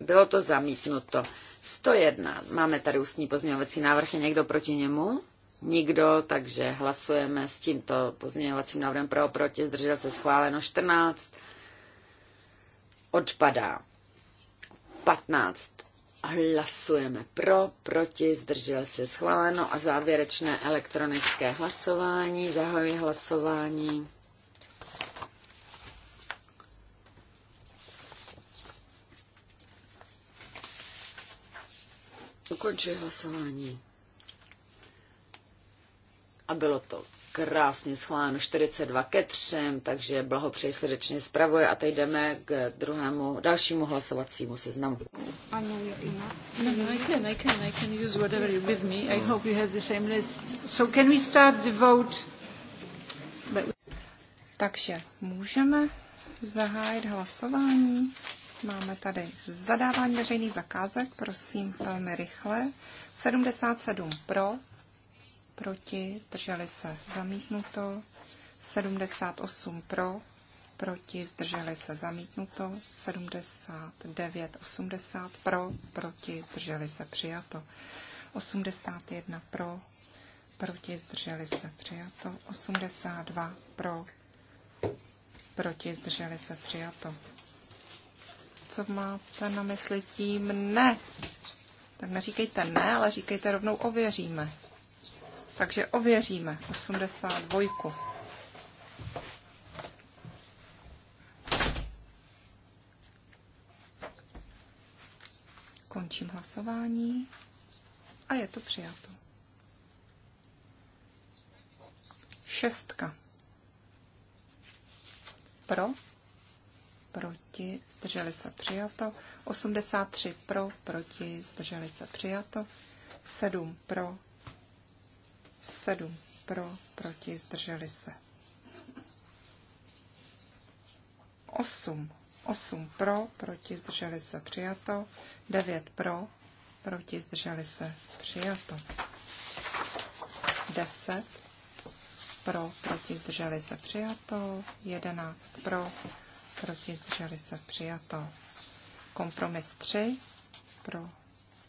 Bylo to zamítnuto. 101. Máme tady ústní pozměňovací návrh. Je někdo proti němu? Nikdo, takže hlasujeme s tímto pozměňovacím návrhem pro proti. Zdržel se schváleno 14. Odpadá. 15 Hlasujeme pro, proti, zdržel se schváleno a závěrečné elektronické hlasování. Zahajuji hlasování. Ukončuji hlasování. A bylo to Krásně schváleno 42 ke 3, takže blahopřeji srdečně zpravuje a teď jdeme k druhému, dalšímu hlasovacímu seznamu. Takže můžeme zahájit hlasování. Máme tady zadávání veřejných zakázek, prosím velmi rychle. 77 pro, proti, zdrželi se zamítnuto, 78 pro, proti, zdrželi se zamítnuto, 79, 80 pro, proti, zdrželi se přijato, 81 pro, proti, zdrželi se přijato, 82 pro, proti, zdrželi se přijato. Co máte na mysli tím ne? Tak neříkejte ne, ale říkejte rovnou ověříme. Takže ověříme 82. Končím hlasování a je to přijato. Šestka. Pro, proti, zdrželi se přijato. 83 pro, proti, zdrželi se přijato. 7 pro, 7 pro, proti, zdrželi se. 8. 8 pro, proti, zdrželi se, přijato. 9 pro, proti, zdrželi se, přijato. 10 pro, proti, zdrželi se, přijato. 11 pro, proti, zdrželi se, přijato. Kompromis 3 pro,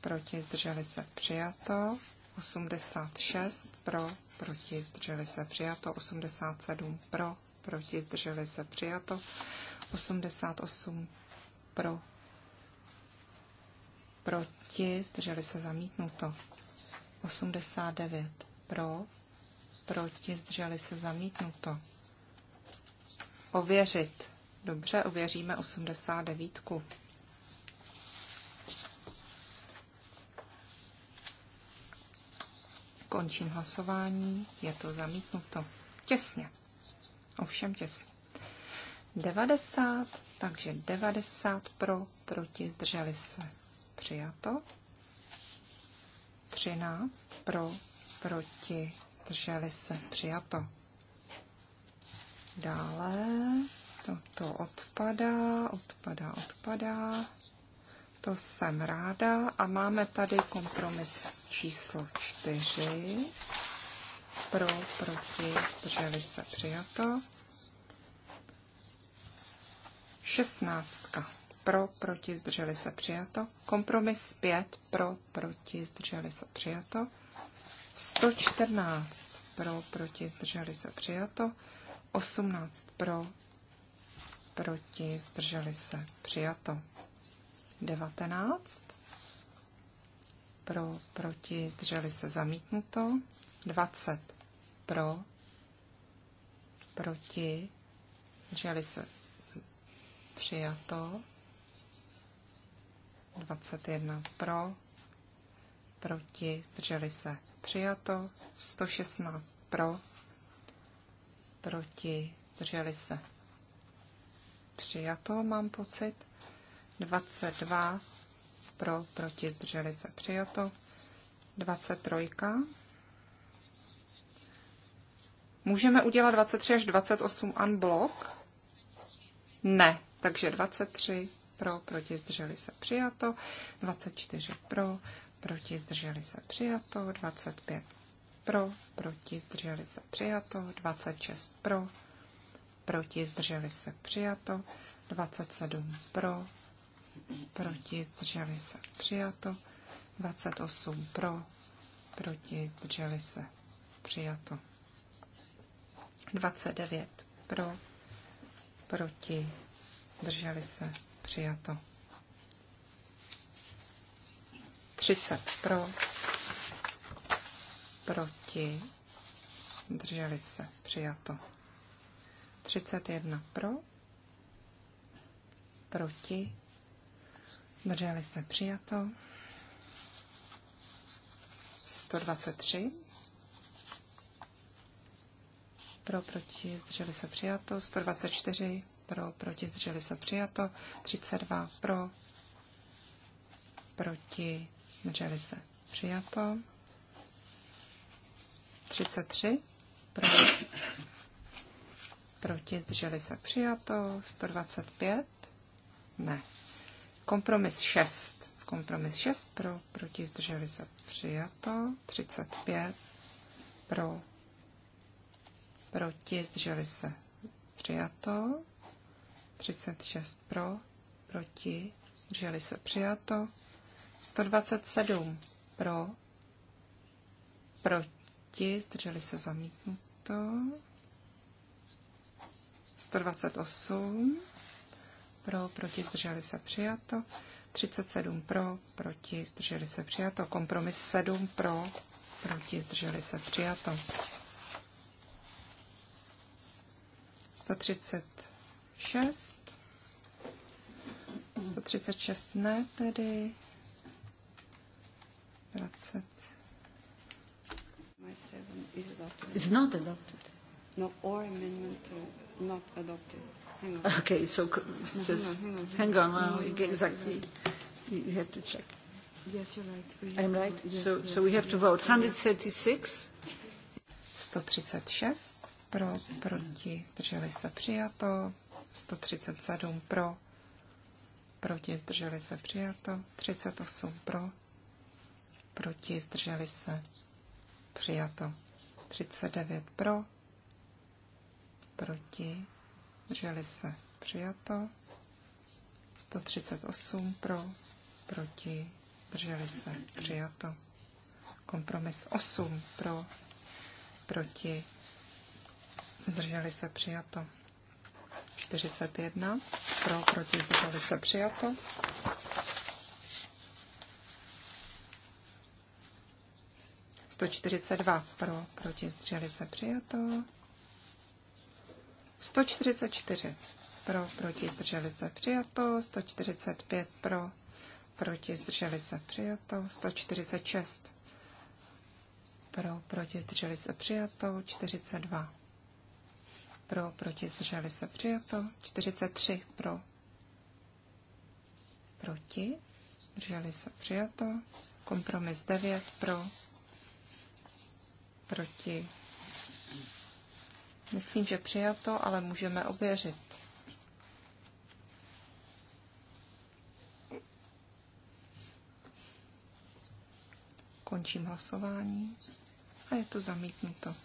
proti, zdrželi se, přijato. 86 pro, proti zdrželi se přijato, 87 pro, proti zdrželi se přijato, 88 pro, proti zdrželi se zamítnuto, 89 pro, proti zdrželi se zamítnuto. Ověřit. Dobře, ověříme 89. Končím hlasování. Je to zamítnuto. Těsně. Ovšem těsně. 90, takže 90 pro, proti, zdrželi se. Přijato. 13 pro, proti, zdrželi se. Přijato. Dále toto odpadá, odpadá, odpadá. To jsem ráda a máme tady kompromis číslo 4. Pro, proti, drželi se přijato. 16. Pro, proti, zdrželi se přijato. Kompromis 5. Pro, proti, zdrželi se přijato. 114. Pro, proti, zdrželi se přijato. 18. Pro, proti, zdrželi se přijato. 19 pro, proti, zdrželi se zamítnuto. 20 pro, proti, zdrželi se přijato. 21 pro, proti, zdrželi se přijato. 116 pro, proti, zdrželi se přijato, mám pocit. 22 pro, proti, zdrželi se, přijato. 23. Můžeme udělat 23 až 28 unblock? Ne. Takže 23 pro, proti, zdrželi se, přijato. 24 pro, proti, zdrželi se, přijato. 25 pro, proti, zdrželi se, přijato. 26 pro, proti, zdrželi se, přijato. 27 pro, proti, zdrželi se přijato. 28 pro, proti, zdrželi se přijato. 29 pro, proti, zdrželi se přijato. 30 pro, proti, zdrželi se, přijato. 31 pro, proti, Drželi se přijato. 123. Pro, proti, zdrželi se přijato. 124. Pro, proti, zdrželi se přijato. 32. Pro, proti, zdrželi se přijato. 33. Pro, proti, zdrželi se přijato. 125. Ne, Kompromis 6. Kompromis 6 pro, proti zdrželi se přijato. 35 pro, proti zdrželi se přijato. 36 pro, proti zdrželi se přijato. 127 pro, proti zdrželi se zamítnuto. 128 pro, proti, zdrželi se přijato. 37 pro, proti, zdrželi se přijato. Kompromis 7 pro, proti, zdrželi se přijato. 136. 136 ne tedy. 20. Is not adopted. No, or amendment not adopted hang on. Okay, so just hang on. Hang on. Hang on. exactly. You have to check. Yes, you're right. I'm right. yes, so, yes, so we have to vote. 136. 136 pro, proti, zdrželi se přijato. 137 pro, proti, zdrželi se přijato. 38 pro, proti, zdrželi se přijato. 39 pro, proti, zdrželi se přijato. 138 pro, proti, zdrželi se přijato. Kompromis 8 pro, proti, zdrželi se přijato. 41 pro, proti, zdrželi se přijato. Sto čtyřicet dva pro, proti, zdrželi se přijato. 144 pro, proti, zdrželi se přijato, 145 pro, proti, zdrželi se přijato, 146 pro, proti, zdrželi se přijato, 42 pro, proti, zdrželi se přijato, 43 pro, proti, zdrželi se přijato, kompromis 9 pro, proti, Myslím, že přijato, ale můžeme ověřit. Končím hlasování a je to zamítnuto.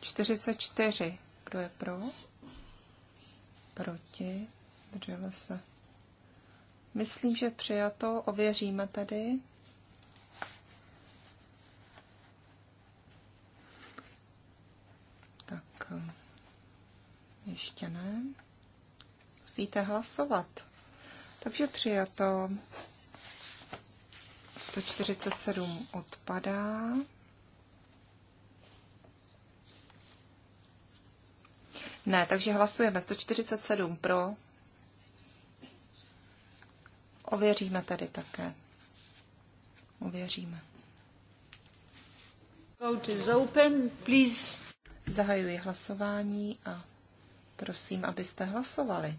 Čtyřicet čtyři. Kdo je pro? Proti? Držel se Myslím, že přijato. Ověříme tedy. Tak eh, ještě ne. Musíte hlasovat. Takže přijato. 147 odpadá. Ne, takže hlasujeme 147 pro, Ověříme tedy také. Ověříme. Vote is open, please. Zahajuji hlasování a prosím, abyste hlasovali.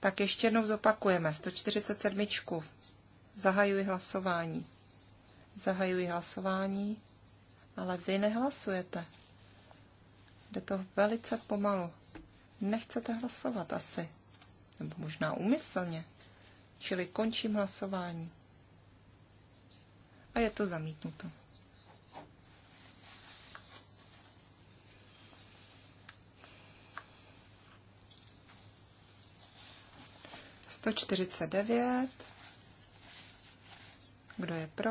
Tak ještě jednou zopakujeme. 147. Zahajuji hlasování. Zahajuji hlasování, ale vy nehlasujete. Jde to velice pomalu. Nechcete hlasovat asi. Nebo možná úmyslně. Čili končím hlasování. A je to zamítnuto. Sto čtyřicet devět. Kdo je pro?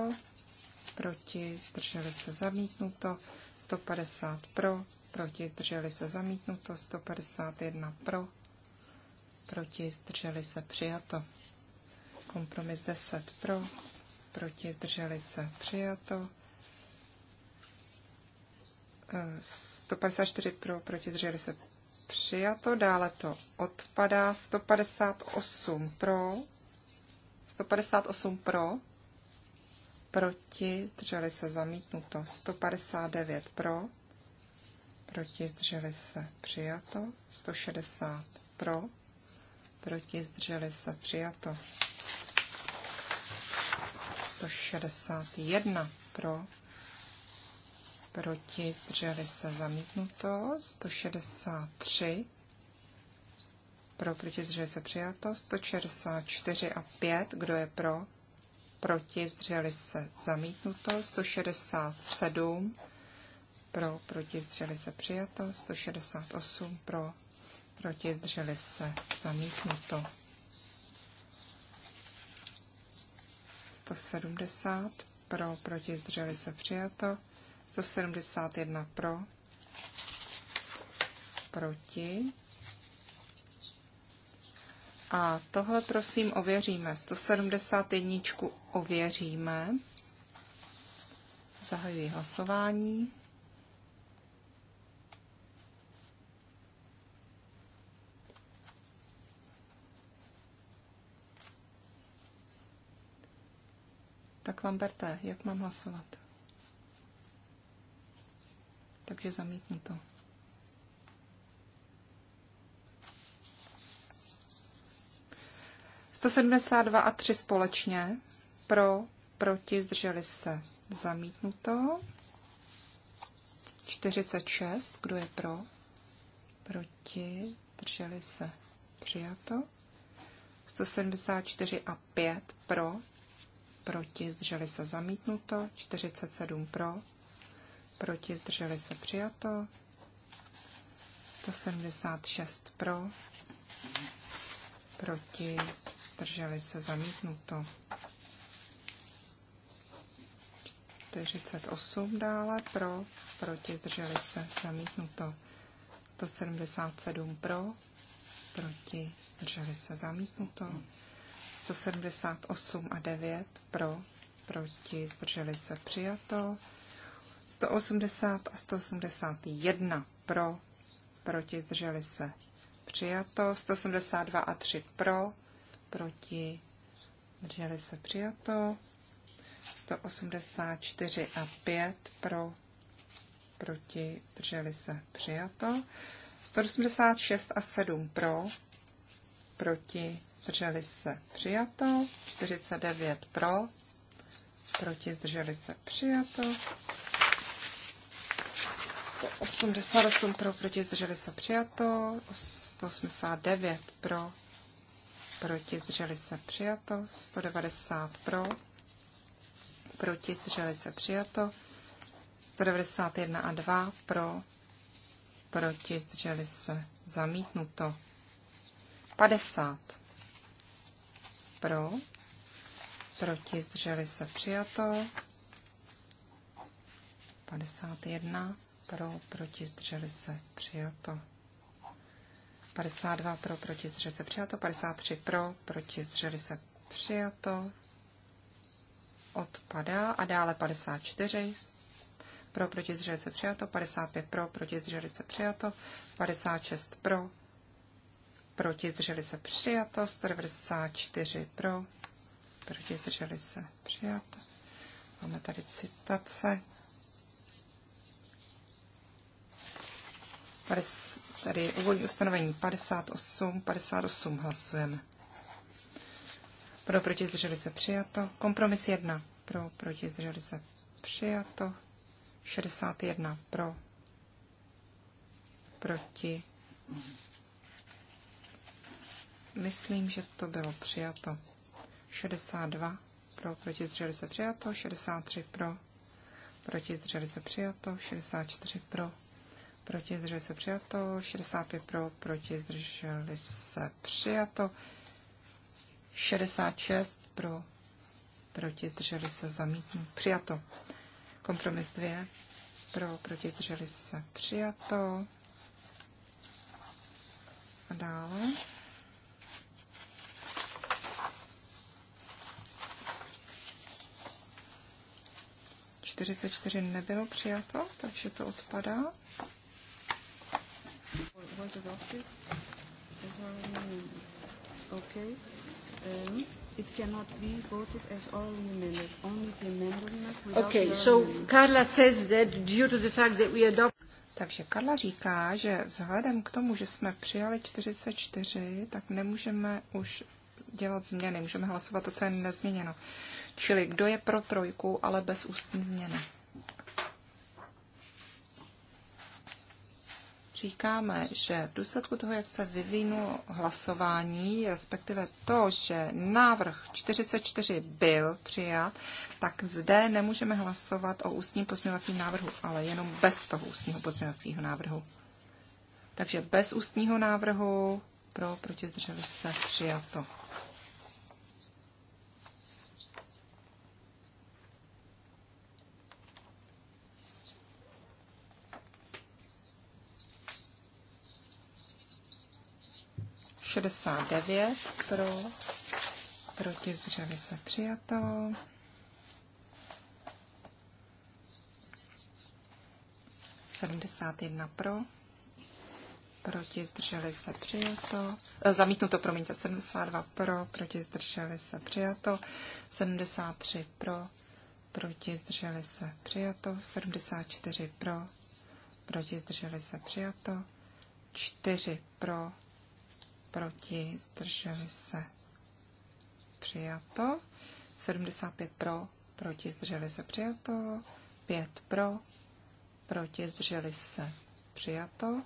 Proti? Zdrželi se zamítnuto. 150 pro, proti zdrželi se zamítnuto, 151 pro, proti zdrželi se přijato. Kompromis 10 pro, proti zdrželi se přijato. 154 eh, pro, proti zdrželi se přijato, dále to odpadá, 158 pro, 158 pro, proti, zdrželi se zamítnuto 159 pro, proti, zdrželi se přijato 160 pro, proti, zdrželi se přijato 161 pro, proti, zdrželi se zamítnuto 163 pro, proti, zdrželi se přijato 164 a 5, kdo je pro, proti, zdrželi se zamítnuto, 167 pro, proti, zdrželi se přijato, 168 pro, proti, zdrželi se zamítnuto. 170 pro, proti, zdrželi se přijato, 171 pro, proti, a tohle prosím ověříme. 171 ověříme. Zahajuji hlasování. Tak berte, jak mám hlasovat? Takže zamítnu to. 172 a 3 společně. Pro, proti, zdrželi se. Zamítnuto. 46, kdo je pro? Proti, zdrželi se. Přijato. 174 a 5 pro, proti, zdrželi se zamítnuto, 47 pro, proti, zdrželi se přijato, 176 pro, proti, zdrželi se zamítnuto. 48 dále pro, proti zdrželi se zamítnuto. 177 pro, proti zdrželi se zamítnuto. 178 a 9 pro, proti zdrželi se přijato. 180 a 181 pro, proti zdrželi se přijato. 182 a 3 pro, proti, drželi se přijato. 184 a 5 pro, proti, drželi se přijato. 186 a 7 pro, proti, zdrželi se přijato. 49 pro, proti, zdrželi se přijato. 188 pro, proti, zdrželi se přijato. 189 pro, proti, zdrželi se přijato, 190 pro, proti, zdrželi se přijato, 191 a 2 pro, proti, zdrželi se zamítnuto, 50 pro, proti, zdrželi se přijato, 51 pro, proti, zdrželi se přijato. 52 pro, proti zdrželi se přijato, 53 pro, proti zdřeli se přijato, odpadá a dále 54 pro, proti zdřeli se přijato, 55 pro, proti zdřeli se přijato, 56 pro, proti zdrželi se přijato, 194 pro, proti zdrželi se přijato. Máme tady citace. 50, Tady úvodní ustanovení 58, 58 hlasujeme. Pro, proti, zdrželi se přijato. Kompromis 1. Pro, proti, zdrželi se přijato. 61 pro, proti. Myslím, že to bylo přijato. 62 pro, proti, zdrželi se přijato. 63 pro, proti, zdrželi se přijato. 64 pro, proti zdrželi se přijato, 65 pro, proti zdrželi se přijato, 66 pro, proti zdrželi se zamítnu, přijato. Kompromis 2 pro, proti zdrželi se přijato. A dále. Čtyřicet čtyři nebylo přijato, takže to odpadá was adopted. As orally amended. Okay. Um, it cannot be voted as orally amended. Only the amendment without Okay, so amendment. Carla says that due to the fact that we adopt takže Karla říká, že vzhledem k tomu, že jsme přijali 44, tak nemůžeme už dělat změny, můžeme hlasovat to, co je nezměněno. Čili kdo je pro trojku, ale bez ústní změny? říkáme, že v důsledku toho, jak se vyvinulo hlasování, respektive to, že návrh 44 byl přijat, tak zde nemůžeme hlasovat o ústním pozměňovacím návrhu, ale jenom bez toho ústního pozměňovacího návrhu. Takže bez ústního návrhu pro proti se přijato. 69 pro, proti zdrželi se přijato. Sedmdesát jedna pro, proti zdrželi se přijato. Eh, zamítnuto, promiňte, 72 pro, proti zdrželi se přijato. 73 pro, proti zdrželi se přijato. 74 pro, proti zdrželi se přijato. 4 pro, proti, zdrželi se. Přijato. 75 pro, proti, zdrželi se. Přijato. 5 pro, proti, zdrželi se. Přijato.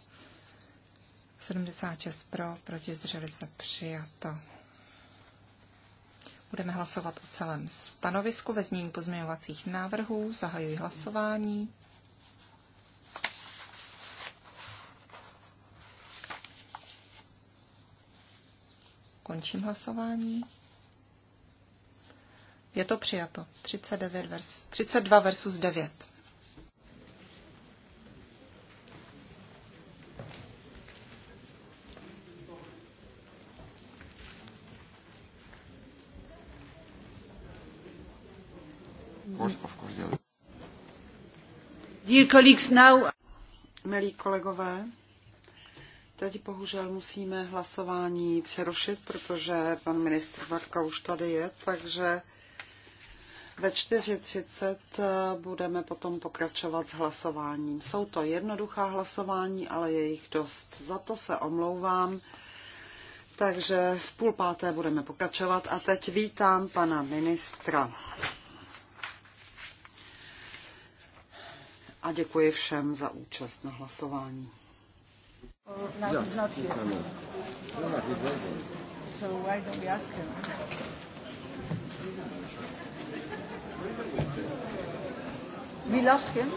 76 pro, proti, zdrželi se. Přijato. Budeme hlasovat o celém stanovisku ve znění pozměňovacích návrhů. Zahajuji hlasování. Končím hlasování. Je to přijato. 39 vers, 32 versus 9. Dear colleagues, now... Milí kolegové, Teď bohužel musíme hlasování přerušit, protože pan ministr Vatka už tady je, takže ve 4.30 eh, budeme potom pokračovat s hlasováním. Jsou to jednoduchá hlasování, ale je jich dost. Za to se omlouvám. Takže v půl páté budeme pokračovat a teď vítám pana ministra. A děkuji všem za účast na hlasování. Or uh, now yeah, he's not here. No, So why don't we ask him? We lost him.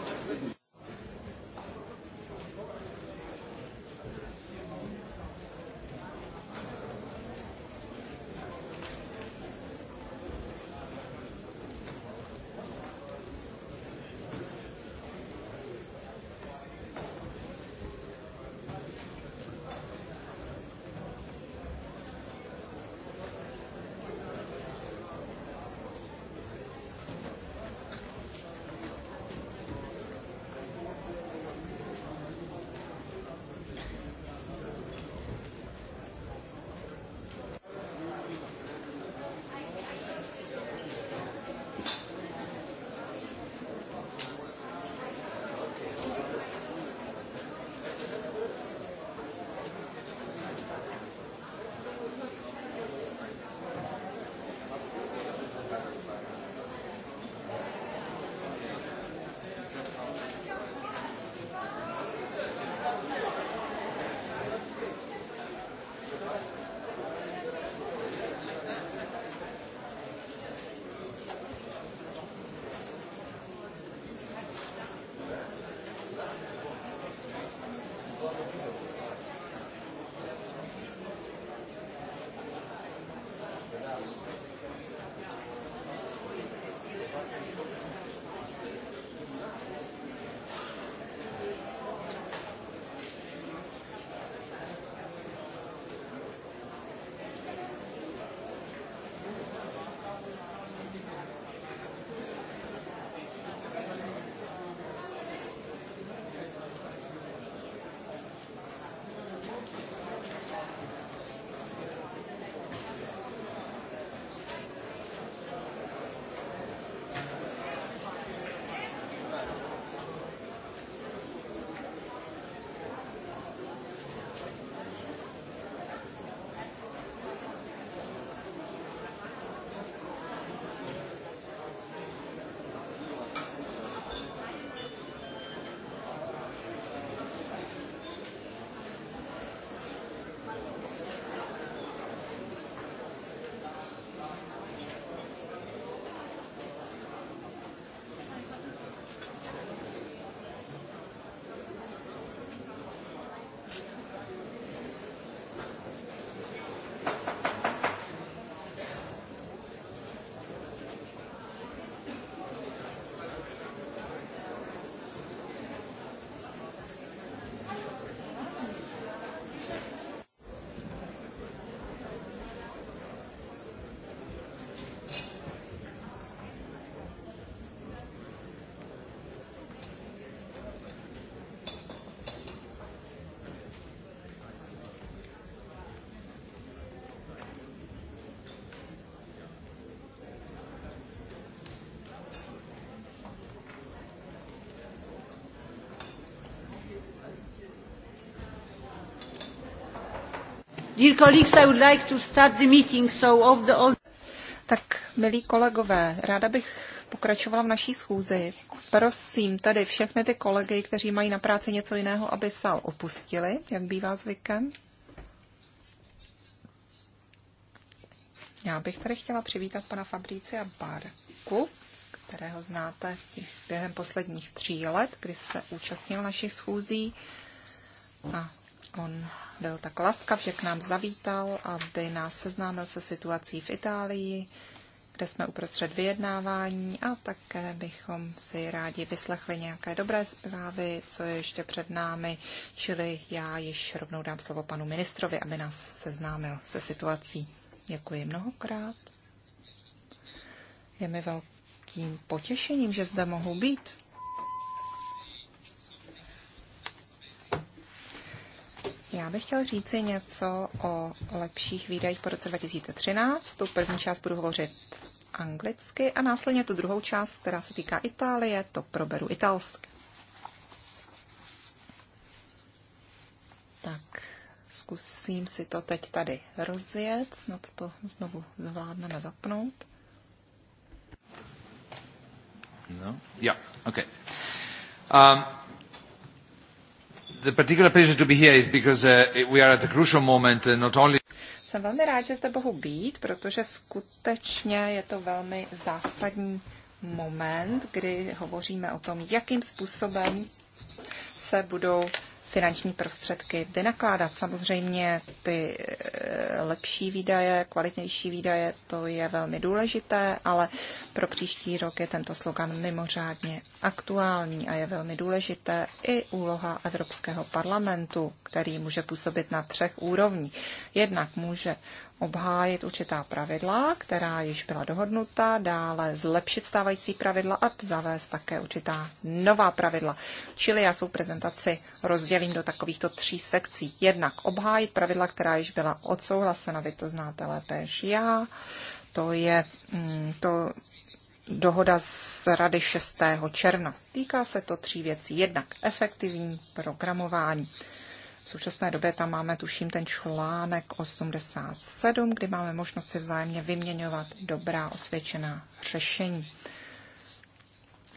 Tak, milí kolegové, ráda bych pokračovala v naší schůzi. Prosím tedy všechny ty kolegy, kteří mají na práci něco jiného, aby sál opustili, jak bývá zvykem. Já bych tady chtěla přivítat pana Fabricia Barku, kterého znáte během posledních tří let, kdy se účastnil našich schůzí. A on byl tak laskav, že k nám zavítal, aby nás seznámil se situací v Itálii, kde jsme uprostřed vyjednávání a také bychom si rádi vyslechli nějaké dobré zprávy, co je ještě před námi, čili já již rovnou dám slovo panu ministrovi, aby nás seznámil se situací. Děkuji mnohokrát. Je mi velkým potěšením, že zde mohu být. Já bych chtěl říci něco o lepších výdajích po roce 2013. Tu první část budu hovořit anglicky a následně tu druhou část, která se týká Itálie, to proberu italsky. Tak, zkusím si to teď tady rozjet, snad to znovu zvládneme zapnout. No, yeah, ok. Um, Uh, uh, jsem velmi rád, že zde mohu být, protože skutečně je to velmi zásadní moment, kdy hovoříme o tom, jakým způsobem se budou finanční prostředky vynakládat. Samozřejmě ty eh, lepší výdaje, kvalitnější výdaje, to je velmi důležité, ale pro příští rok je tento slogan mimořádně aktuální a je velmi důležité i úloha Evropského parlamentu, který může působit na třech úrovních. Jednak může obhájit určitá pravidla, která již byla dohodnuta, dále zlepšit stávající pravidla a zavést také určitá nová pravidla. Čili já svou prezentaci rozdělím do takovýchto tří sekcí. Jednak obhájit pravidla, která již byla odsouhlasena, vy to znáte lépe než já. To je mm, to dohoda z Rady 6. června. Týká se to tří věcí. Jednak efektivní programování. V současné době tam máme, tuším, ten článek 87, kdy máme možnost si vzájemně vyměňovat dobrá osvědčená řešení.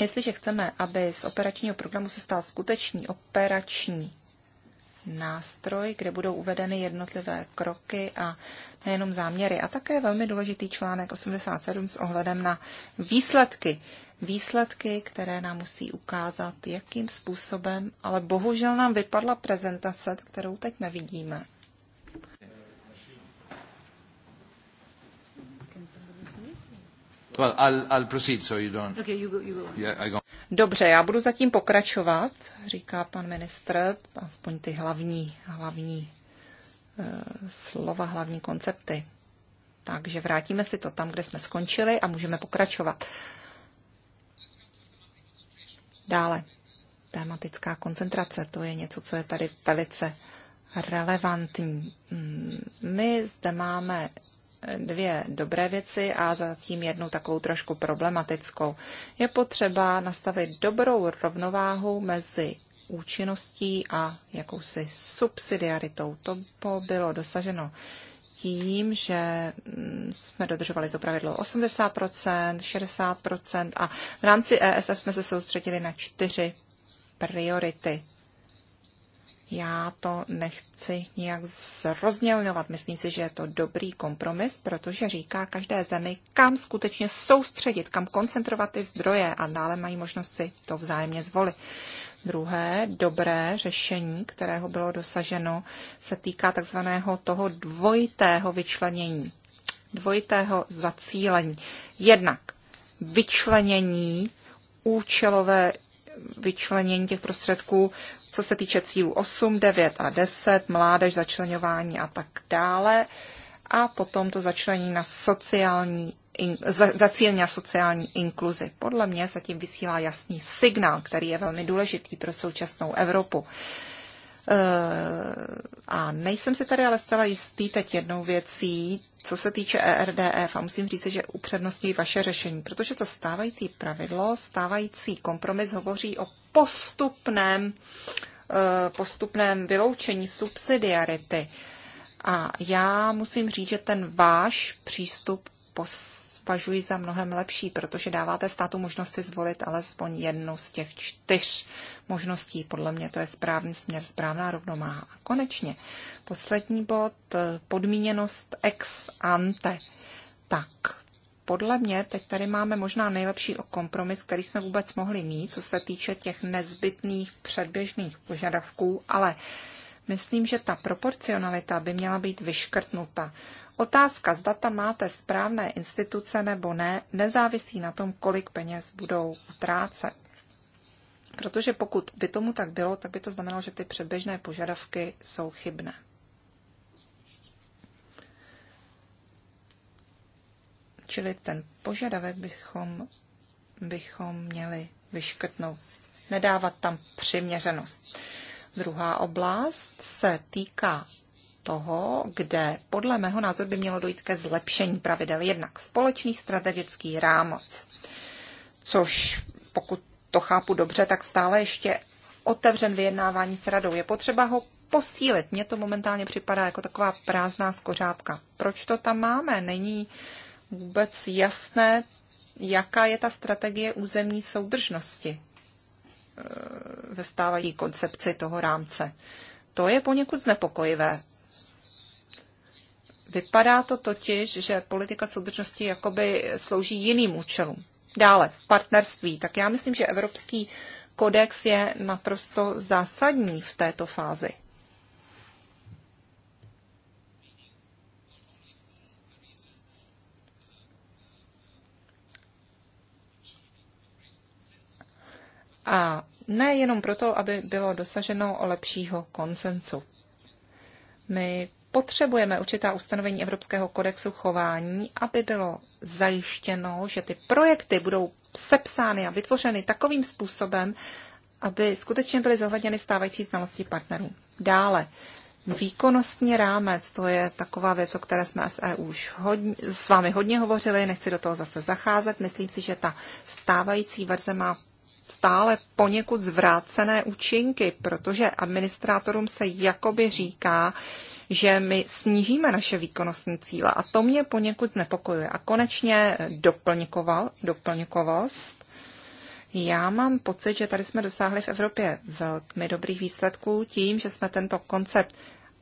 Jestliže chceme, aby z operačního programu se stal skutečný operační nástroj, kde budou uvedeny jednotlivé kroky a nejenom záměry. A také velmi důležitý článek 87 s ohledem na výsledky výsledky, které nám musí ukázat, jakým způsobem, ale bohužel nám vypadla prezentace, kterou teď nevidíme. Well, I'll, I'll proceed, so you don't... Okay, you go, you go. Yeah, I go. Dobře, já budu zatím pokračovat, říká pan ministr, aspoň ty hlavní, hlavní uh, slova, hlavní koncepty. Takže vrátíme si to tam, kde jsme skončili a můžeme pokračovat. Uh, Dále, tématická koncentrace, to je něco, co je tady velice relevantní. Mm, my zde máme dvě dobré věci a zatím jednu takovou trošku problematickou. Je potřeba nastavit dobrou rovnováhu mezi účinností a jakousi subsidiaritou. To bylo dosaženo tím, že mm, jsme dodržovali to pravidlo 80%, 60% a v rámci ESF jsme se soustředili na čtyři priority. Já to nechci nějak zrozmělňovat. Myslím si, že je to dobrý kompromis, protože říká každé zemi, kam skutečně soustředit, kam koncentrovat ty zdroje a dále mají možnost si to vzájemně zvolit. Druhé dobré řešení, kterého bylo dosaženo, se týká takzvaného toho dvojitého vyčlenění, dvojitého zacílení. Jednak vyčlenění, účelové vyčlenění těch prostředků, co se týče cílů 8, 9 a 10, mládež, začlenování a tak dále. A potom to začlenění na sociální in, za, zacílení na sociální inkluzi. Podle mě zatím vysílá jasný signál, který je velmi důležitý pro současnou Evropu. E, a nejsem si tady ale stala jistý teď jednou věcí, co se týče ERDF, a musím říct, že upřednostňuji vaše řešení, protože to stávající pravidlo, stávající kompromis hovoří o postupném, eh, postupném vyloučení subsidiarity. A já musím říct, že ten váš přístup považuji za mnohem lepší, protože dáváte státu možnost si zvolit alespoň jednu z těch čtyř možností. Podle mě to je správný směr, správná rovnováha. A konečně poslední bod, eh, podmíněnost ex ante. Tak, podle mě teď tady máme možná nejlepší kompromis, který jsme vůbec mohli mít, co se týče těch nezbytných předběžných požadavků, ale Myslím, že ta proporcionalita by měla být vyškrtnuta. Otázka, zda tam máte správné instituce nebo ne, nezávisí na tom, kolik peněz budou utrácet. Protože pokud by tomu tak bylo, tak by to znamenalo, že ty předběžné požadavky jsou chybné. Čili ten požadavek bychom, bychom měli vyškrtnout. Nedávat tam přiměřenost. Druhá oblast se týká toho, kde podle mého názoru by mělo dojít ke zlepšení pravidel. Jednak společný strategický rámoc, což pokud to chápu dobře, tak stále ještě otevřen vyjednávání s radou. Je potřeba ho posílit. Mně to momentálně připadá jako taková prázdná skořápka. Proč to tam máme? Není vůbec jasné, jaká je ta strategie územní soudržnosti. Eh, ve stávají koncepci toho rámce. To je poněkud znepokojivé. Vypadá to totiž, že politika soudržnosti jakoby slouží jiným účelům. Dále, partnerství. Tak já myslím, že Evropský kodex je naprosto zásadní v této fázi. A nejenom proto, aby bylo dosaženo lepšího konsensu. My potřebujeme určitá ustanovení Evropského kodexu chování, aby bylo zajištěno, že ty projekty budou sepsány a vytvořeny takovým způsobem, aby skutečně byly zohledněny stávající znalosti partnerů. Dále, výkonnostní rámec, to je taková věc, o které jsme s EU už hodně, s vámi hodně hovořili, nechci do toho zase zacházet. Myslím si, že ta stávající verze má stále poněkud zvrácené účinky, protože administrátorům se jakoby říká, že my snížíme naše výkonnostní cíle a to mě poněkud znepokojuje. A konečně eh, doplňkoval, doplňkovost. Já mám pocit, že tady jsme dosáhli v Evropě velmi dobrých výsledků tím, že jsme tento koncept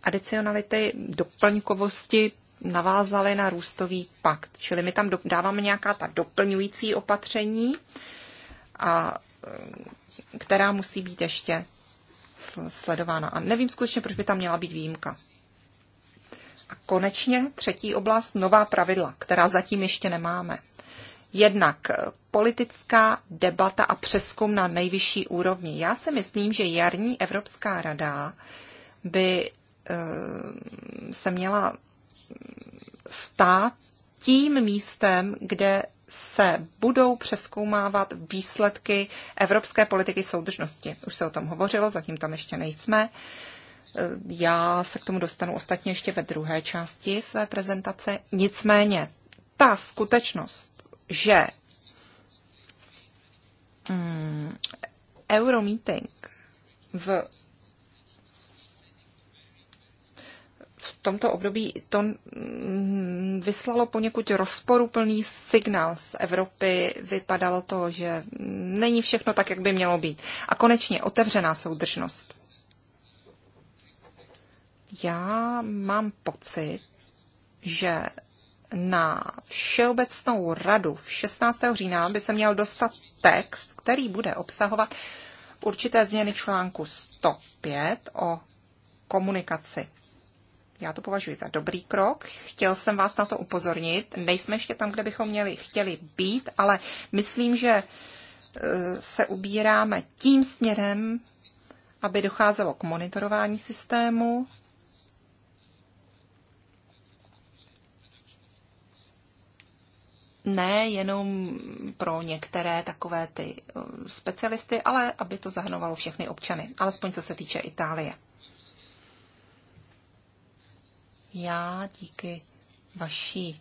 adicionality, doplňkovosti navázali na růstový pakt. Čili my tam dáváme nějaká ta doplňující opatření a která musí být ještě sledována. A nevím skutečně, proč by tam měla být výjimka. A konečně třetí oblast, nová pravidla, která zatím ještě nemáme. Jednak eh, politická debata a přeskum na nejvyšší úrovni. Já si myslím, že jarní Evropská rada by eh, se měla stát tím místem, kde se budou přeskoumávat výsledky evropské politiky soudržnosti. Už se o tom hovořilo, zatím tam ještě nejsme. Eh, já se k tomu dostanu ostatně ještě ve druhé části své prezentace. Nicméně ta skutečnost, že hmm, Euromeeting v tomto období to mm, vyslalo poněkud rozporuplný signál z Evropy. Vypadalo to, že není všechno tak, jak by mělo být. A konečně otevřená soudržnost. Já mám pocit, že na Všeobecnou radu 16. října by se měl dostat text, který bude obsahovat určité změny článku 105 o komunikaci já to považuji za dobrý krok. Chtěl jsem vás na to upozornit. Nejsme ještě tam, kde bychom měli, chtěli být, ale myslím, že e, se ubíráme tím směrem, aby docházelo k monitorování systému, ne jenom pro některé takové ty e, specialisty, ale aby to zahrnovalo všechny občany, alespoň co se týče Itálie já díky vaší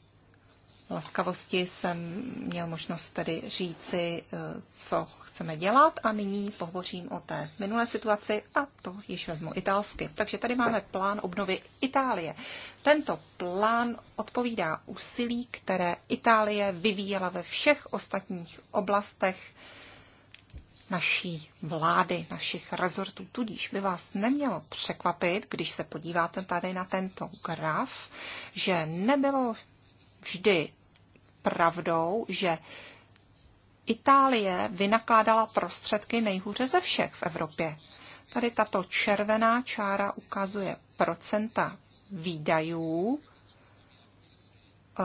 laskavosti jsem měl možnost tedy říci, eh, co chceme dělat a nyní pohovořím o té minulé situaci a to již vezmu italsky. Takže tady máme plán obnovy Itálie. Tento plán odpovídá úsilí, které Itálie vyvíjela ve všech ostatních oblastech naší vlády, našich rezortů. Tudíž by vás nemělo překvapit, když se podíváte tady na tento graf, že nebylo vždy pravdou, že Itálie vynakládala prostředky nejhůře ze všech v Evropě. Tady tato červená čára ukazuje procenta výdajů Eh,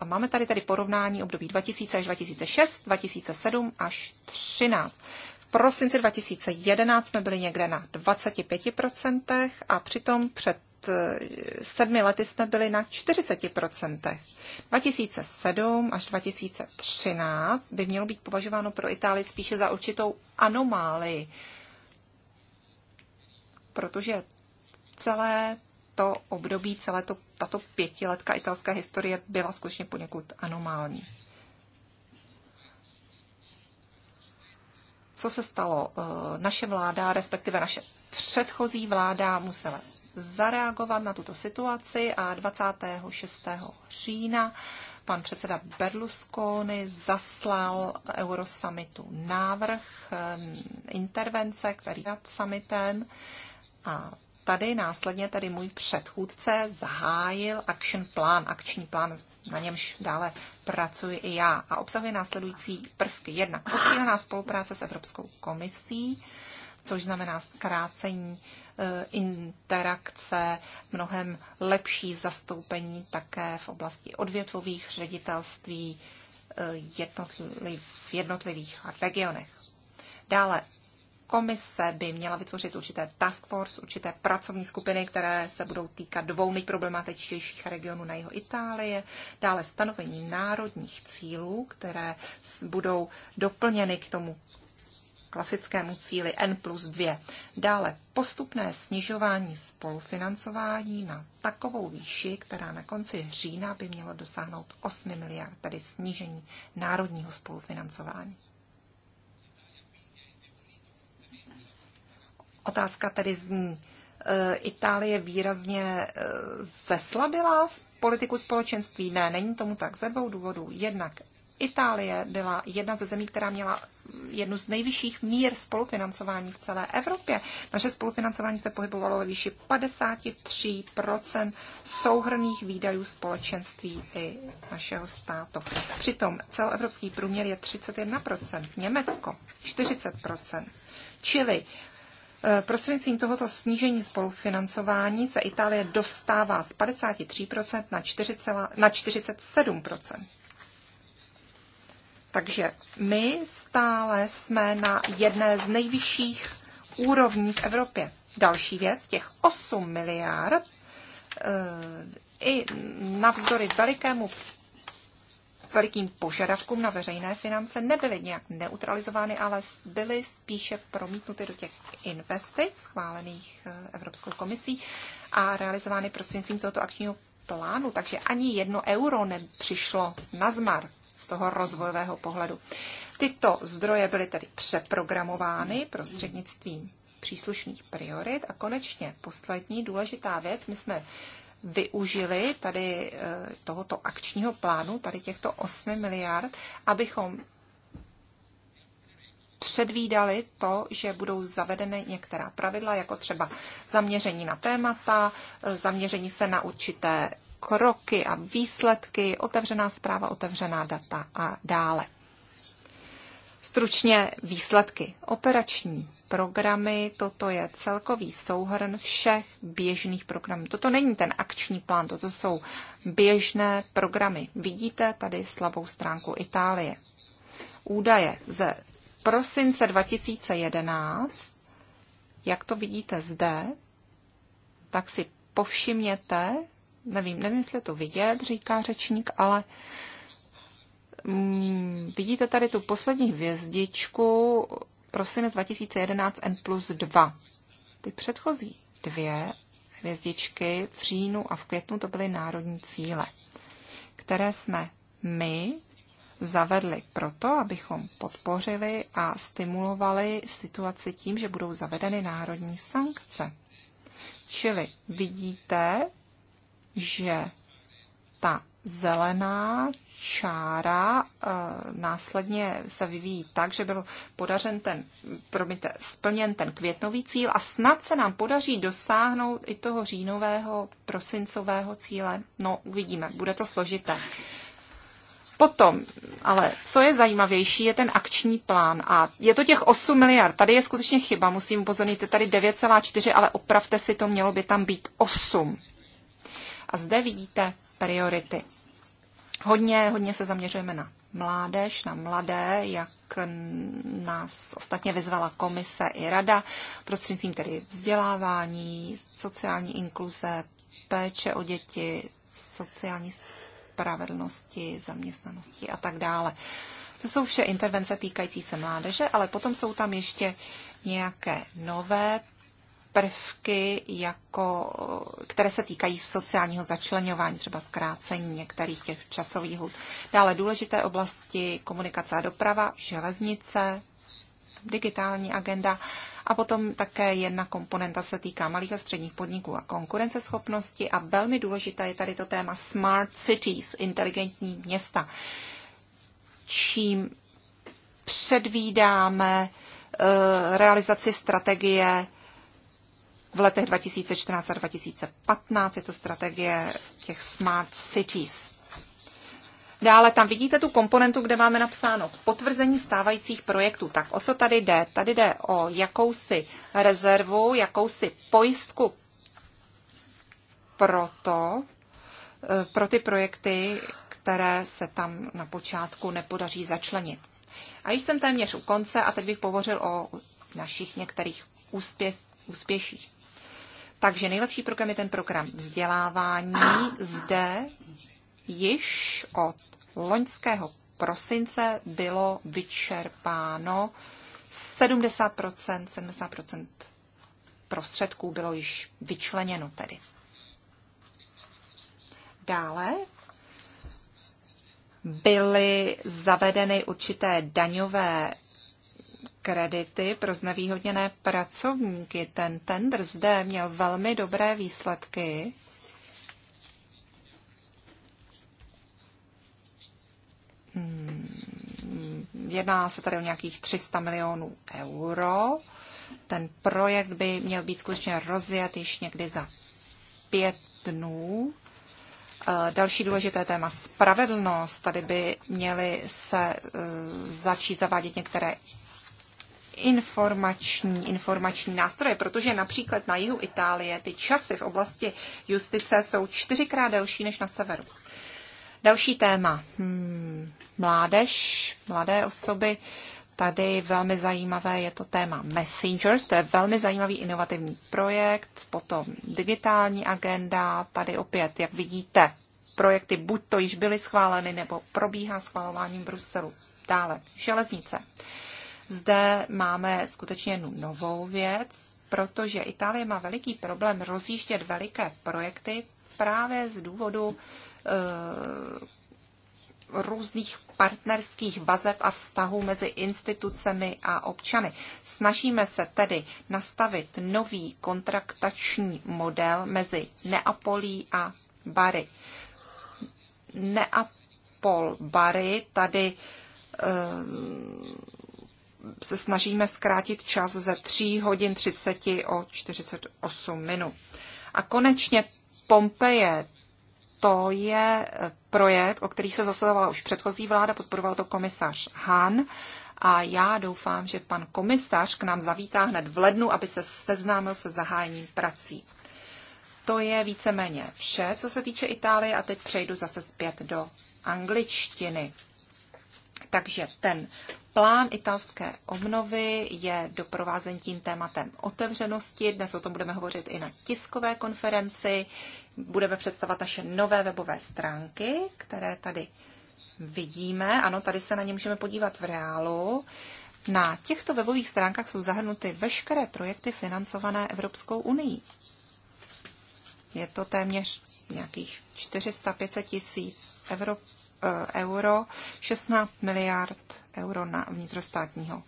a máme tady tady porovnání období 2000 až 2006, 2007 až 2013. V prosinci 2011 jsme byli někde na 25% a přitom před eh, sedmi lety jsme byli na 40%. 2007 až 2013 by mělo být považováno pro Itálii spíše za určitou anomálii, protože celé to období, celé to, tato pětiletka italské historie byla skutečně poněkud anomální. Co se stalo? Eh, naše vláda, respektive naše předchozí vláda musela zareagovat na tuto situaci a 26. října pan předseda Berlusconi zaslal Eurosummitu návrh eh, intervence, který nad summitem a tady následně tady můj předchůdce zahájil action plán, akční plán, na němž dále pracuji i já a obsahuje následující prvky. Jedna posílená spolupráce s Evropskou komisí, což znamená zkrácení e, interakce, mnohem lepší zastoupení také v oblasti odvětvových ředitelství e, jednotliv, v jednotlivých regionech. Dále Komise by měla vytvořit určité task force, určité pracovní skupiny, které se budou týkat dvou nejproblematičtějších regionů na jeho Itálie, dále stanovení národních cílů, které budou doplněny k tomu klasickému cíli N plus 2. Dále postupné snižování spolufinancování na takovou výši, která na konci října by měla dosáhnout 8 miliard, tedy snížení národního spolufinancování. Otázka tedy zní, eh, Itálie výrazně eh, zeslabila politiku společenství? Ne, není tomu tak. Ze dvou důvodů. Jednak Itálie byla jedna ze zemí, která měla jednu z nejvyšších mír spolufinancování v celé Evropě. Naše spolufinancování se pohybovalo ve výši 53% souhrných výdajů společenství i našeho státu. Přitom celoevropský průměr je 31%, Německo 40%. Čili Eh, prostřednictvím tohoto snížení spolufinancování se Itálie dostává z 53% na, 4, na 47%. Takže my stále jsme na jedné z nejvyšších úrovní v Evropě. Další věc, těch 8 miliard, eh, i navzdory velikému velikým požadavkům na veřejné finance nebyly nějak neutralizovány, ale byly spíše promítnuty do těch investic schválených eh, Evropskou komisí a realizovány prostřednictvím tohoto akčního plánu, takže ani jedno euro nepřišlo na zmar z toho rozvojového pohledu. Tyto zdroje byly tedy přeprogramovány prostřednictvím příslušných priorit. A konečně poslední důležitá věc, my jsme využili tady eh, tohoto akčního plánu, tady těchto 8 miliard, abychom předvídali to, že budou zavedeny některá pravidla, jako třeba zaměření na témata, eh, zaměření se na určité kroky a výsledky, otevřená zpráva, otevřená data a dále. Stručně výsledky. Operační programy, toto je celkový souhrn všech běžných programů. Toto není ten akční plán, toto jsou běžné programy. Vidíte tady slabou stránku Itálie. Údaje ze prosince 2011, jak to vidíte zde, tak si povšimněte, nevím, nevím, jestli to vidět, říká řečník, ale mm, vidíte tady tu poslední hvězdičku prosinec 2011 N plus 2. Ty předchozí dvě hvězdičky v říjnu a v květnu to byly národní cíle, které jsme my zavedli proto, abychom podpořili a stimulovali situaci tím, že budou zavedeny národní sankce. Čili vidíte, že ta zelená čára eh, následně se vyvíjí tak, že byl podařen ten, promiňte, splněn ten květnový cíl a snad se nám podaří dosáhnout i toho říjnového, prosincového cíle. No, uvidíme, bude to složité. Potom, ale co je zajímavější, je ten akční plán. A je to těch 8 miliard. Tady je skutečně chyba, musím upozornit, je tady 9,4, ale opravte si to, mělo by tam být 8. A zde vidíte priority. Hodně, hodně se zaměřujeme na mládež, na mladé, jak nás ostatně vyzvala komise i rada, prostřednictvím tedy vzdělávání, sociální inkluze, péče o děti, sociální spravedlnosti, zaměstnanosti a tak dále. To jsou vše intervence týkající se mládeže, ale potom jsou tam ještě nějaké nové prvky, jako, které se týkají sociálního začlenování, třeba zkrácení některých těch časových hud. Dále důležité oblasti komunikace a doprava, železnice, digitální agenda a potom také jedna komponenta se týká malých a středních podniků a konkurenceschopnosti a velmi důležité je tady to téma smart cities, inteligentní města. Čím předvídáme eh, realizaci strategie v letech 2014 a 2015. Je to strategie těch Smart Cities. Dále tam vidíte tu komponentu, kde máme napsáno potvrzení stávajících projektů. Tak o co tady jde? Tady jde o jakousi rezervu, jakousi pojistku to, eh, pro ty projekty, které se tam na počátku nepodaří začlenit. A již jsem téměř u konce a teď bych pohořil o našich některých úspěch, úspěších. Takže nejlepší program je ten program vzdělávání. Zde již od loňského prosince bylo vyčerpáno 70 70 prostředků bylo již vyčleněno tedy. Dále byly zavedeny určité daňové kredity pro znevýhodněné pracovníky. Ten tender zde měl velmi dobré výsledky. Hmm, jedná se tady o nějakých 300 milionů euro. Ten projekt by měl být skutečně rozjet již někdy za pět dnů. Eh, další důležité téma spravedlnost. Tady by měly se eh, začít zavádět některé informační, informační nástroje, protože například na jihu Itálie ty časy v oblasti justice jsou čtyřikrát delší než na severu. Další téma. Hmm, mládež, mladé osoby. Tady velmi zajímavé je to téma Messengers, to je velmi zajímavý inovativní projekt, potom digitální agenda, tady opět, jak vidíte, projekty buď to již byly schváleny, nebo probíhá schvalování v Bruselu. Dále železnice. Zde máme skutečně novou věc, protože Itálie má veliký problém rozjíždět veliké projekty právě z důvodu eh, různých partnerských vazeb a vztahů mezi institucemi a občany. Snažíme se tedy nastavit nový kontraktační model mezi Neapolí a Bari. Neapol Bari tady eh, se snažíme zkrátit čas ze 3 hodin 30 o 48 minut. A konečně Pompeje, to je eh, projekt, o který se zasadovala už předchozí vláda, podporoval to komisař Han A já doufám, že pan komisař k nám zavítá hned v lednu, aby se seznámil se zahájením prací. To je víceméně vše, co se týče Itálie, a teď přejdu zase zpět do angličtiny. Takže ten Plán italské obnovy je doprovázen tím tématem otevřenosti. Dnes o tom budeme hovořit i na tiskové konferenci. Budeme představovat naše nové webové stránky, které tady vidíme. Ano, tady se na ně můžeme podívat v reálu. Na těchto webových stránkách jsou zahrnuty veškeré projekty financované Evropskou unii. Je to téměř nějakých 400-500 tisíc euro Eh, euro, 16 miliard euro na vnitrostátního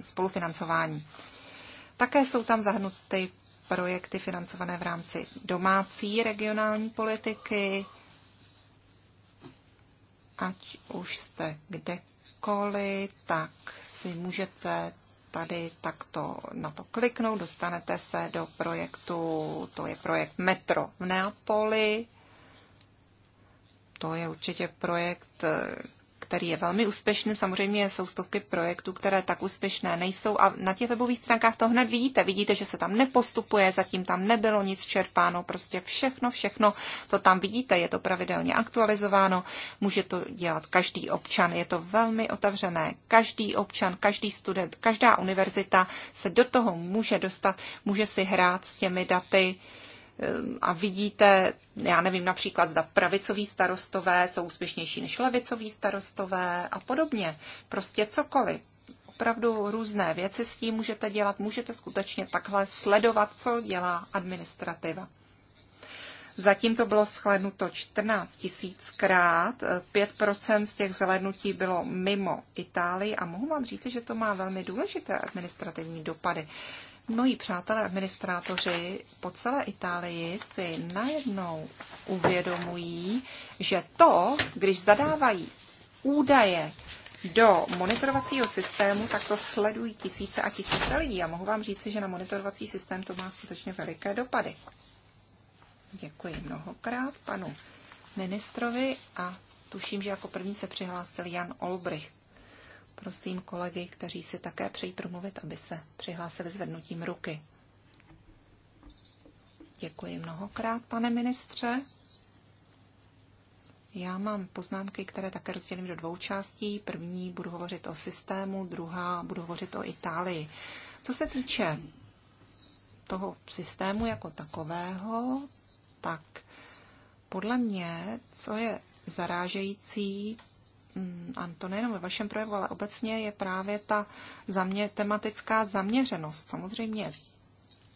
spolufinancování. Také jsou tam zahrnuty projekty financované v rámci domácí regionální politiky, ať už jste kdekoliv, tak si můžete tady takto na to kliknout, dostanete se do projektu, to je projekt Metro v Neapoli, to je určitě projekt, eh, který je velmi úspěšný. Samozřejmě jsou stovky projektů, které tak úspěšné nejsou a na těch webových stránkách to hned vidíte. Vidíte, že se tam nepostupuje, zatím tam nebylo nic čerpáno, prostě všechno, všechno to tam vidíte, je to pravidelně aktualizováno, může to dělat každý občan, je to velmi otevřené. Každý občan, každý student, každá univerzita se do toho může dostat, může si hrát s těmi daty, Ehm, a vidíte, já nevím například, zda pravicoví starostové jsou úspěšnější než levicoví starostové a podobně. Prostě cokoliv. Opravdu různé věci s tím můžete dělat, můžete skutečně takhle sledovat, co dělá administrativa. Zatím to bylo schlednuto 14 tisíckrát, 5% eh, z těch zhlednutí bylo mimo Itálii a mohu vám říct, že to má velmi důležité administrativní dopady. Moji přátelé administrátoři po celé Itálii si najednou uvědomují, že to, když zadávají údaje do monitorovacího systému, tak to sledují tisíce a tisíce lidí. A mohu vám říct, že na monitorovací systém to má skutečně veliké dopady. Děkuji mnohokrát panu ministrovi a tuším, že jako první se přihlásil Jan Olbricht. Prosím kolegy, kteří si také přejí promluvit, aby se přihlásili zvednutím ruky. Děkuji mnohokrát, pane ministře. Já mám poznámky, které také rozdělím do dvou částí. První budu hovořit o systému, druhá budu hovořit o Itálii. Co se týče toho systému jako takového, tak podle mě, co je zarážející, Mm, a to nejenom ve vašem projevu, ale obecně je právě ta zamě, tematická zaměřenost. Samozřejmě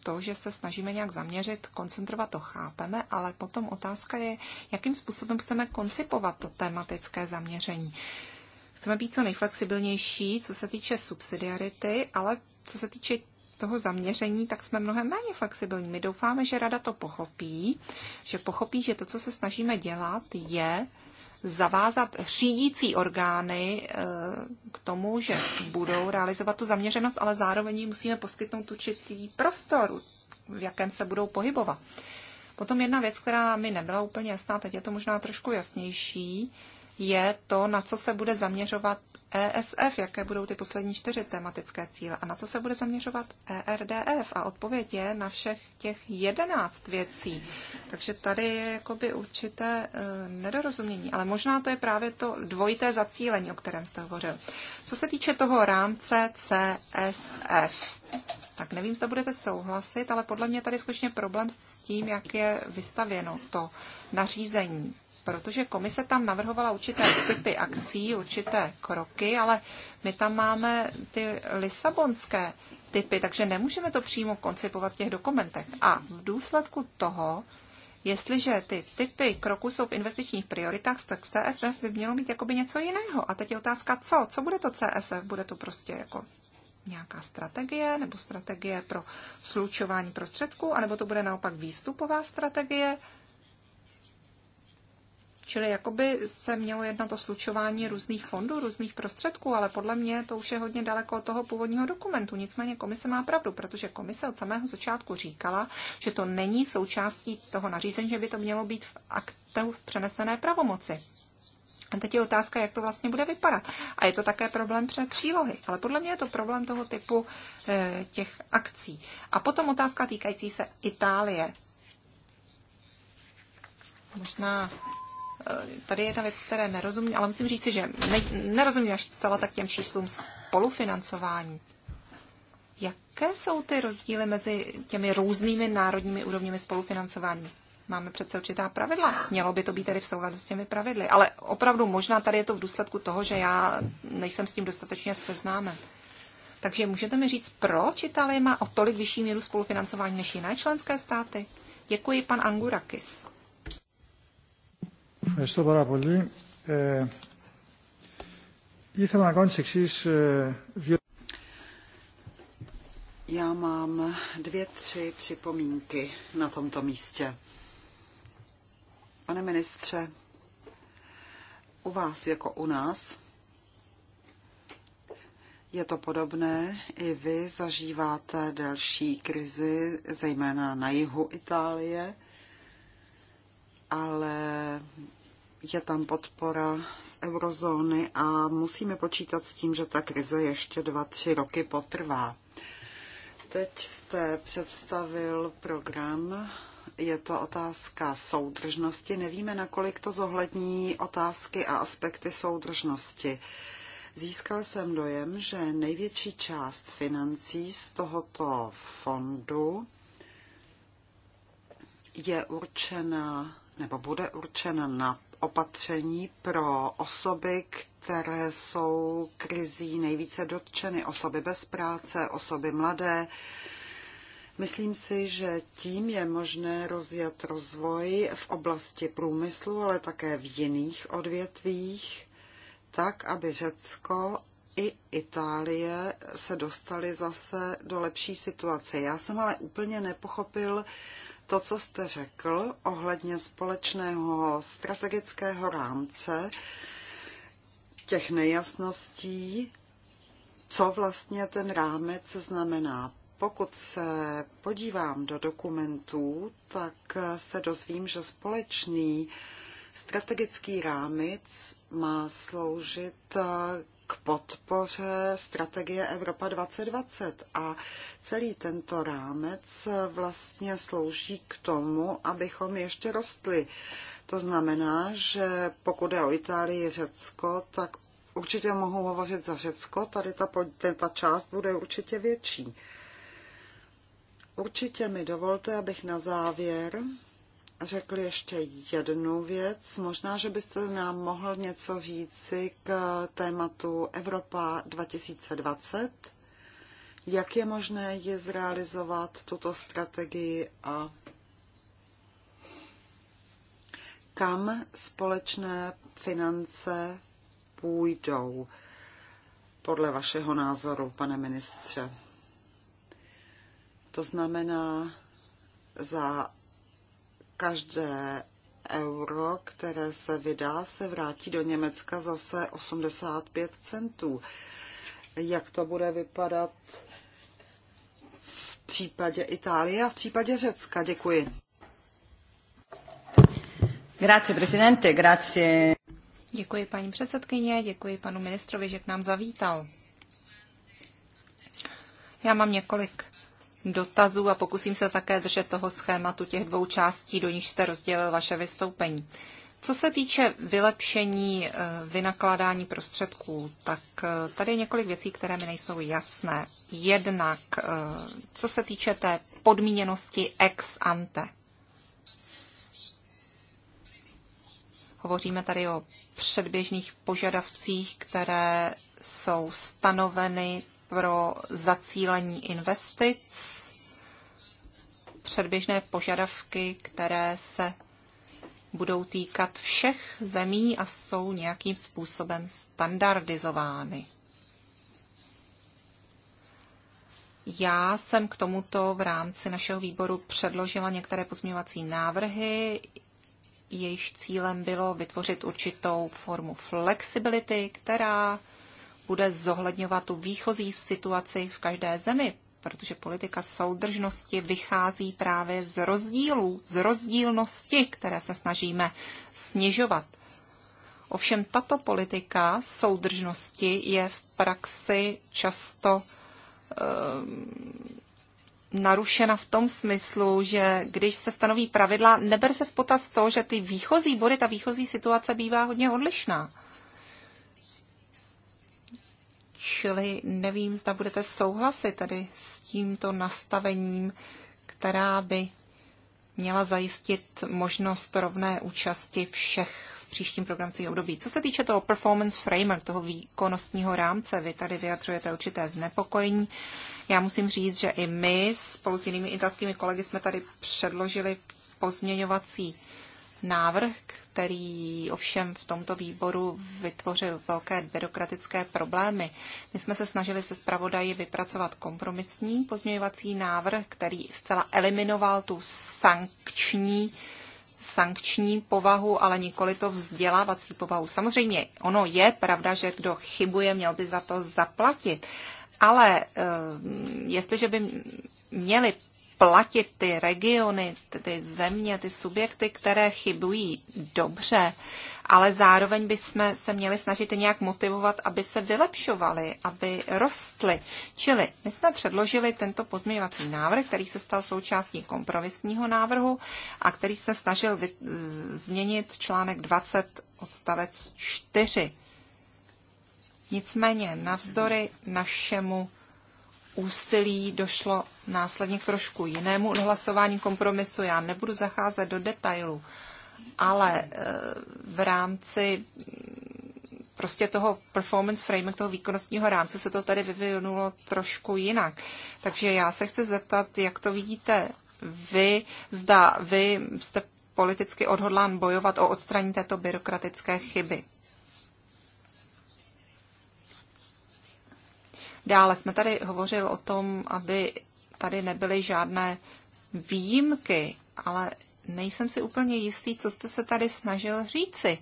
to, že se snažíme nějak zaměřit, koncentrovat to chápeme, ale potom otázka je, jakým způsobem chceme koncipovat to tematické zaměření. Chceme být co nejflexibilnější, co se týče subsidiarity, ale co se týče toho zaměření, tak jsme mnohem méně flexibilní. My doufáme, že rada to pochopí, že pochopí, že to, co se snažíme dělat, je zavázat řídící orgány eh, k tomu, že budou realizovat tu zaměřenost, ale zároveň musíme poskytnout určitý prostor, v jakém se budou pohybovat. Potom jedna věc, která mi nebyla úplně jasná, teď je to možná trošku jasnější, je to, na co se bude zaměřovat ESF, jaké budou ty poslední čtyři tematické cíle a na co se bude zaměřovat ERDF. A odpověď je na všech těch jedenáct věcí. Takže tady je jakoby určité e, nedorozumění, ale možná to je právě to dvojité zacílení, o kterém jste hovořil. Co se týče toho rámce CSF, tak nevím, zda budete souhlasit, ale podle mě tady je skutečně problém s tím, jak je vystavěno to nařízení protože komise tam navrhovala určité typy akcí, určité kroky, ale my tam máme ty lisabonské typy, takže nemůžeme to přímo koncipovat v těch dokumentech. A v důsledku toho, jestliže ty typy kroků jsou v investičních prioritách, tak CSF by mělo být jakoby něco jiného. A teď je otázka, co? Co bude to CSF? Bude to prostě jako nějaká strategie nebo strategie pro slučování prostředků, anebo to bude naopak výstupová strategie, Čili jakoby se mělo jednat o slučování různých fondů, různých prostředků, ale podle mě to už je hodně daleko od toho původního dokumentu. Nicméně komise má pravdu, protože komise od samého začátku říkala, že to není součástí toho nařízení, že by to mělo být v aktu v přenesené pravomoci. A teď je otázka, jak to vlastně bude vypadat. A je to také problém pře přílohy, ale podle mě je to problém toho typu e, těch akcí. A potom otázka týkající se Itálie. Možná Eh, tady je jedna věc, které nerozumím, ale musím říci, že ne, nerozumím až stala tak těm číslům spolufinancování. Jaké jsou ty rozdíly mezi těmi různými národními úrovněmi spolufinancování? Máme přece určitá pravidla. Mělo by to být tedy v souladu s těmi pravidly. Ale opravdu možná tady je to v důsledku toho, že já nejsem s tím dostatečně seznámen. Takže můžete mi říct, proč Itálie má o tolik vyšší míru spolufinancování než jiné členské státy? Děkuji, pan Angurakis. Ευχαριστώ πάρα πολύ. Ε, ήθελα να κάνω τις εξής ε, δύο... Já mám dvě, tři připomínky na tomto místě. Pane ministře, u vás jako u nás je to podobné. I vy zažíváte delší krizi, zejména na jihu Itálie, ale je tam podpora z eurozóny a musíme počítat s tím, že ta krize ještě dva, tři roky potrvá. Teď jste představil program, je to otázka soudržnosti. Nevíme, nakolik to zohlední otázky a aspekty soudržnosti. Získal jsem dojem, že největší část financí z tohoto fondu je určena nebo bude určena na opatření pro osoby, které jsou krizí nejvíce dotčeny, osoby bez práce, osoby mladé. Myslím si, že tím je možné rozjet rozvoj v oblasti průmyslu, ale také v jiných odvětvích, tak, aby Řecko i Itálie se dostaly zase do lepší situace. Já jsem ale úplně nepochopil to, co jste řekl ohledně společného strategického rámce, těch nejasností, co vlastně ten rámec znamená. Pokud se podívám do dokumentů, tak se dozvím, že společný strategický rámec má sloužit k podpoře strategie Evropa 2020. A celý tento rámec vlastně slouží k tomu, abychom ještě rostli. To znamená, že pokud je o Itálii, Řecko, tak určitě mohu hovořit za Řecko, tady ta, ta část bude určitě větší. Určitě mi dovolte, abych na závěr řekl ještě jednu věc. Možná, že byste nám mohl něco říci k tématu Evropa 2020. Jak je možné je zrealizovat tuto strategii a kam společné finance půjdou podle vašeho názoru, pane ministře? To znamená, za každé euro, které se vydá, se vrátí do Německa zase 85 centů. Jak to bude vypadat v případě Itálie a v případě Řecka? Děkuji. Grazie, presidente, grazie. Děkuji paní předsedkyně, děkuji panu ministrovi, že k nám zavítal. Já mám několik dotazů a pokusím se také držet toho schématu těch dvou částí, do nichž jste rozdělil vaše vystoupení. Co se týče vylepšení eh, vynakládání prostředků, tak eh, tady je několik věcí, které mi nejsou jasné. Jednak, eh, co se týče té podmíněnosti ex ante. Hovoříme tady o předběžných požadavcích, které jsou stanoveny pro zacílení investic, předběžné požadavky, které se budou týkat všech zemí a jsou nějakým způsobem standardizovány. Já jsem k tomuto v rámci našeho výboru předložila některé pozměňovací návrhy, jejichž cílem bylo vytvořit určitou formu flexibility, která bude zohledňovat tu výchozí situaci v každé zemi, protože politika soudržnosti vychází právě z rozdílů, z rozdílnosti, které se snažíme snižovat. Ovšem tato politika soudržnosti je v praxi často e, narušena v tom smyslu, že když se stanoví pravidla, neber se v potaz to, že ty výchozí body, ta výchozí situace bývá hodně odlišná. Čili nevím, zda budete souhlasit tady s tímto nastavením, která by měla zajistit možnost rovné účasti všech v příštím programovacím období. Co se týče toho performance framework, toho výkonnostního rámce, vy tady vyjadřujete určité znepokojení. Já musím říct, že i my spolu s jinými italskými kolegy jsme tady předložili pozměňovací návrh, který ovšem v tomto výboru vytvořil velké byrokratické problémy. My jsme se snažili se zpravodaji vypracovat kompromisní pozměňovací návrh, který zcela eliminoval tu sankční sankční povahu, ale nikoli to vzdělávací povahu. Samozřejmě, ono je pravda, že kdo chybuje, měl by za to zaplatit. Ale eh, jestliže by měli platit ty regiony, ty země, ty subjekty, které chybují dobře, ale zároveň bychom se měli snažit nějak motivovat, aby se vylepšovali, aby rostly. Čili my jsme předložili tento pozměňovací návrh, který se stal součástí kompromisního návrhu a který se snažil vy, eh, změnit článek 20 odstavec 4. Nicméně navzdory našemu úsilí došlo následně k trošku jinému odhlasování kompromisu. Já nebudu zacházet do detailů, ale e, v rámci mm, prostě toho performance framework, toho výkonnostního rámce se to tady vyvinulo trošku jinak. Takže já se chci zeptat, jak to vidíte vy, zda vy jste politicky odhodlán bojovat o odstranění této byrokratické chyby. Dále jsme tady hovořili o tom, aby tady nebyly žádné výjimky, ale nejsem si úplně jistý, co jste se tady snažil říci.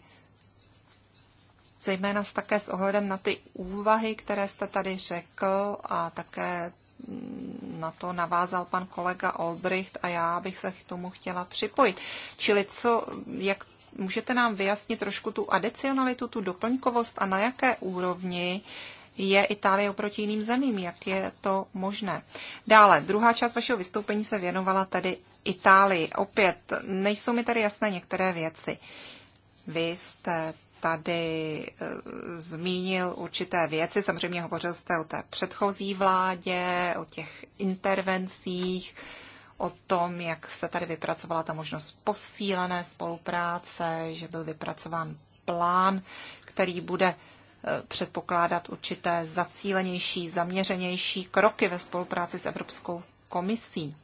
Zejména s také s ohledem na ty úvahy, které jste tady řekl a také mm, na to navázal pan kolega Olbricht a já bych se k tomu chtěla připojit. Čili co, jak můžete nám vyjasnit trošku tu adicionalitu, tu doplňkovost a na jaké úrovni je Itálie oproti jiným zemím, jak je to možné. Dále, druhá část vašeho vystoupení se věnovala tedy Itálii. Opět, nejsou mi tady jasné některé věci. Vy jste tady eh, zmínil určité věci. Samozřejmě hovořil jste o té předchozí vládě, o těch intervencích, o tom, jak se tady vypracovala ta možnost posílené spolupráce, že byl vypracován plán, který bude předpokládat určité zacílenější, zaměřenější kroky ve spolupráci s Evropskou komisí.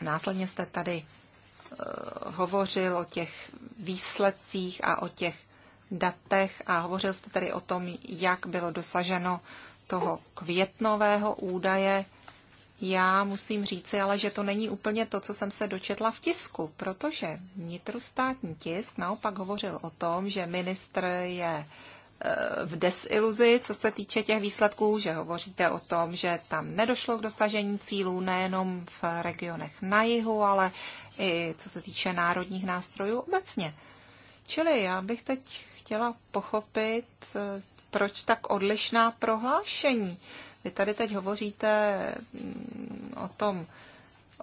A následně jste tady eh, hovořil o těch výsledcích a o těch datech a hovořil jste tady o tom, jak bylo dosaženo toho květnového údaje já musím říci, ale že to není úplně to, co jsem se dočetla v tisku, protože vnitrostátní tisk naopak hovořil o tom, že ministr je e, v desiluzi, co se týče těch výsledků, že hovoříte o tom, že tam nedošlo k dosažení cílů nejenom v regionech na jihu, ale i co se týče národních nástrojů obecně. Čili já bych teď chtěla pochopit, e, proč tak odlišná prohlášení. Vy tady teď hovoříte mm, o tom,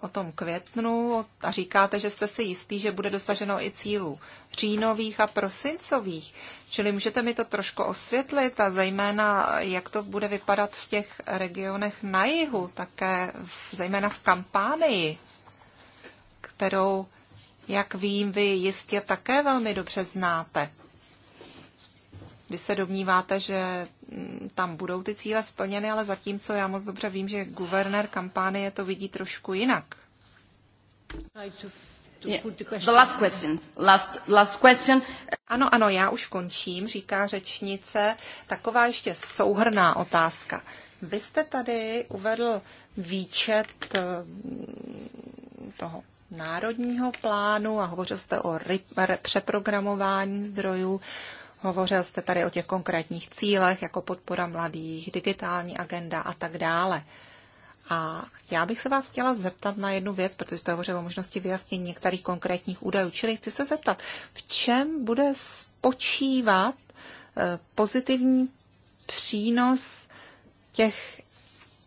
o tom květnu a říkáte, že jste si jistý, že bude dosaženo i cílů říjnových a prosincových. Čili můžete mi to trošku osvětlit a zejména, jak to bude vypadat v těch regionech na jihu, také v, zejména v kampánii, kterou, jak vím, vy jistě také velmi dobře znáte. Vy se domníváte, že mm, tam budou ty cíle splněny, ale zatímco já moc dobře vím, že guvernér kampánie to vidí trošku jinak. The last question. Last, question. Ano, ano, já už končím, říká řečnice. Taková ještě souhrná otázka. Vy jste tady uvedl výčet eh, toho národního plánu a hovořil jste o přeprogramování zdrojů. Hovořil jste tady o těch konkrétních cílech, jako podpora mladých, digitální agenda a tak dále. A já bych se vás chtěla zeptat na jednu věc, protože jste hovořil o možnosti vyjasnění některých konkrétních údajů. Čili chci se zeptat, v čem bude spočívat eh, pozitivní přínos těch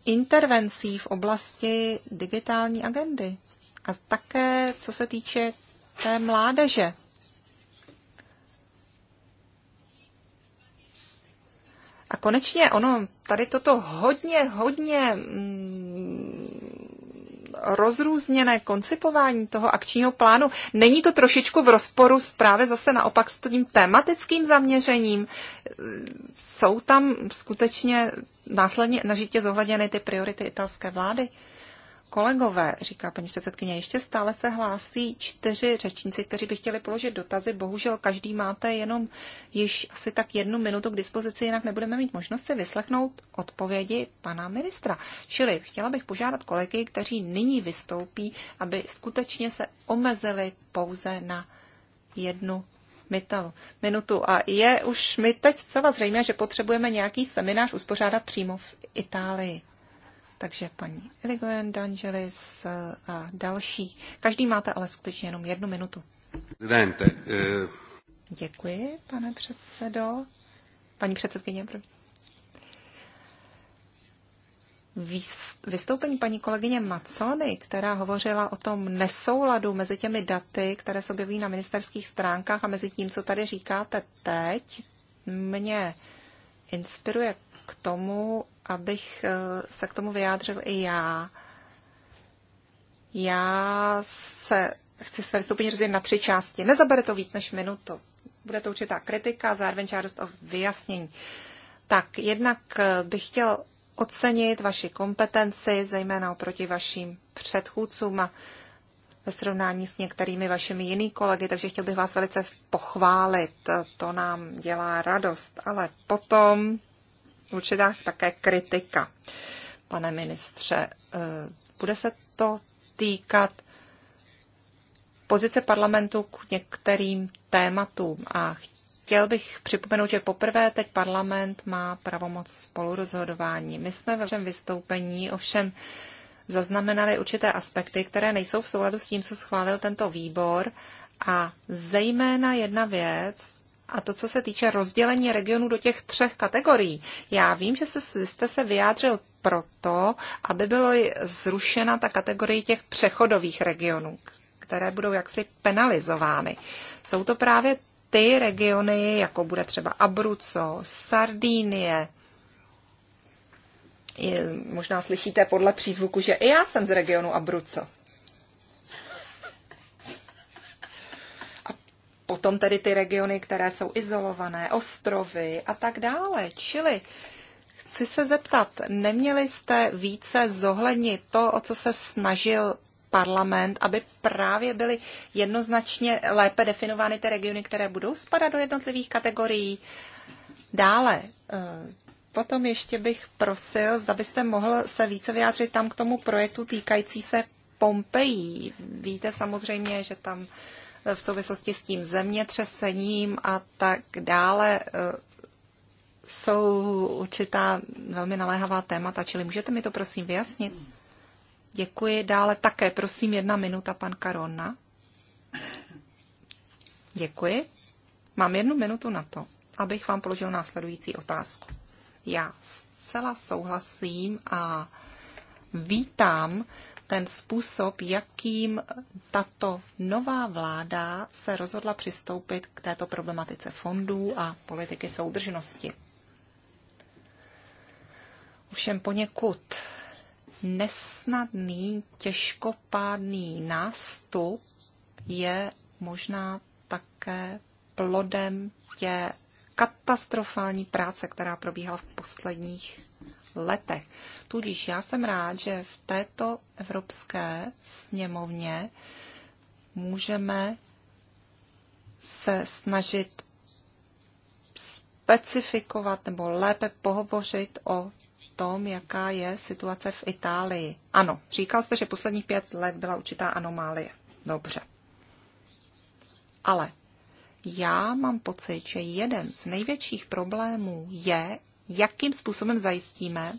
intervencí v oblasti digitální agendy? A také, co se týče té mládeže. A konečně ono, tady toto hodně, hodně mm, rozrůzněné koncipování toho akčního plánu, není to trošičku v rozporu s právě zase naopak s tím tematickým zaměřením? Jsou tam skutečně následně nažitě zohledněny ty priority italské vlády? Kolegové, říká paní předsedkyně, ještě stále se hlásí čtyři řečníci, kteří by chtěli položit dotazy. Bohužel každý máte jenom již asi tak jednu minutu k dispozici, jinak nebudeme mít možnost si vyslechnout odpovědi pana ministra. Čili chtěla bych požádat kolegy, kteří nyní vystoupí, aby skutečně se omezili pouze na jednu Mytel, Minutu. A je už mi teď zcela zřejmé, že potřebujeme nějaký seminář uspořádat přímo v Itálii. Takže paní Eligoen, D'Angelis eh, a další. Každý máte ale skutečně jenom jednu minutu. Eh. Děkuji, pane předsedo. Paní předsedkyně, Vystoupení paní kolegyně Macony, která hovořila o tom nesouladu mezi těmi daty, které se objevují na ministerských stránkách a mezi tím, co tady říkáte teď, mě inspiruje k tomu, abych eh, se k tomu vyjádřil i já. Já se chci své vystoupení rozdělit na tři části. Nezabere to víc než minutu. Bude to určitá kritika, zároveň žádost o vyjasnění. Tak, jednak eh, bych chtěl ocenit vaši kompetenci, zejména oproti vašim předchůdcům a ve srovnání s některými vašimi jiný kolegy, takže chtěl bych vás velice pochválit. To nám dělá radost. Ale potom určitá také kritika. Pane ministře, eh, bude se to týkat pozice parlamentu k některým tématům a chtěl bych připomenout, že poprvé teď parlament má pravomoc spolurozhodování. My jsme ve všem vystoupení ovšem zaznamenali určité aspekty, které nejsou v souladu s tím, co schválil tento výbor a zejména jedna věc, a to, co se týče rozdělení regionů do těch třech kategorií, já vím, že jste, jste se vyjádřil proto, aby byla zrušena ta kategorie těch přechodových regionů, které budou jaksi penalizovány. Jsou to právě ty regiony, jako bude třeba Abruzzo, Sardínie, je, možná slyšíte podle přízvuku, že i já jsem z regionu Abruzzo. potom tedy ty regiony, které jsou izolované, ostrovy a tak dále. Čili chci se zeptat, neměli jste více zohlednit to, o co se snažil parlament, aby právě byly jednoznačně lépe definovány ty regiony, které budou spadat do jednotlivých kategorií. Dále, eh, potom ještě bych prosil, zda byste mohl se více vyjádřit tam k tomu projektu týkající se Pompeji. Víte samozřejmě, že tam v souvislosti s tím zemětřesením a tak dále e, jsou určitá velmi naléhavá témata, čili můžete mi to prosím vyjasnit? Děkuji. Dále také prosím jedna minuta, pan Karona. Děkuji. Mám jednu minutu na to, abych vám položil následující otázku. Já zcela souhlasím a vítám ten způsob, jakým tato nová vláda se rozhodla přistoupit k této problematice fondů a politiky soudržnosti. Ovšem poněkud nesnadný, těžkopádný nástup je možná také plodem té katastrofální práce, která probíhala v posledních letech. Tudíž já jsem rád, že v této evropské sněmovně můžeme se snažit specifikovat nebo lépe pohovořit o tom, jaká je situace v Itálii. Ano, říkal jste, že posledních pět let byla určitá anomálie. Dobře. Ale já mám pocit, že jeden z největších problémů je, jakým způsobem zajistíme,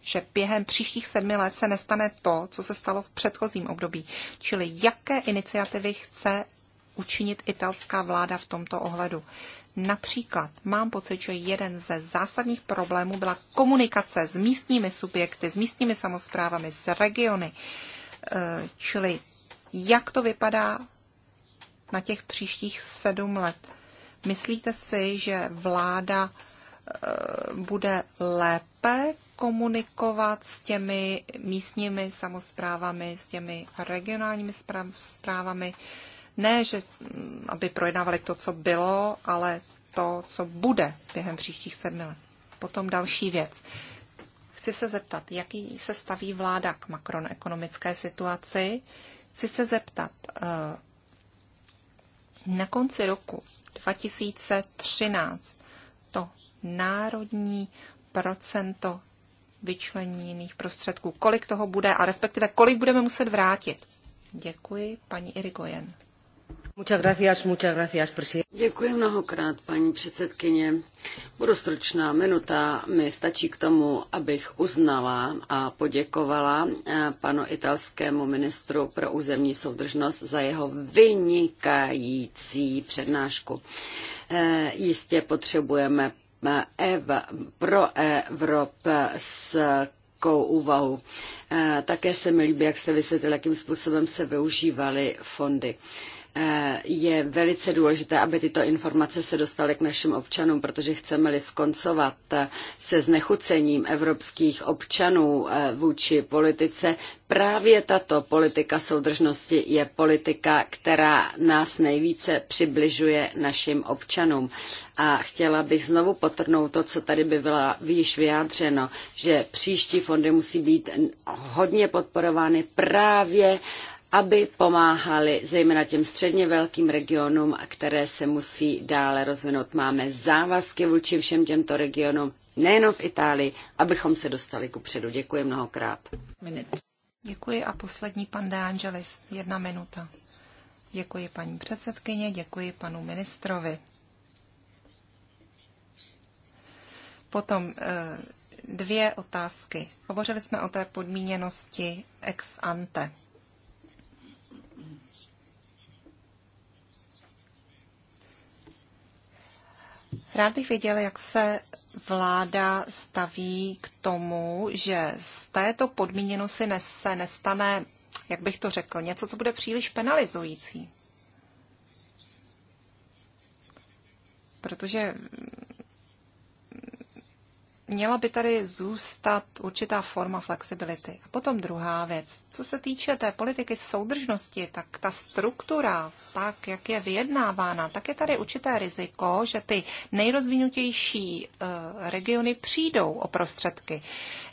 že během příštích sedmi let se nestane to, co se stalo v předchozím období. Čili jaké iniciativy chce učinit italská vláda v tomto ohledu. Například mám pocit, že jeden ze zásadních problémů byla komunikace s místními subjekty, s místními samozprávami, s regiony. E, čili jak to vypadá na těch příštích sedm let? Myslíte si, že vláda Eh, bude lépe komunikovat s těmi místními samozprávami, s těmi regionálními správami. Ne, že mm, aby projednávali to, co bylo, ale to, co bude během příštích sedmi let. Potom další věc. Chci se zeptat, jaký se staví vláda k makroekonomické situaci. Chci se zeptat, eh, na konci roku 2013 to národní procento jiných prostředků. Kolik toho bude a respektive kolik budeme muset vrátit? Děkuji, paní Irigoyen. Děkuji mnohokrát, paní předsedkyně. Budu stručná. Minuta mi stačí k tomu, abych uznala a poděkovala eh, panu italskému ministru pro územní soudržnost za jeho vynikající přednášku. Eh, jistě potřebujeme eh, pro Evropu s úvahu. Také se mi líbí, jak jste vysvětlil, jakým způsobem se využívaly fondy je velice důležité, aby tyto informace se dostaly k našim občanům, protože chceme-li skoncovat se znechucením evropských občanů eh, vůči politice, právě tato politika soudržnosti je politika, která nás nejvíce přibližuje našim občanům. A chtěla bych znovu potrhnout to, co tady by bylo již vyjádřeno, že příští fondy musí být hodně podporovány právě aby pomáhali zejména těm středně velkým regionům, které se musí dále rozvinout. Máme závazky vůči všem těmto regionům, nejenom v Itálii, abychom se dostali ku předu. Děkuji mnohokrát. Děkuji a poslední pan De Angelis, jedna minuta. Děkuji paní předsedkyně, děkuji panu ministrovi. Potom eh, dvě otázky. Hovořili jsme o té podmíněnosti ex ante. Rád bych věděl, jak se vláda staví k tomu, že z této podmíněnosti se nestane, jak bych to řekl, něco, co bude příliš penalizující. Protože měla by tady zůstat určitá forma flexibility. A potom druhá věc. Co se týče té politiky soudržnosti, tak ta struktura, tak jak je vyjednávána, tak je tady určité riziko, že ty nejrozvinutější eh, regiony přijdou o prostředky.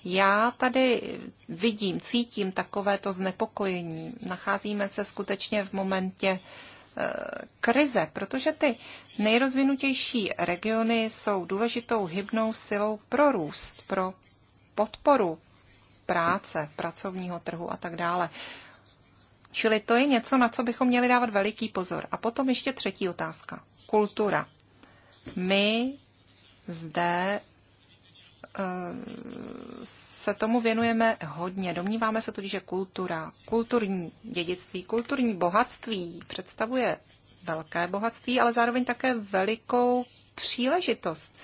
Já tady vidím, cítím takovéto znepokojení. Nacházíme se skutečně v momentě, krize, protože ty nejrozvinutější regiony jsou důležitou hybnou silou pro růst, pro podporu práce, pracovního trhu a tak dále. Čili to je něco, na co bychom měli dávat veliký pozor. A potom ještě třetí otázka. Kultura. My zde se tomu věnujeme hodně. Domníváme se totiž, že kultura, kulturní dědictví, kulturní bohatství představuje velké bohatství, ale zároveň také velikou příležitost.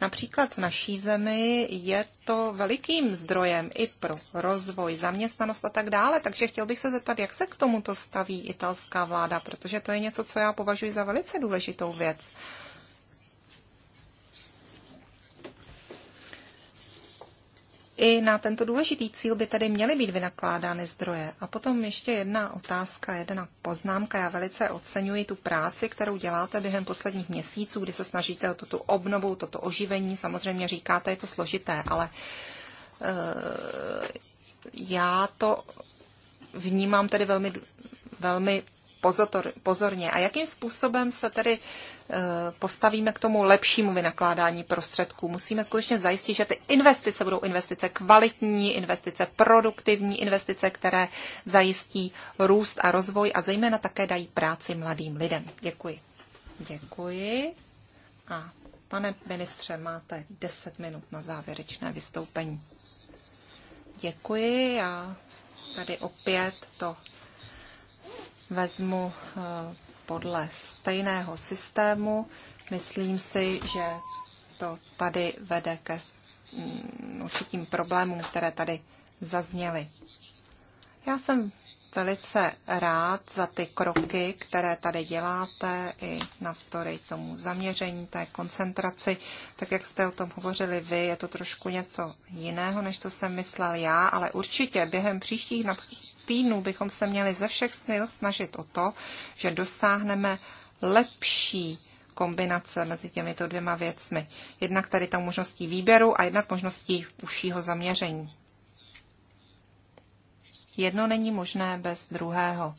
Například v naší zemi je to velikým zdrojem i pro rozvoj, zaměstnanost a tak dále. Takže chtěl bych se zeptat, jak se k tomuto staví italská vláda, protože to je něco, co já považuji za velice důležitou věc. I na tento důležitý cíl by tedy měly být vynakládány zdroje. A potom ještě jedna otázka, jedna poznámka. Já velice oceňuji tu práci, kterou děláte během posledních měsíců, kdy se snažíte o tuto obnovu, toto oživení. Samozřejmě říkáte, je to složité, ale uh, já to vnímám tedy velmi, velmi pozorně. A jakým způsobem se tedy e, postavíme k tomu lepšímu vynakládání prostředků. Musíme skutečně zajistit, že ty investice budou investice kvalitní, investice produktivní, investice, které zajistí růst a rozvoj a zejména také dají práci mladým lidem. Děkuji. Děkuji. A pane ministře, máte 10 minut na závěrečné vystoupení. Děkuji. A tady opět to vezmu eh, podle stejného systému. Myslím si, že to tady vede ke mm, určitým problémům, které tady zazněly. Já jsem velice rád za ty kroky, které tady děláte i navzdory tomu zaměření, té koncentraci. Tak jak jste o tom hovořili vy, je to trošku něco jiného, než to jsem myslel já, ale určitě během příštích týdnů bychom se měli ze všech styl snažit o to, že dosáhneme lepší kombinace mezi těmito dvěma věcmi. Jednak tady tam možností výběru a jednak možností užšího zaměření. Jedno není možné bez druhého.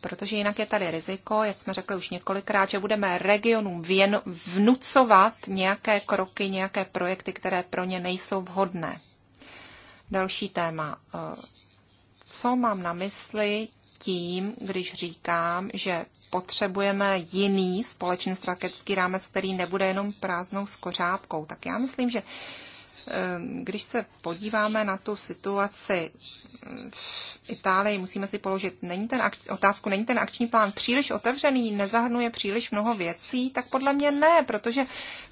Protože jinak je tady riziko, jak jsme řekli už několikrát, že budeme regionům věn, vnucovat nějaké kroky, nějaké projekty, které pro ně nejsou vhodné. Další téma. Eh, co mám na mysli tím, když říkám, že potřebujeme jiný společný strategický rámec, který nebude jenom prázdnou skořápkou, tak já myslím, že eh, když se podíváme na tu situaci eh, v Itálii, musíme si položit není ten akč, otázku, není ten akční plán příliš otevřený, nezahrnuje příliš mnoho věcí, tak podle mě ne, protože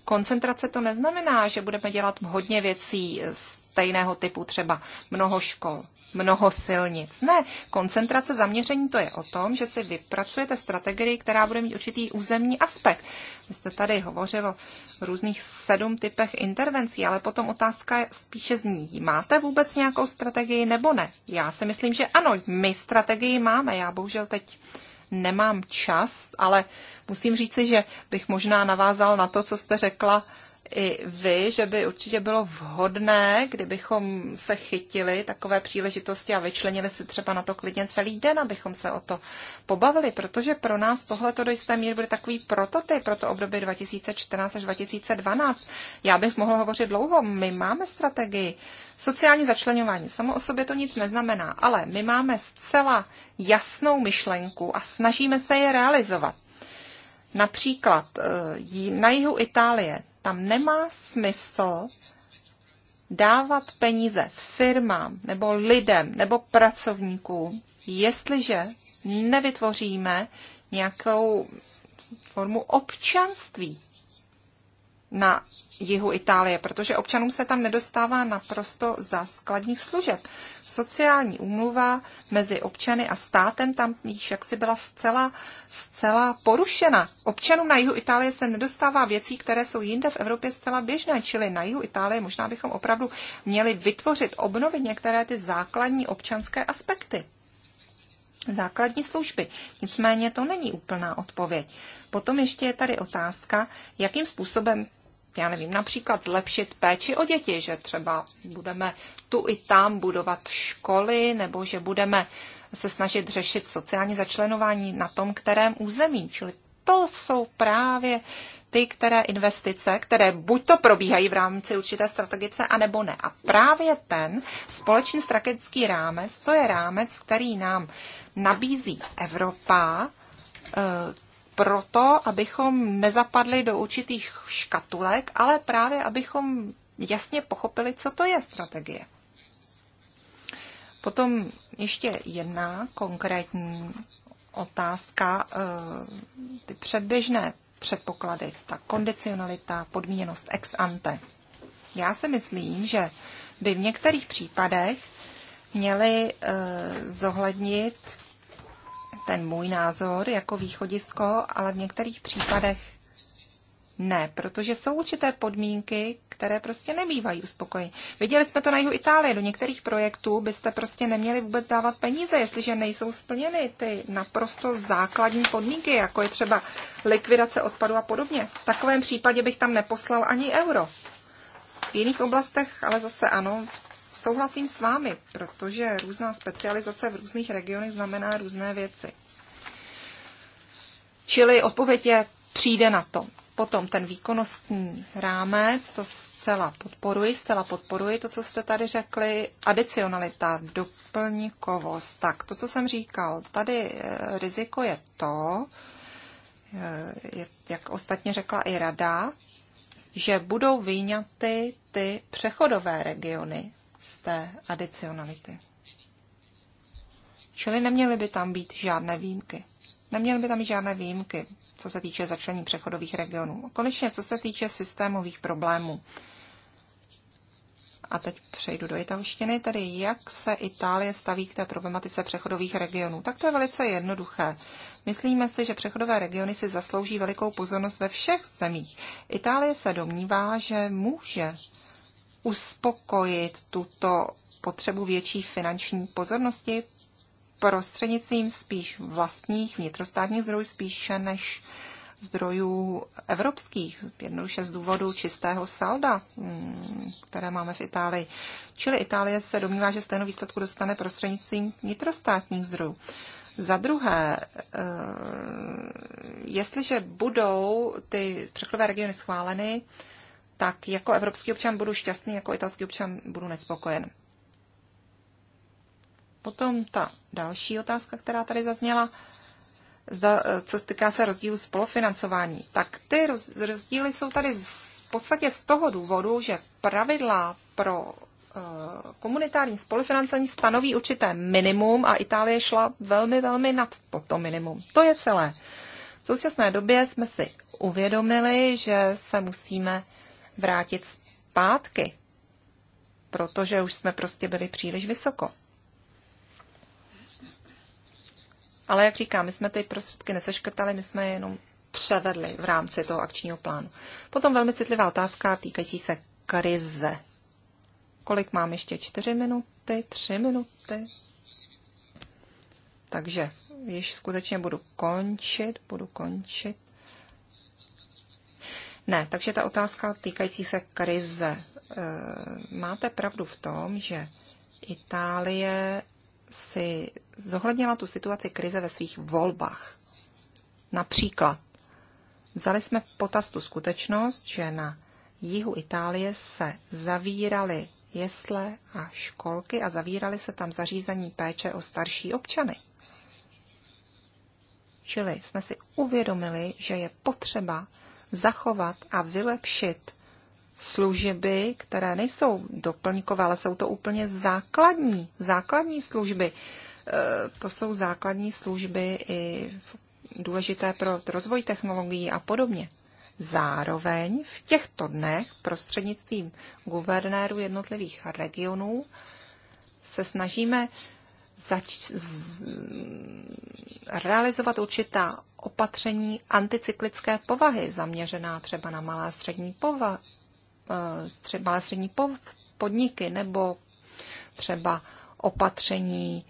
koncentrace to neznamená, že budeme dělat hodně věcí s stejného typu, třeba mnoho škol, mnoho silnic. Ne, koncentrace zaměření to je o tom, že si vypracujete strategii, která bude mít určitý územní aspekt. Vy jste tady hovořil o různých sedm typech intervencí, ale potom otázka spíše zní, máte vůbec nějakou strategii nebo ne? Já si myslím, že ano, my strategii máme, já bohužel teď nemám čas, ale musím říci, že bych možná navázal na to, co jste řekla i vy, že by určitě bylo vhodné, kdybychom se chytili takové příležitosti a vyčlenili si třeba na to klidně celý den, abychom se o to pobavili, protože pro nás tohle to do jisté míry bude takový prototyp pro to období 2014 až 2012. Já bych mohla hovořit dlouho, my máme strategii. Sociální začlenování samo o sobě to nic neznamená, ale my máme zcela jasnou myšlenku a snažíme se je realizovat. Například eh, na jihu Itálie tam nemá smysl dávat peníze firmám nebo lidem nebo pracovníkům, jestliže nevytvoříme nějakou formu občanství na jihu Itálie, protože občanům se tam nedostává naprosto za skladních služeb. Sociální úmluva mezi občany a státem tam již jaksi byla zcela, zcela porušena. Občanům na jihu Itálie se nedostává věcí, které jsou jinde v Evropě zcela běžné, čili na jihu Itálie možná bychom opravdu měli vytvořit, obnovit některé ty základní občanské aspekty základní služby. Nicméně to není úplná odpověď. Potom ještě je tady otázka, jakým způsobem já nevím, například zlepšit péči o děti, že třeba budeme tu i tam budovat školy, nebo že budeme se snažit řešit sociální začlenování na tom, kterém území. Čili to jsou právě ty, které investice, které buď to probíhají v rámci určité strategice, anebo ne. A právě ten společný strategický rámec, to je rámec, který nám nabízí Evropa, eh, proto, abychom nezapadli do určitých škatulek, ale právě abychom jasně pochopili, co to je strategie. Potom ještě jedna konkrétní otázka, eh, ty předběžné předpoklady, ta kondicionalita, podmíněnost ex ante. Já si myslím, že by v některých případech měli eh, zohlednit ten můj názor jako východisko, ale v některých případech ne, protože jsou určité podmínky, které prostě nebývají uspokojení. Viděli jsme to na jihu Itálie. Do některých projektů byste prostě neměli vůbec dávat peníze, jestliže nejsou splněny ty naprosto základní podmínky, jako je třeba likvidace odpadu a podobně. V takovém případě bych tam neposlal ani euro. V jiných oblastech ale zase ano, Souhlasím s vámi, protože různá specializace v různých regionech znamená různé věci. Čili odpověď je, přijde na to. Potom ten výkonnostní rámec, to zcela podporuji, zcela podporuji to, co jste tady řekli. Adicionalita, doplňkovost. Tak, to, co jsem říkal, tady eh, riziko je to, eh, je, jak ostatně řekla i rada, že budou vyňaty ty přechodové regiony z té adicionality. Čili neměly by tam být žádné výjimky. Neměly by tam být žádné výjimky, co se týče začlení přechodových regionů. A konečně, co se týče systémových problémů. A teď přejdu do italštiny, tedy jak se Itálie staví k té problematice přechodových regionů. Tak to je velice jednoduché. Myslíme si, že přechodové regiony si zaslouží velikou pozornost ve všech zemích. Itálie se domnívá, že může uspokojit tuto potřebu větší finanční pozornosti prostřednictvím spíš vlastních vnitrostátních zdrojů, spíše než zdrojů evropských, jednoduše z důvodu čistého salda, mm, které máme v Itálii. Čili Itálie se domnívá, že stejnou výsledku dostane prostřednictvím vnitrostátních zdrojů. Za druhé, eh, jestliže budou ty trhové regiony schváleny, tak jako evropský občan budu šťastný, jako italský občan budu nespokojen. Potom ta další otázka, která tady zazněla, zda, e, co se týká se rozdílu spolufinancování. Tak ty rozdíly jsou tady v podstatě z toho důvodu, že pravidla pro e, komunitární spolufinancování stanoví určité minimum a Itálie šla velmi, velmi nad toto minimum. To je celé. V současné době jsme si uvědomili, že se musíme vrátit zpátky, protože už jsme prostě byli příliš vysoko. Ale jak říkám, my jsme ty prostředky neseškrtali, my jsme je jenom převedli v rámci toho akčního plánu. Potom velmi citlivá otázka týkající se krize. Kolik mám ještě? Čtyři minuty? Tři minuty? Takže již skutečně budu končit, budu končit. Ne, takže ta otázka týkající se krize. E, máte pravdu v tom, že Itálie si zohlednila tu situaci krize ve svých volbách. Například vzali jsme v potaz tu skutečnost, že na jihu Itálie se zavíraly jesle a školky a zavíraly se tam zařízení péče o starší občany. Čili jsme si uvědomili, že je potřeba zachovat a vylepšit služby, které nejsou doplňkové, ale jsou to úplně základní, základní služby. E, to jsou základní služby i důležité pro rozvoj technologií a podobně. Zároveň v těchto dnech prostřednictvím guvernérů jednotlivých regionů se snažíme zač- z- realizovat určitá opatření anticyklické povahy, zaměřená třeba na malá střední, pova- eh, stře- malá střední podniky nebo třeba opatření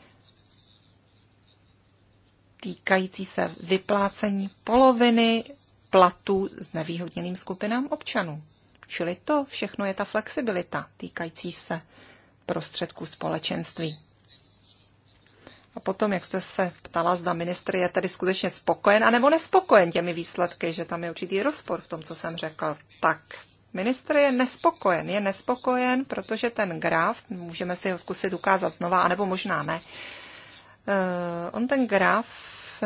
týkající se vyplácení poloviny platů s nevýhodněným skupinám občanů. Čili to všechno je ta flexibilita týkající se prostředků společenství. A potom, jak jste se ptala, zda ministr je tedy skutečně spokojen anebo nespokojen těmi výsledky, že tam je určitý rozpor v tom, co jsem řekl. Tak, ministr je nespokojen. Je nespokojen, protože ten graf, můžeme si ho zkusit ukázat znova, anebo možná ne, eh, on ten graf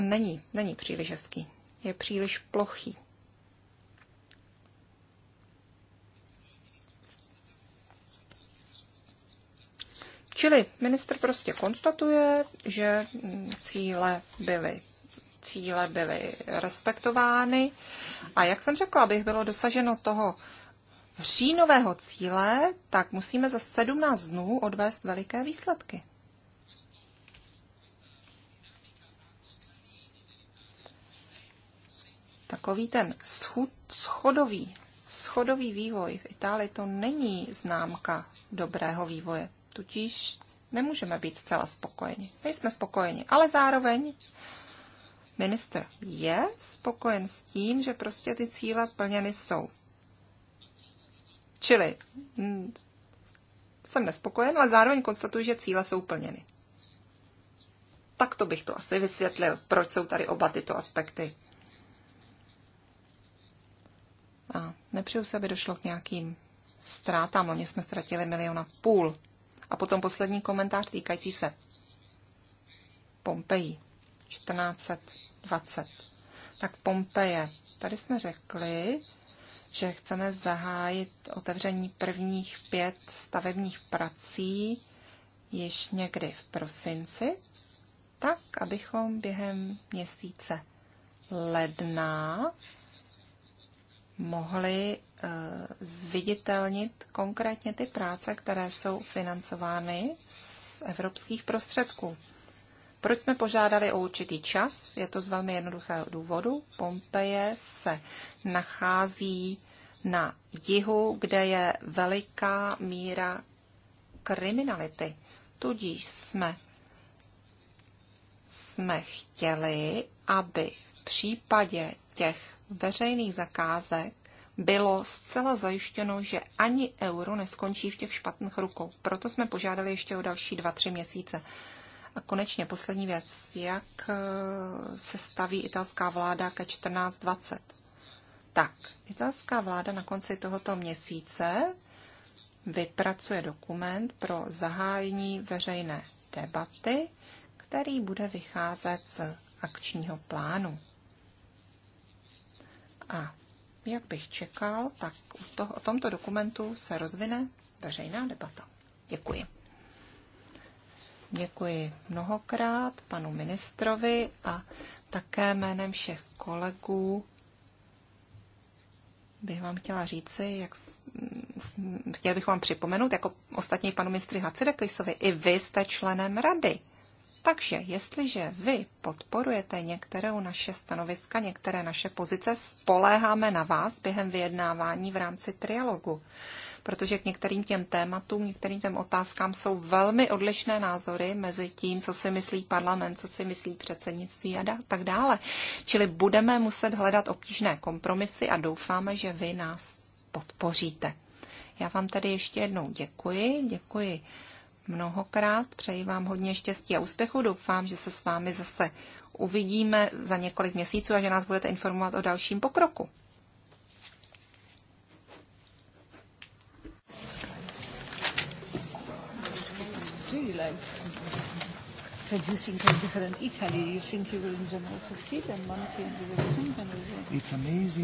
není, není příliš hezký. Je příliš plochý. Čili minister prostě konstatuje, že cíle byly cíle byly respektovány a jak jsem řekla, abych bylo dosaženo toho říjnového cíle, tak musíme za 17 dnů odvést veliké výsledky. Takový ten schud, schodový, schodový vývoj v Itálii to není známka dobrého vývoje. Tudíž nemůžeme být zcela spokojeni. Nejsme spokojeni, ale zároveň minister je spokojen s tím, že prostě ty cíle plněny jsou. Čili mm, jsem nespokojen, ale zároveň konstatuji, že cíle jsou plněny. Tak to bych to asi vysvětlil, proč jsou tady oba tyto aspekty. A nepřeju se, aby došlo k nějakým ztrátám. Oni jsme ztratili miliona půl. A potom poslední komentář týkající se Pompeji 1420. Tak Pompeje. Tady jsme řekli, že chceme zahájit otevření prvních pět stavebních prací již někdy v prosinci, tak abychom během měsíce ledna mohli eh, zviditelnit konkrétně ty práce, které jsou financovány z evropských prostředků. Proč jsme požádali o určitý čas? Je to z velmi jednoduchého důvodu. Pompeje se nachází na jihu, kde je veliká míra kriminality. Tudíž jsme, jsme chtěli, aby případě těch veřejných zakázek bylo zcela zajištěno, že ani euro neskončí v těch špatných rukou. Proto jsme požádali ještě o další dva, tři měsíce. A konečně poslední věc. Jak eh, se staví italská vláda ke 1420? Tak, italská vláda na konci tohoto měsíce vypracuje dokument pro zahájení veřejné debaty, který bude vycházet z akčního plánu. A jak bych čekal, tak to, o tomto dokumentu se rozvine veřejná debata. Děkuji. Děkuji mnohokrát panu ministrovi a také jménem všech kolegů bych vám chtěla říci, jak chtěl bych vám připomenout, jako ostatní panu ministry Hacidekvisovi, i vy jste členem rady. Takže jestliže vy podporujete některou naše stanoviska, některé naše pozice, spoléháme na vás během vyjednávání v rámci trialogu. Protože k některým těm tématům, některým těm otázkám jsou velmi odlišné názory mezi tím, co si myslí parlament, co si myslí předsednictví a tak dále. Čili budeme muset hledat obtížné kompromisy a doufáme, že vy nás podpoříte. Já vám tady ještě jednou děkuji. Děkuji mnohokrát. Přeji vám hodně štěstí a úspěchu. Doufám, že se s vámi zase uvidíme za několik měsíců a že nás budete informovat o dalším pokroku. producing different Italy. You think you will in general succeed, and one thing you will and will. It's amazing.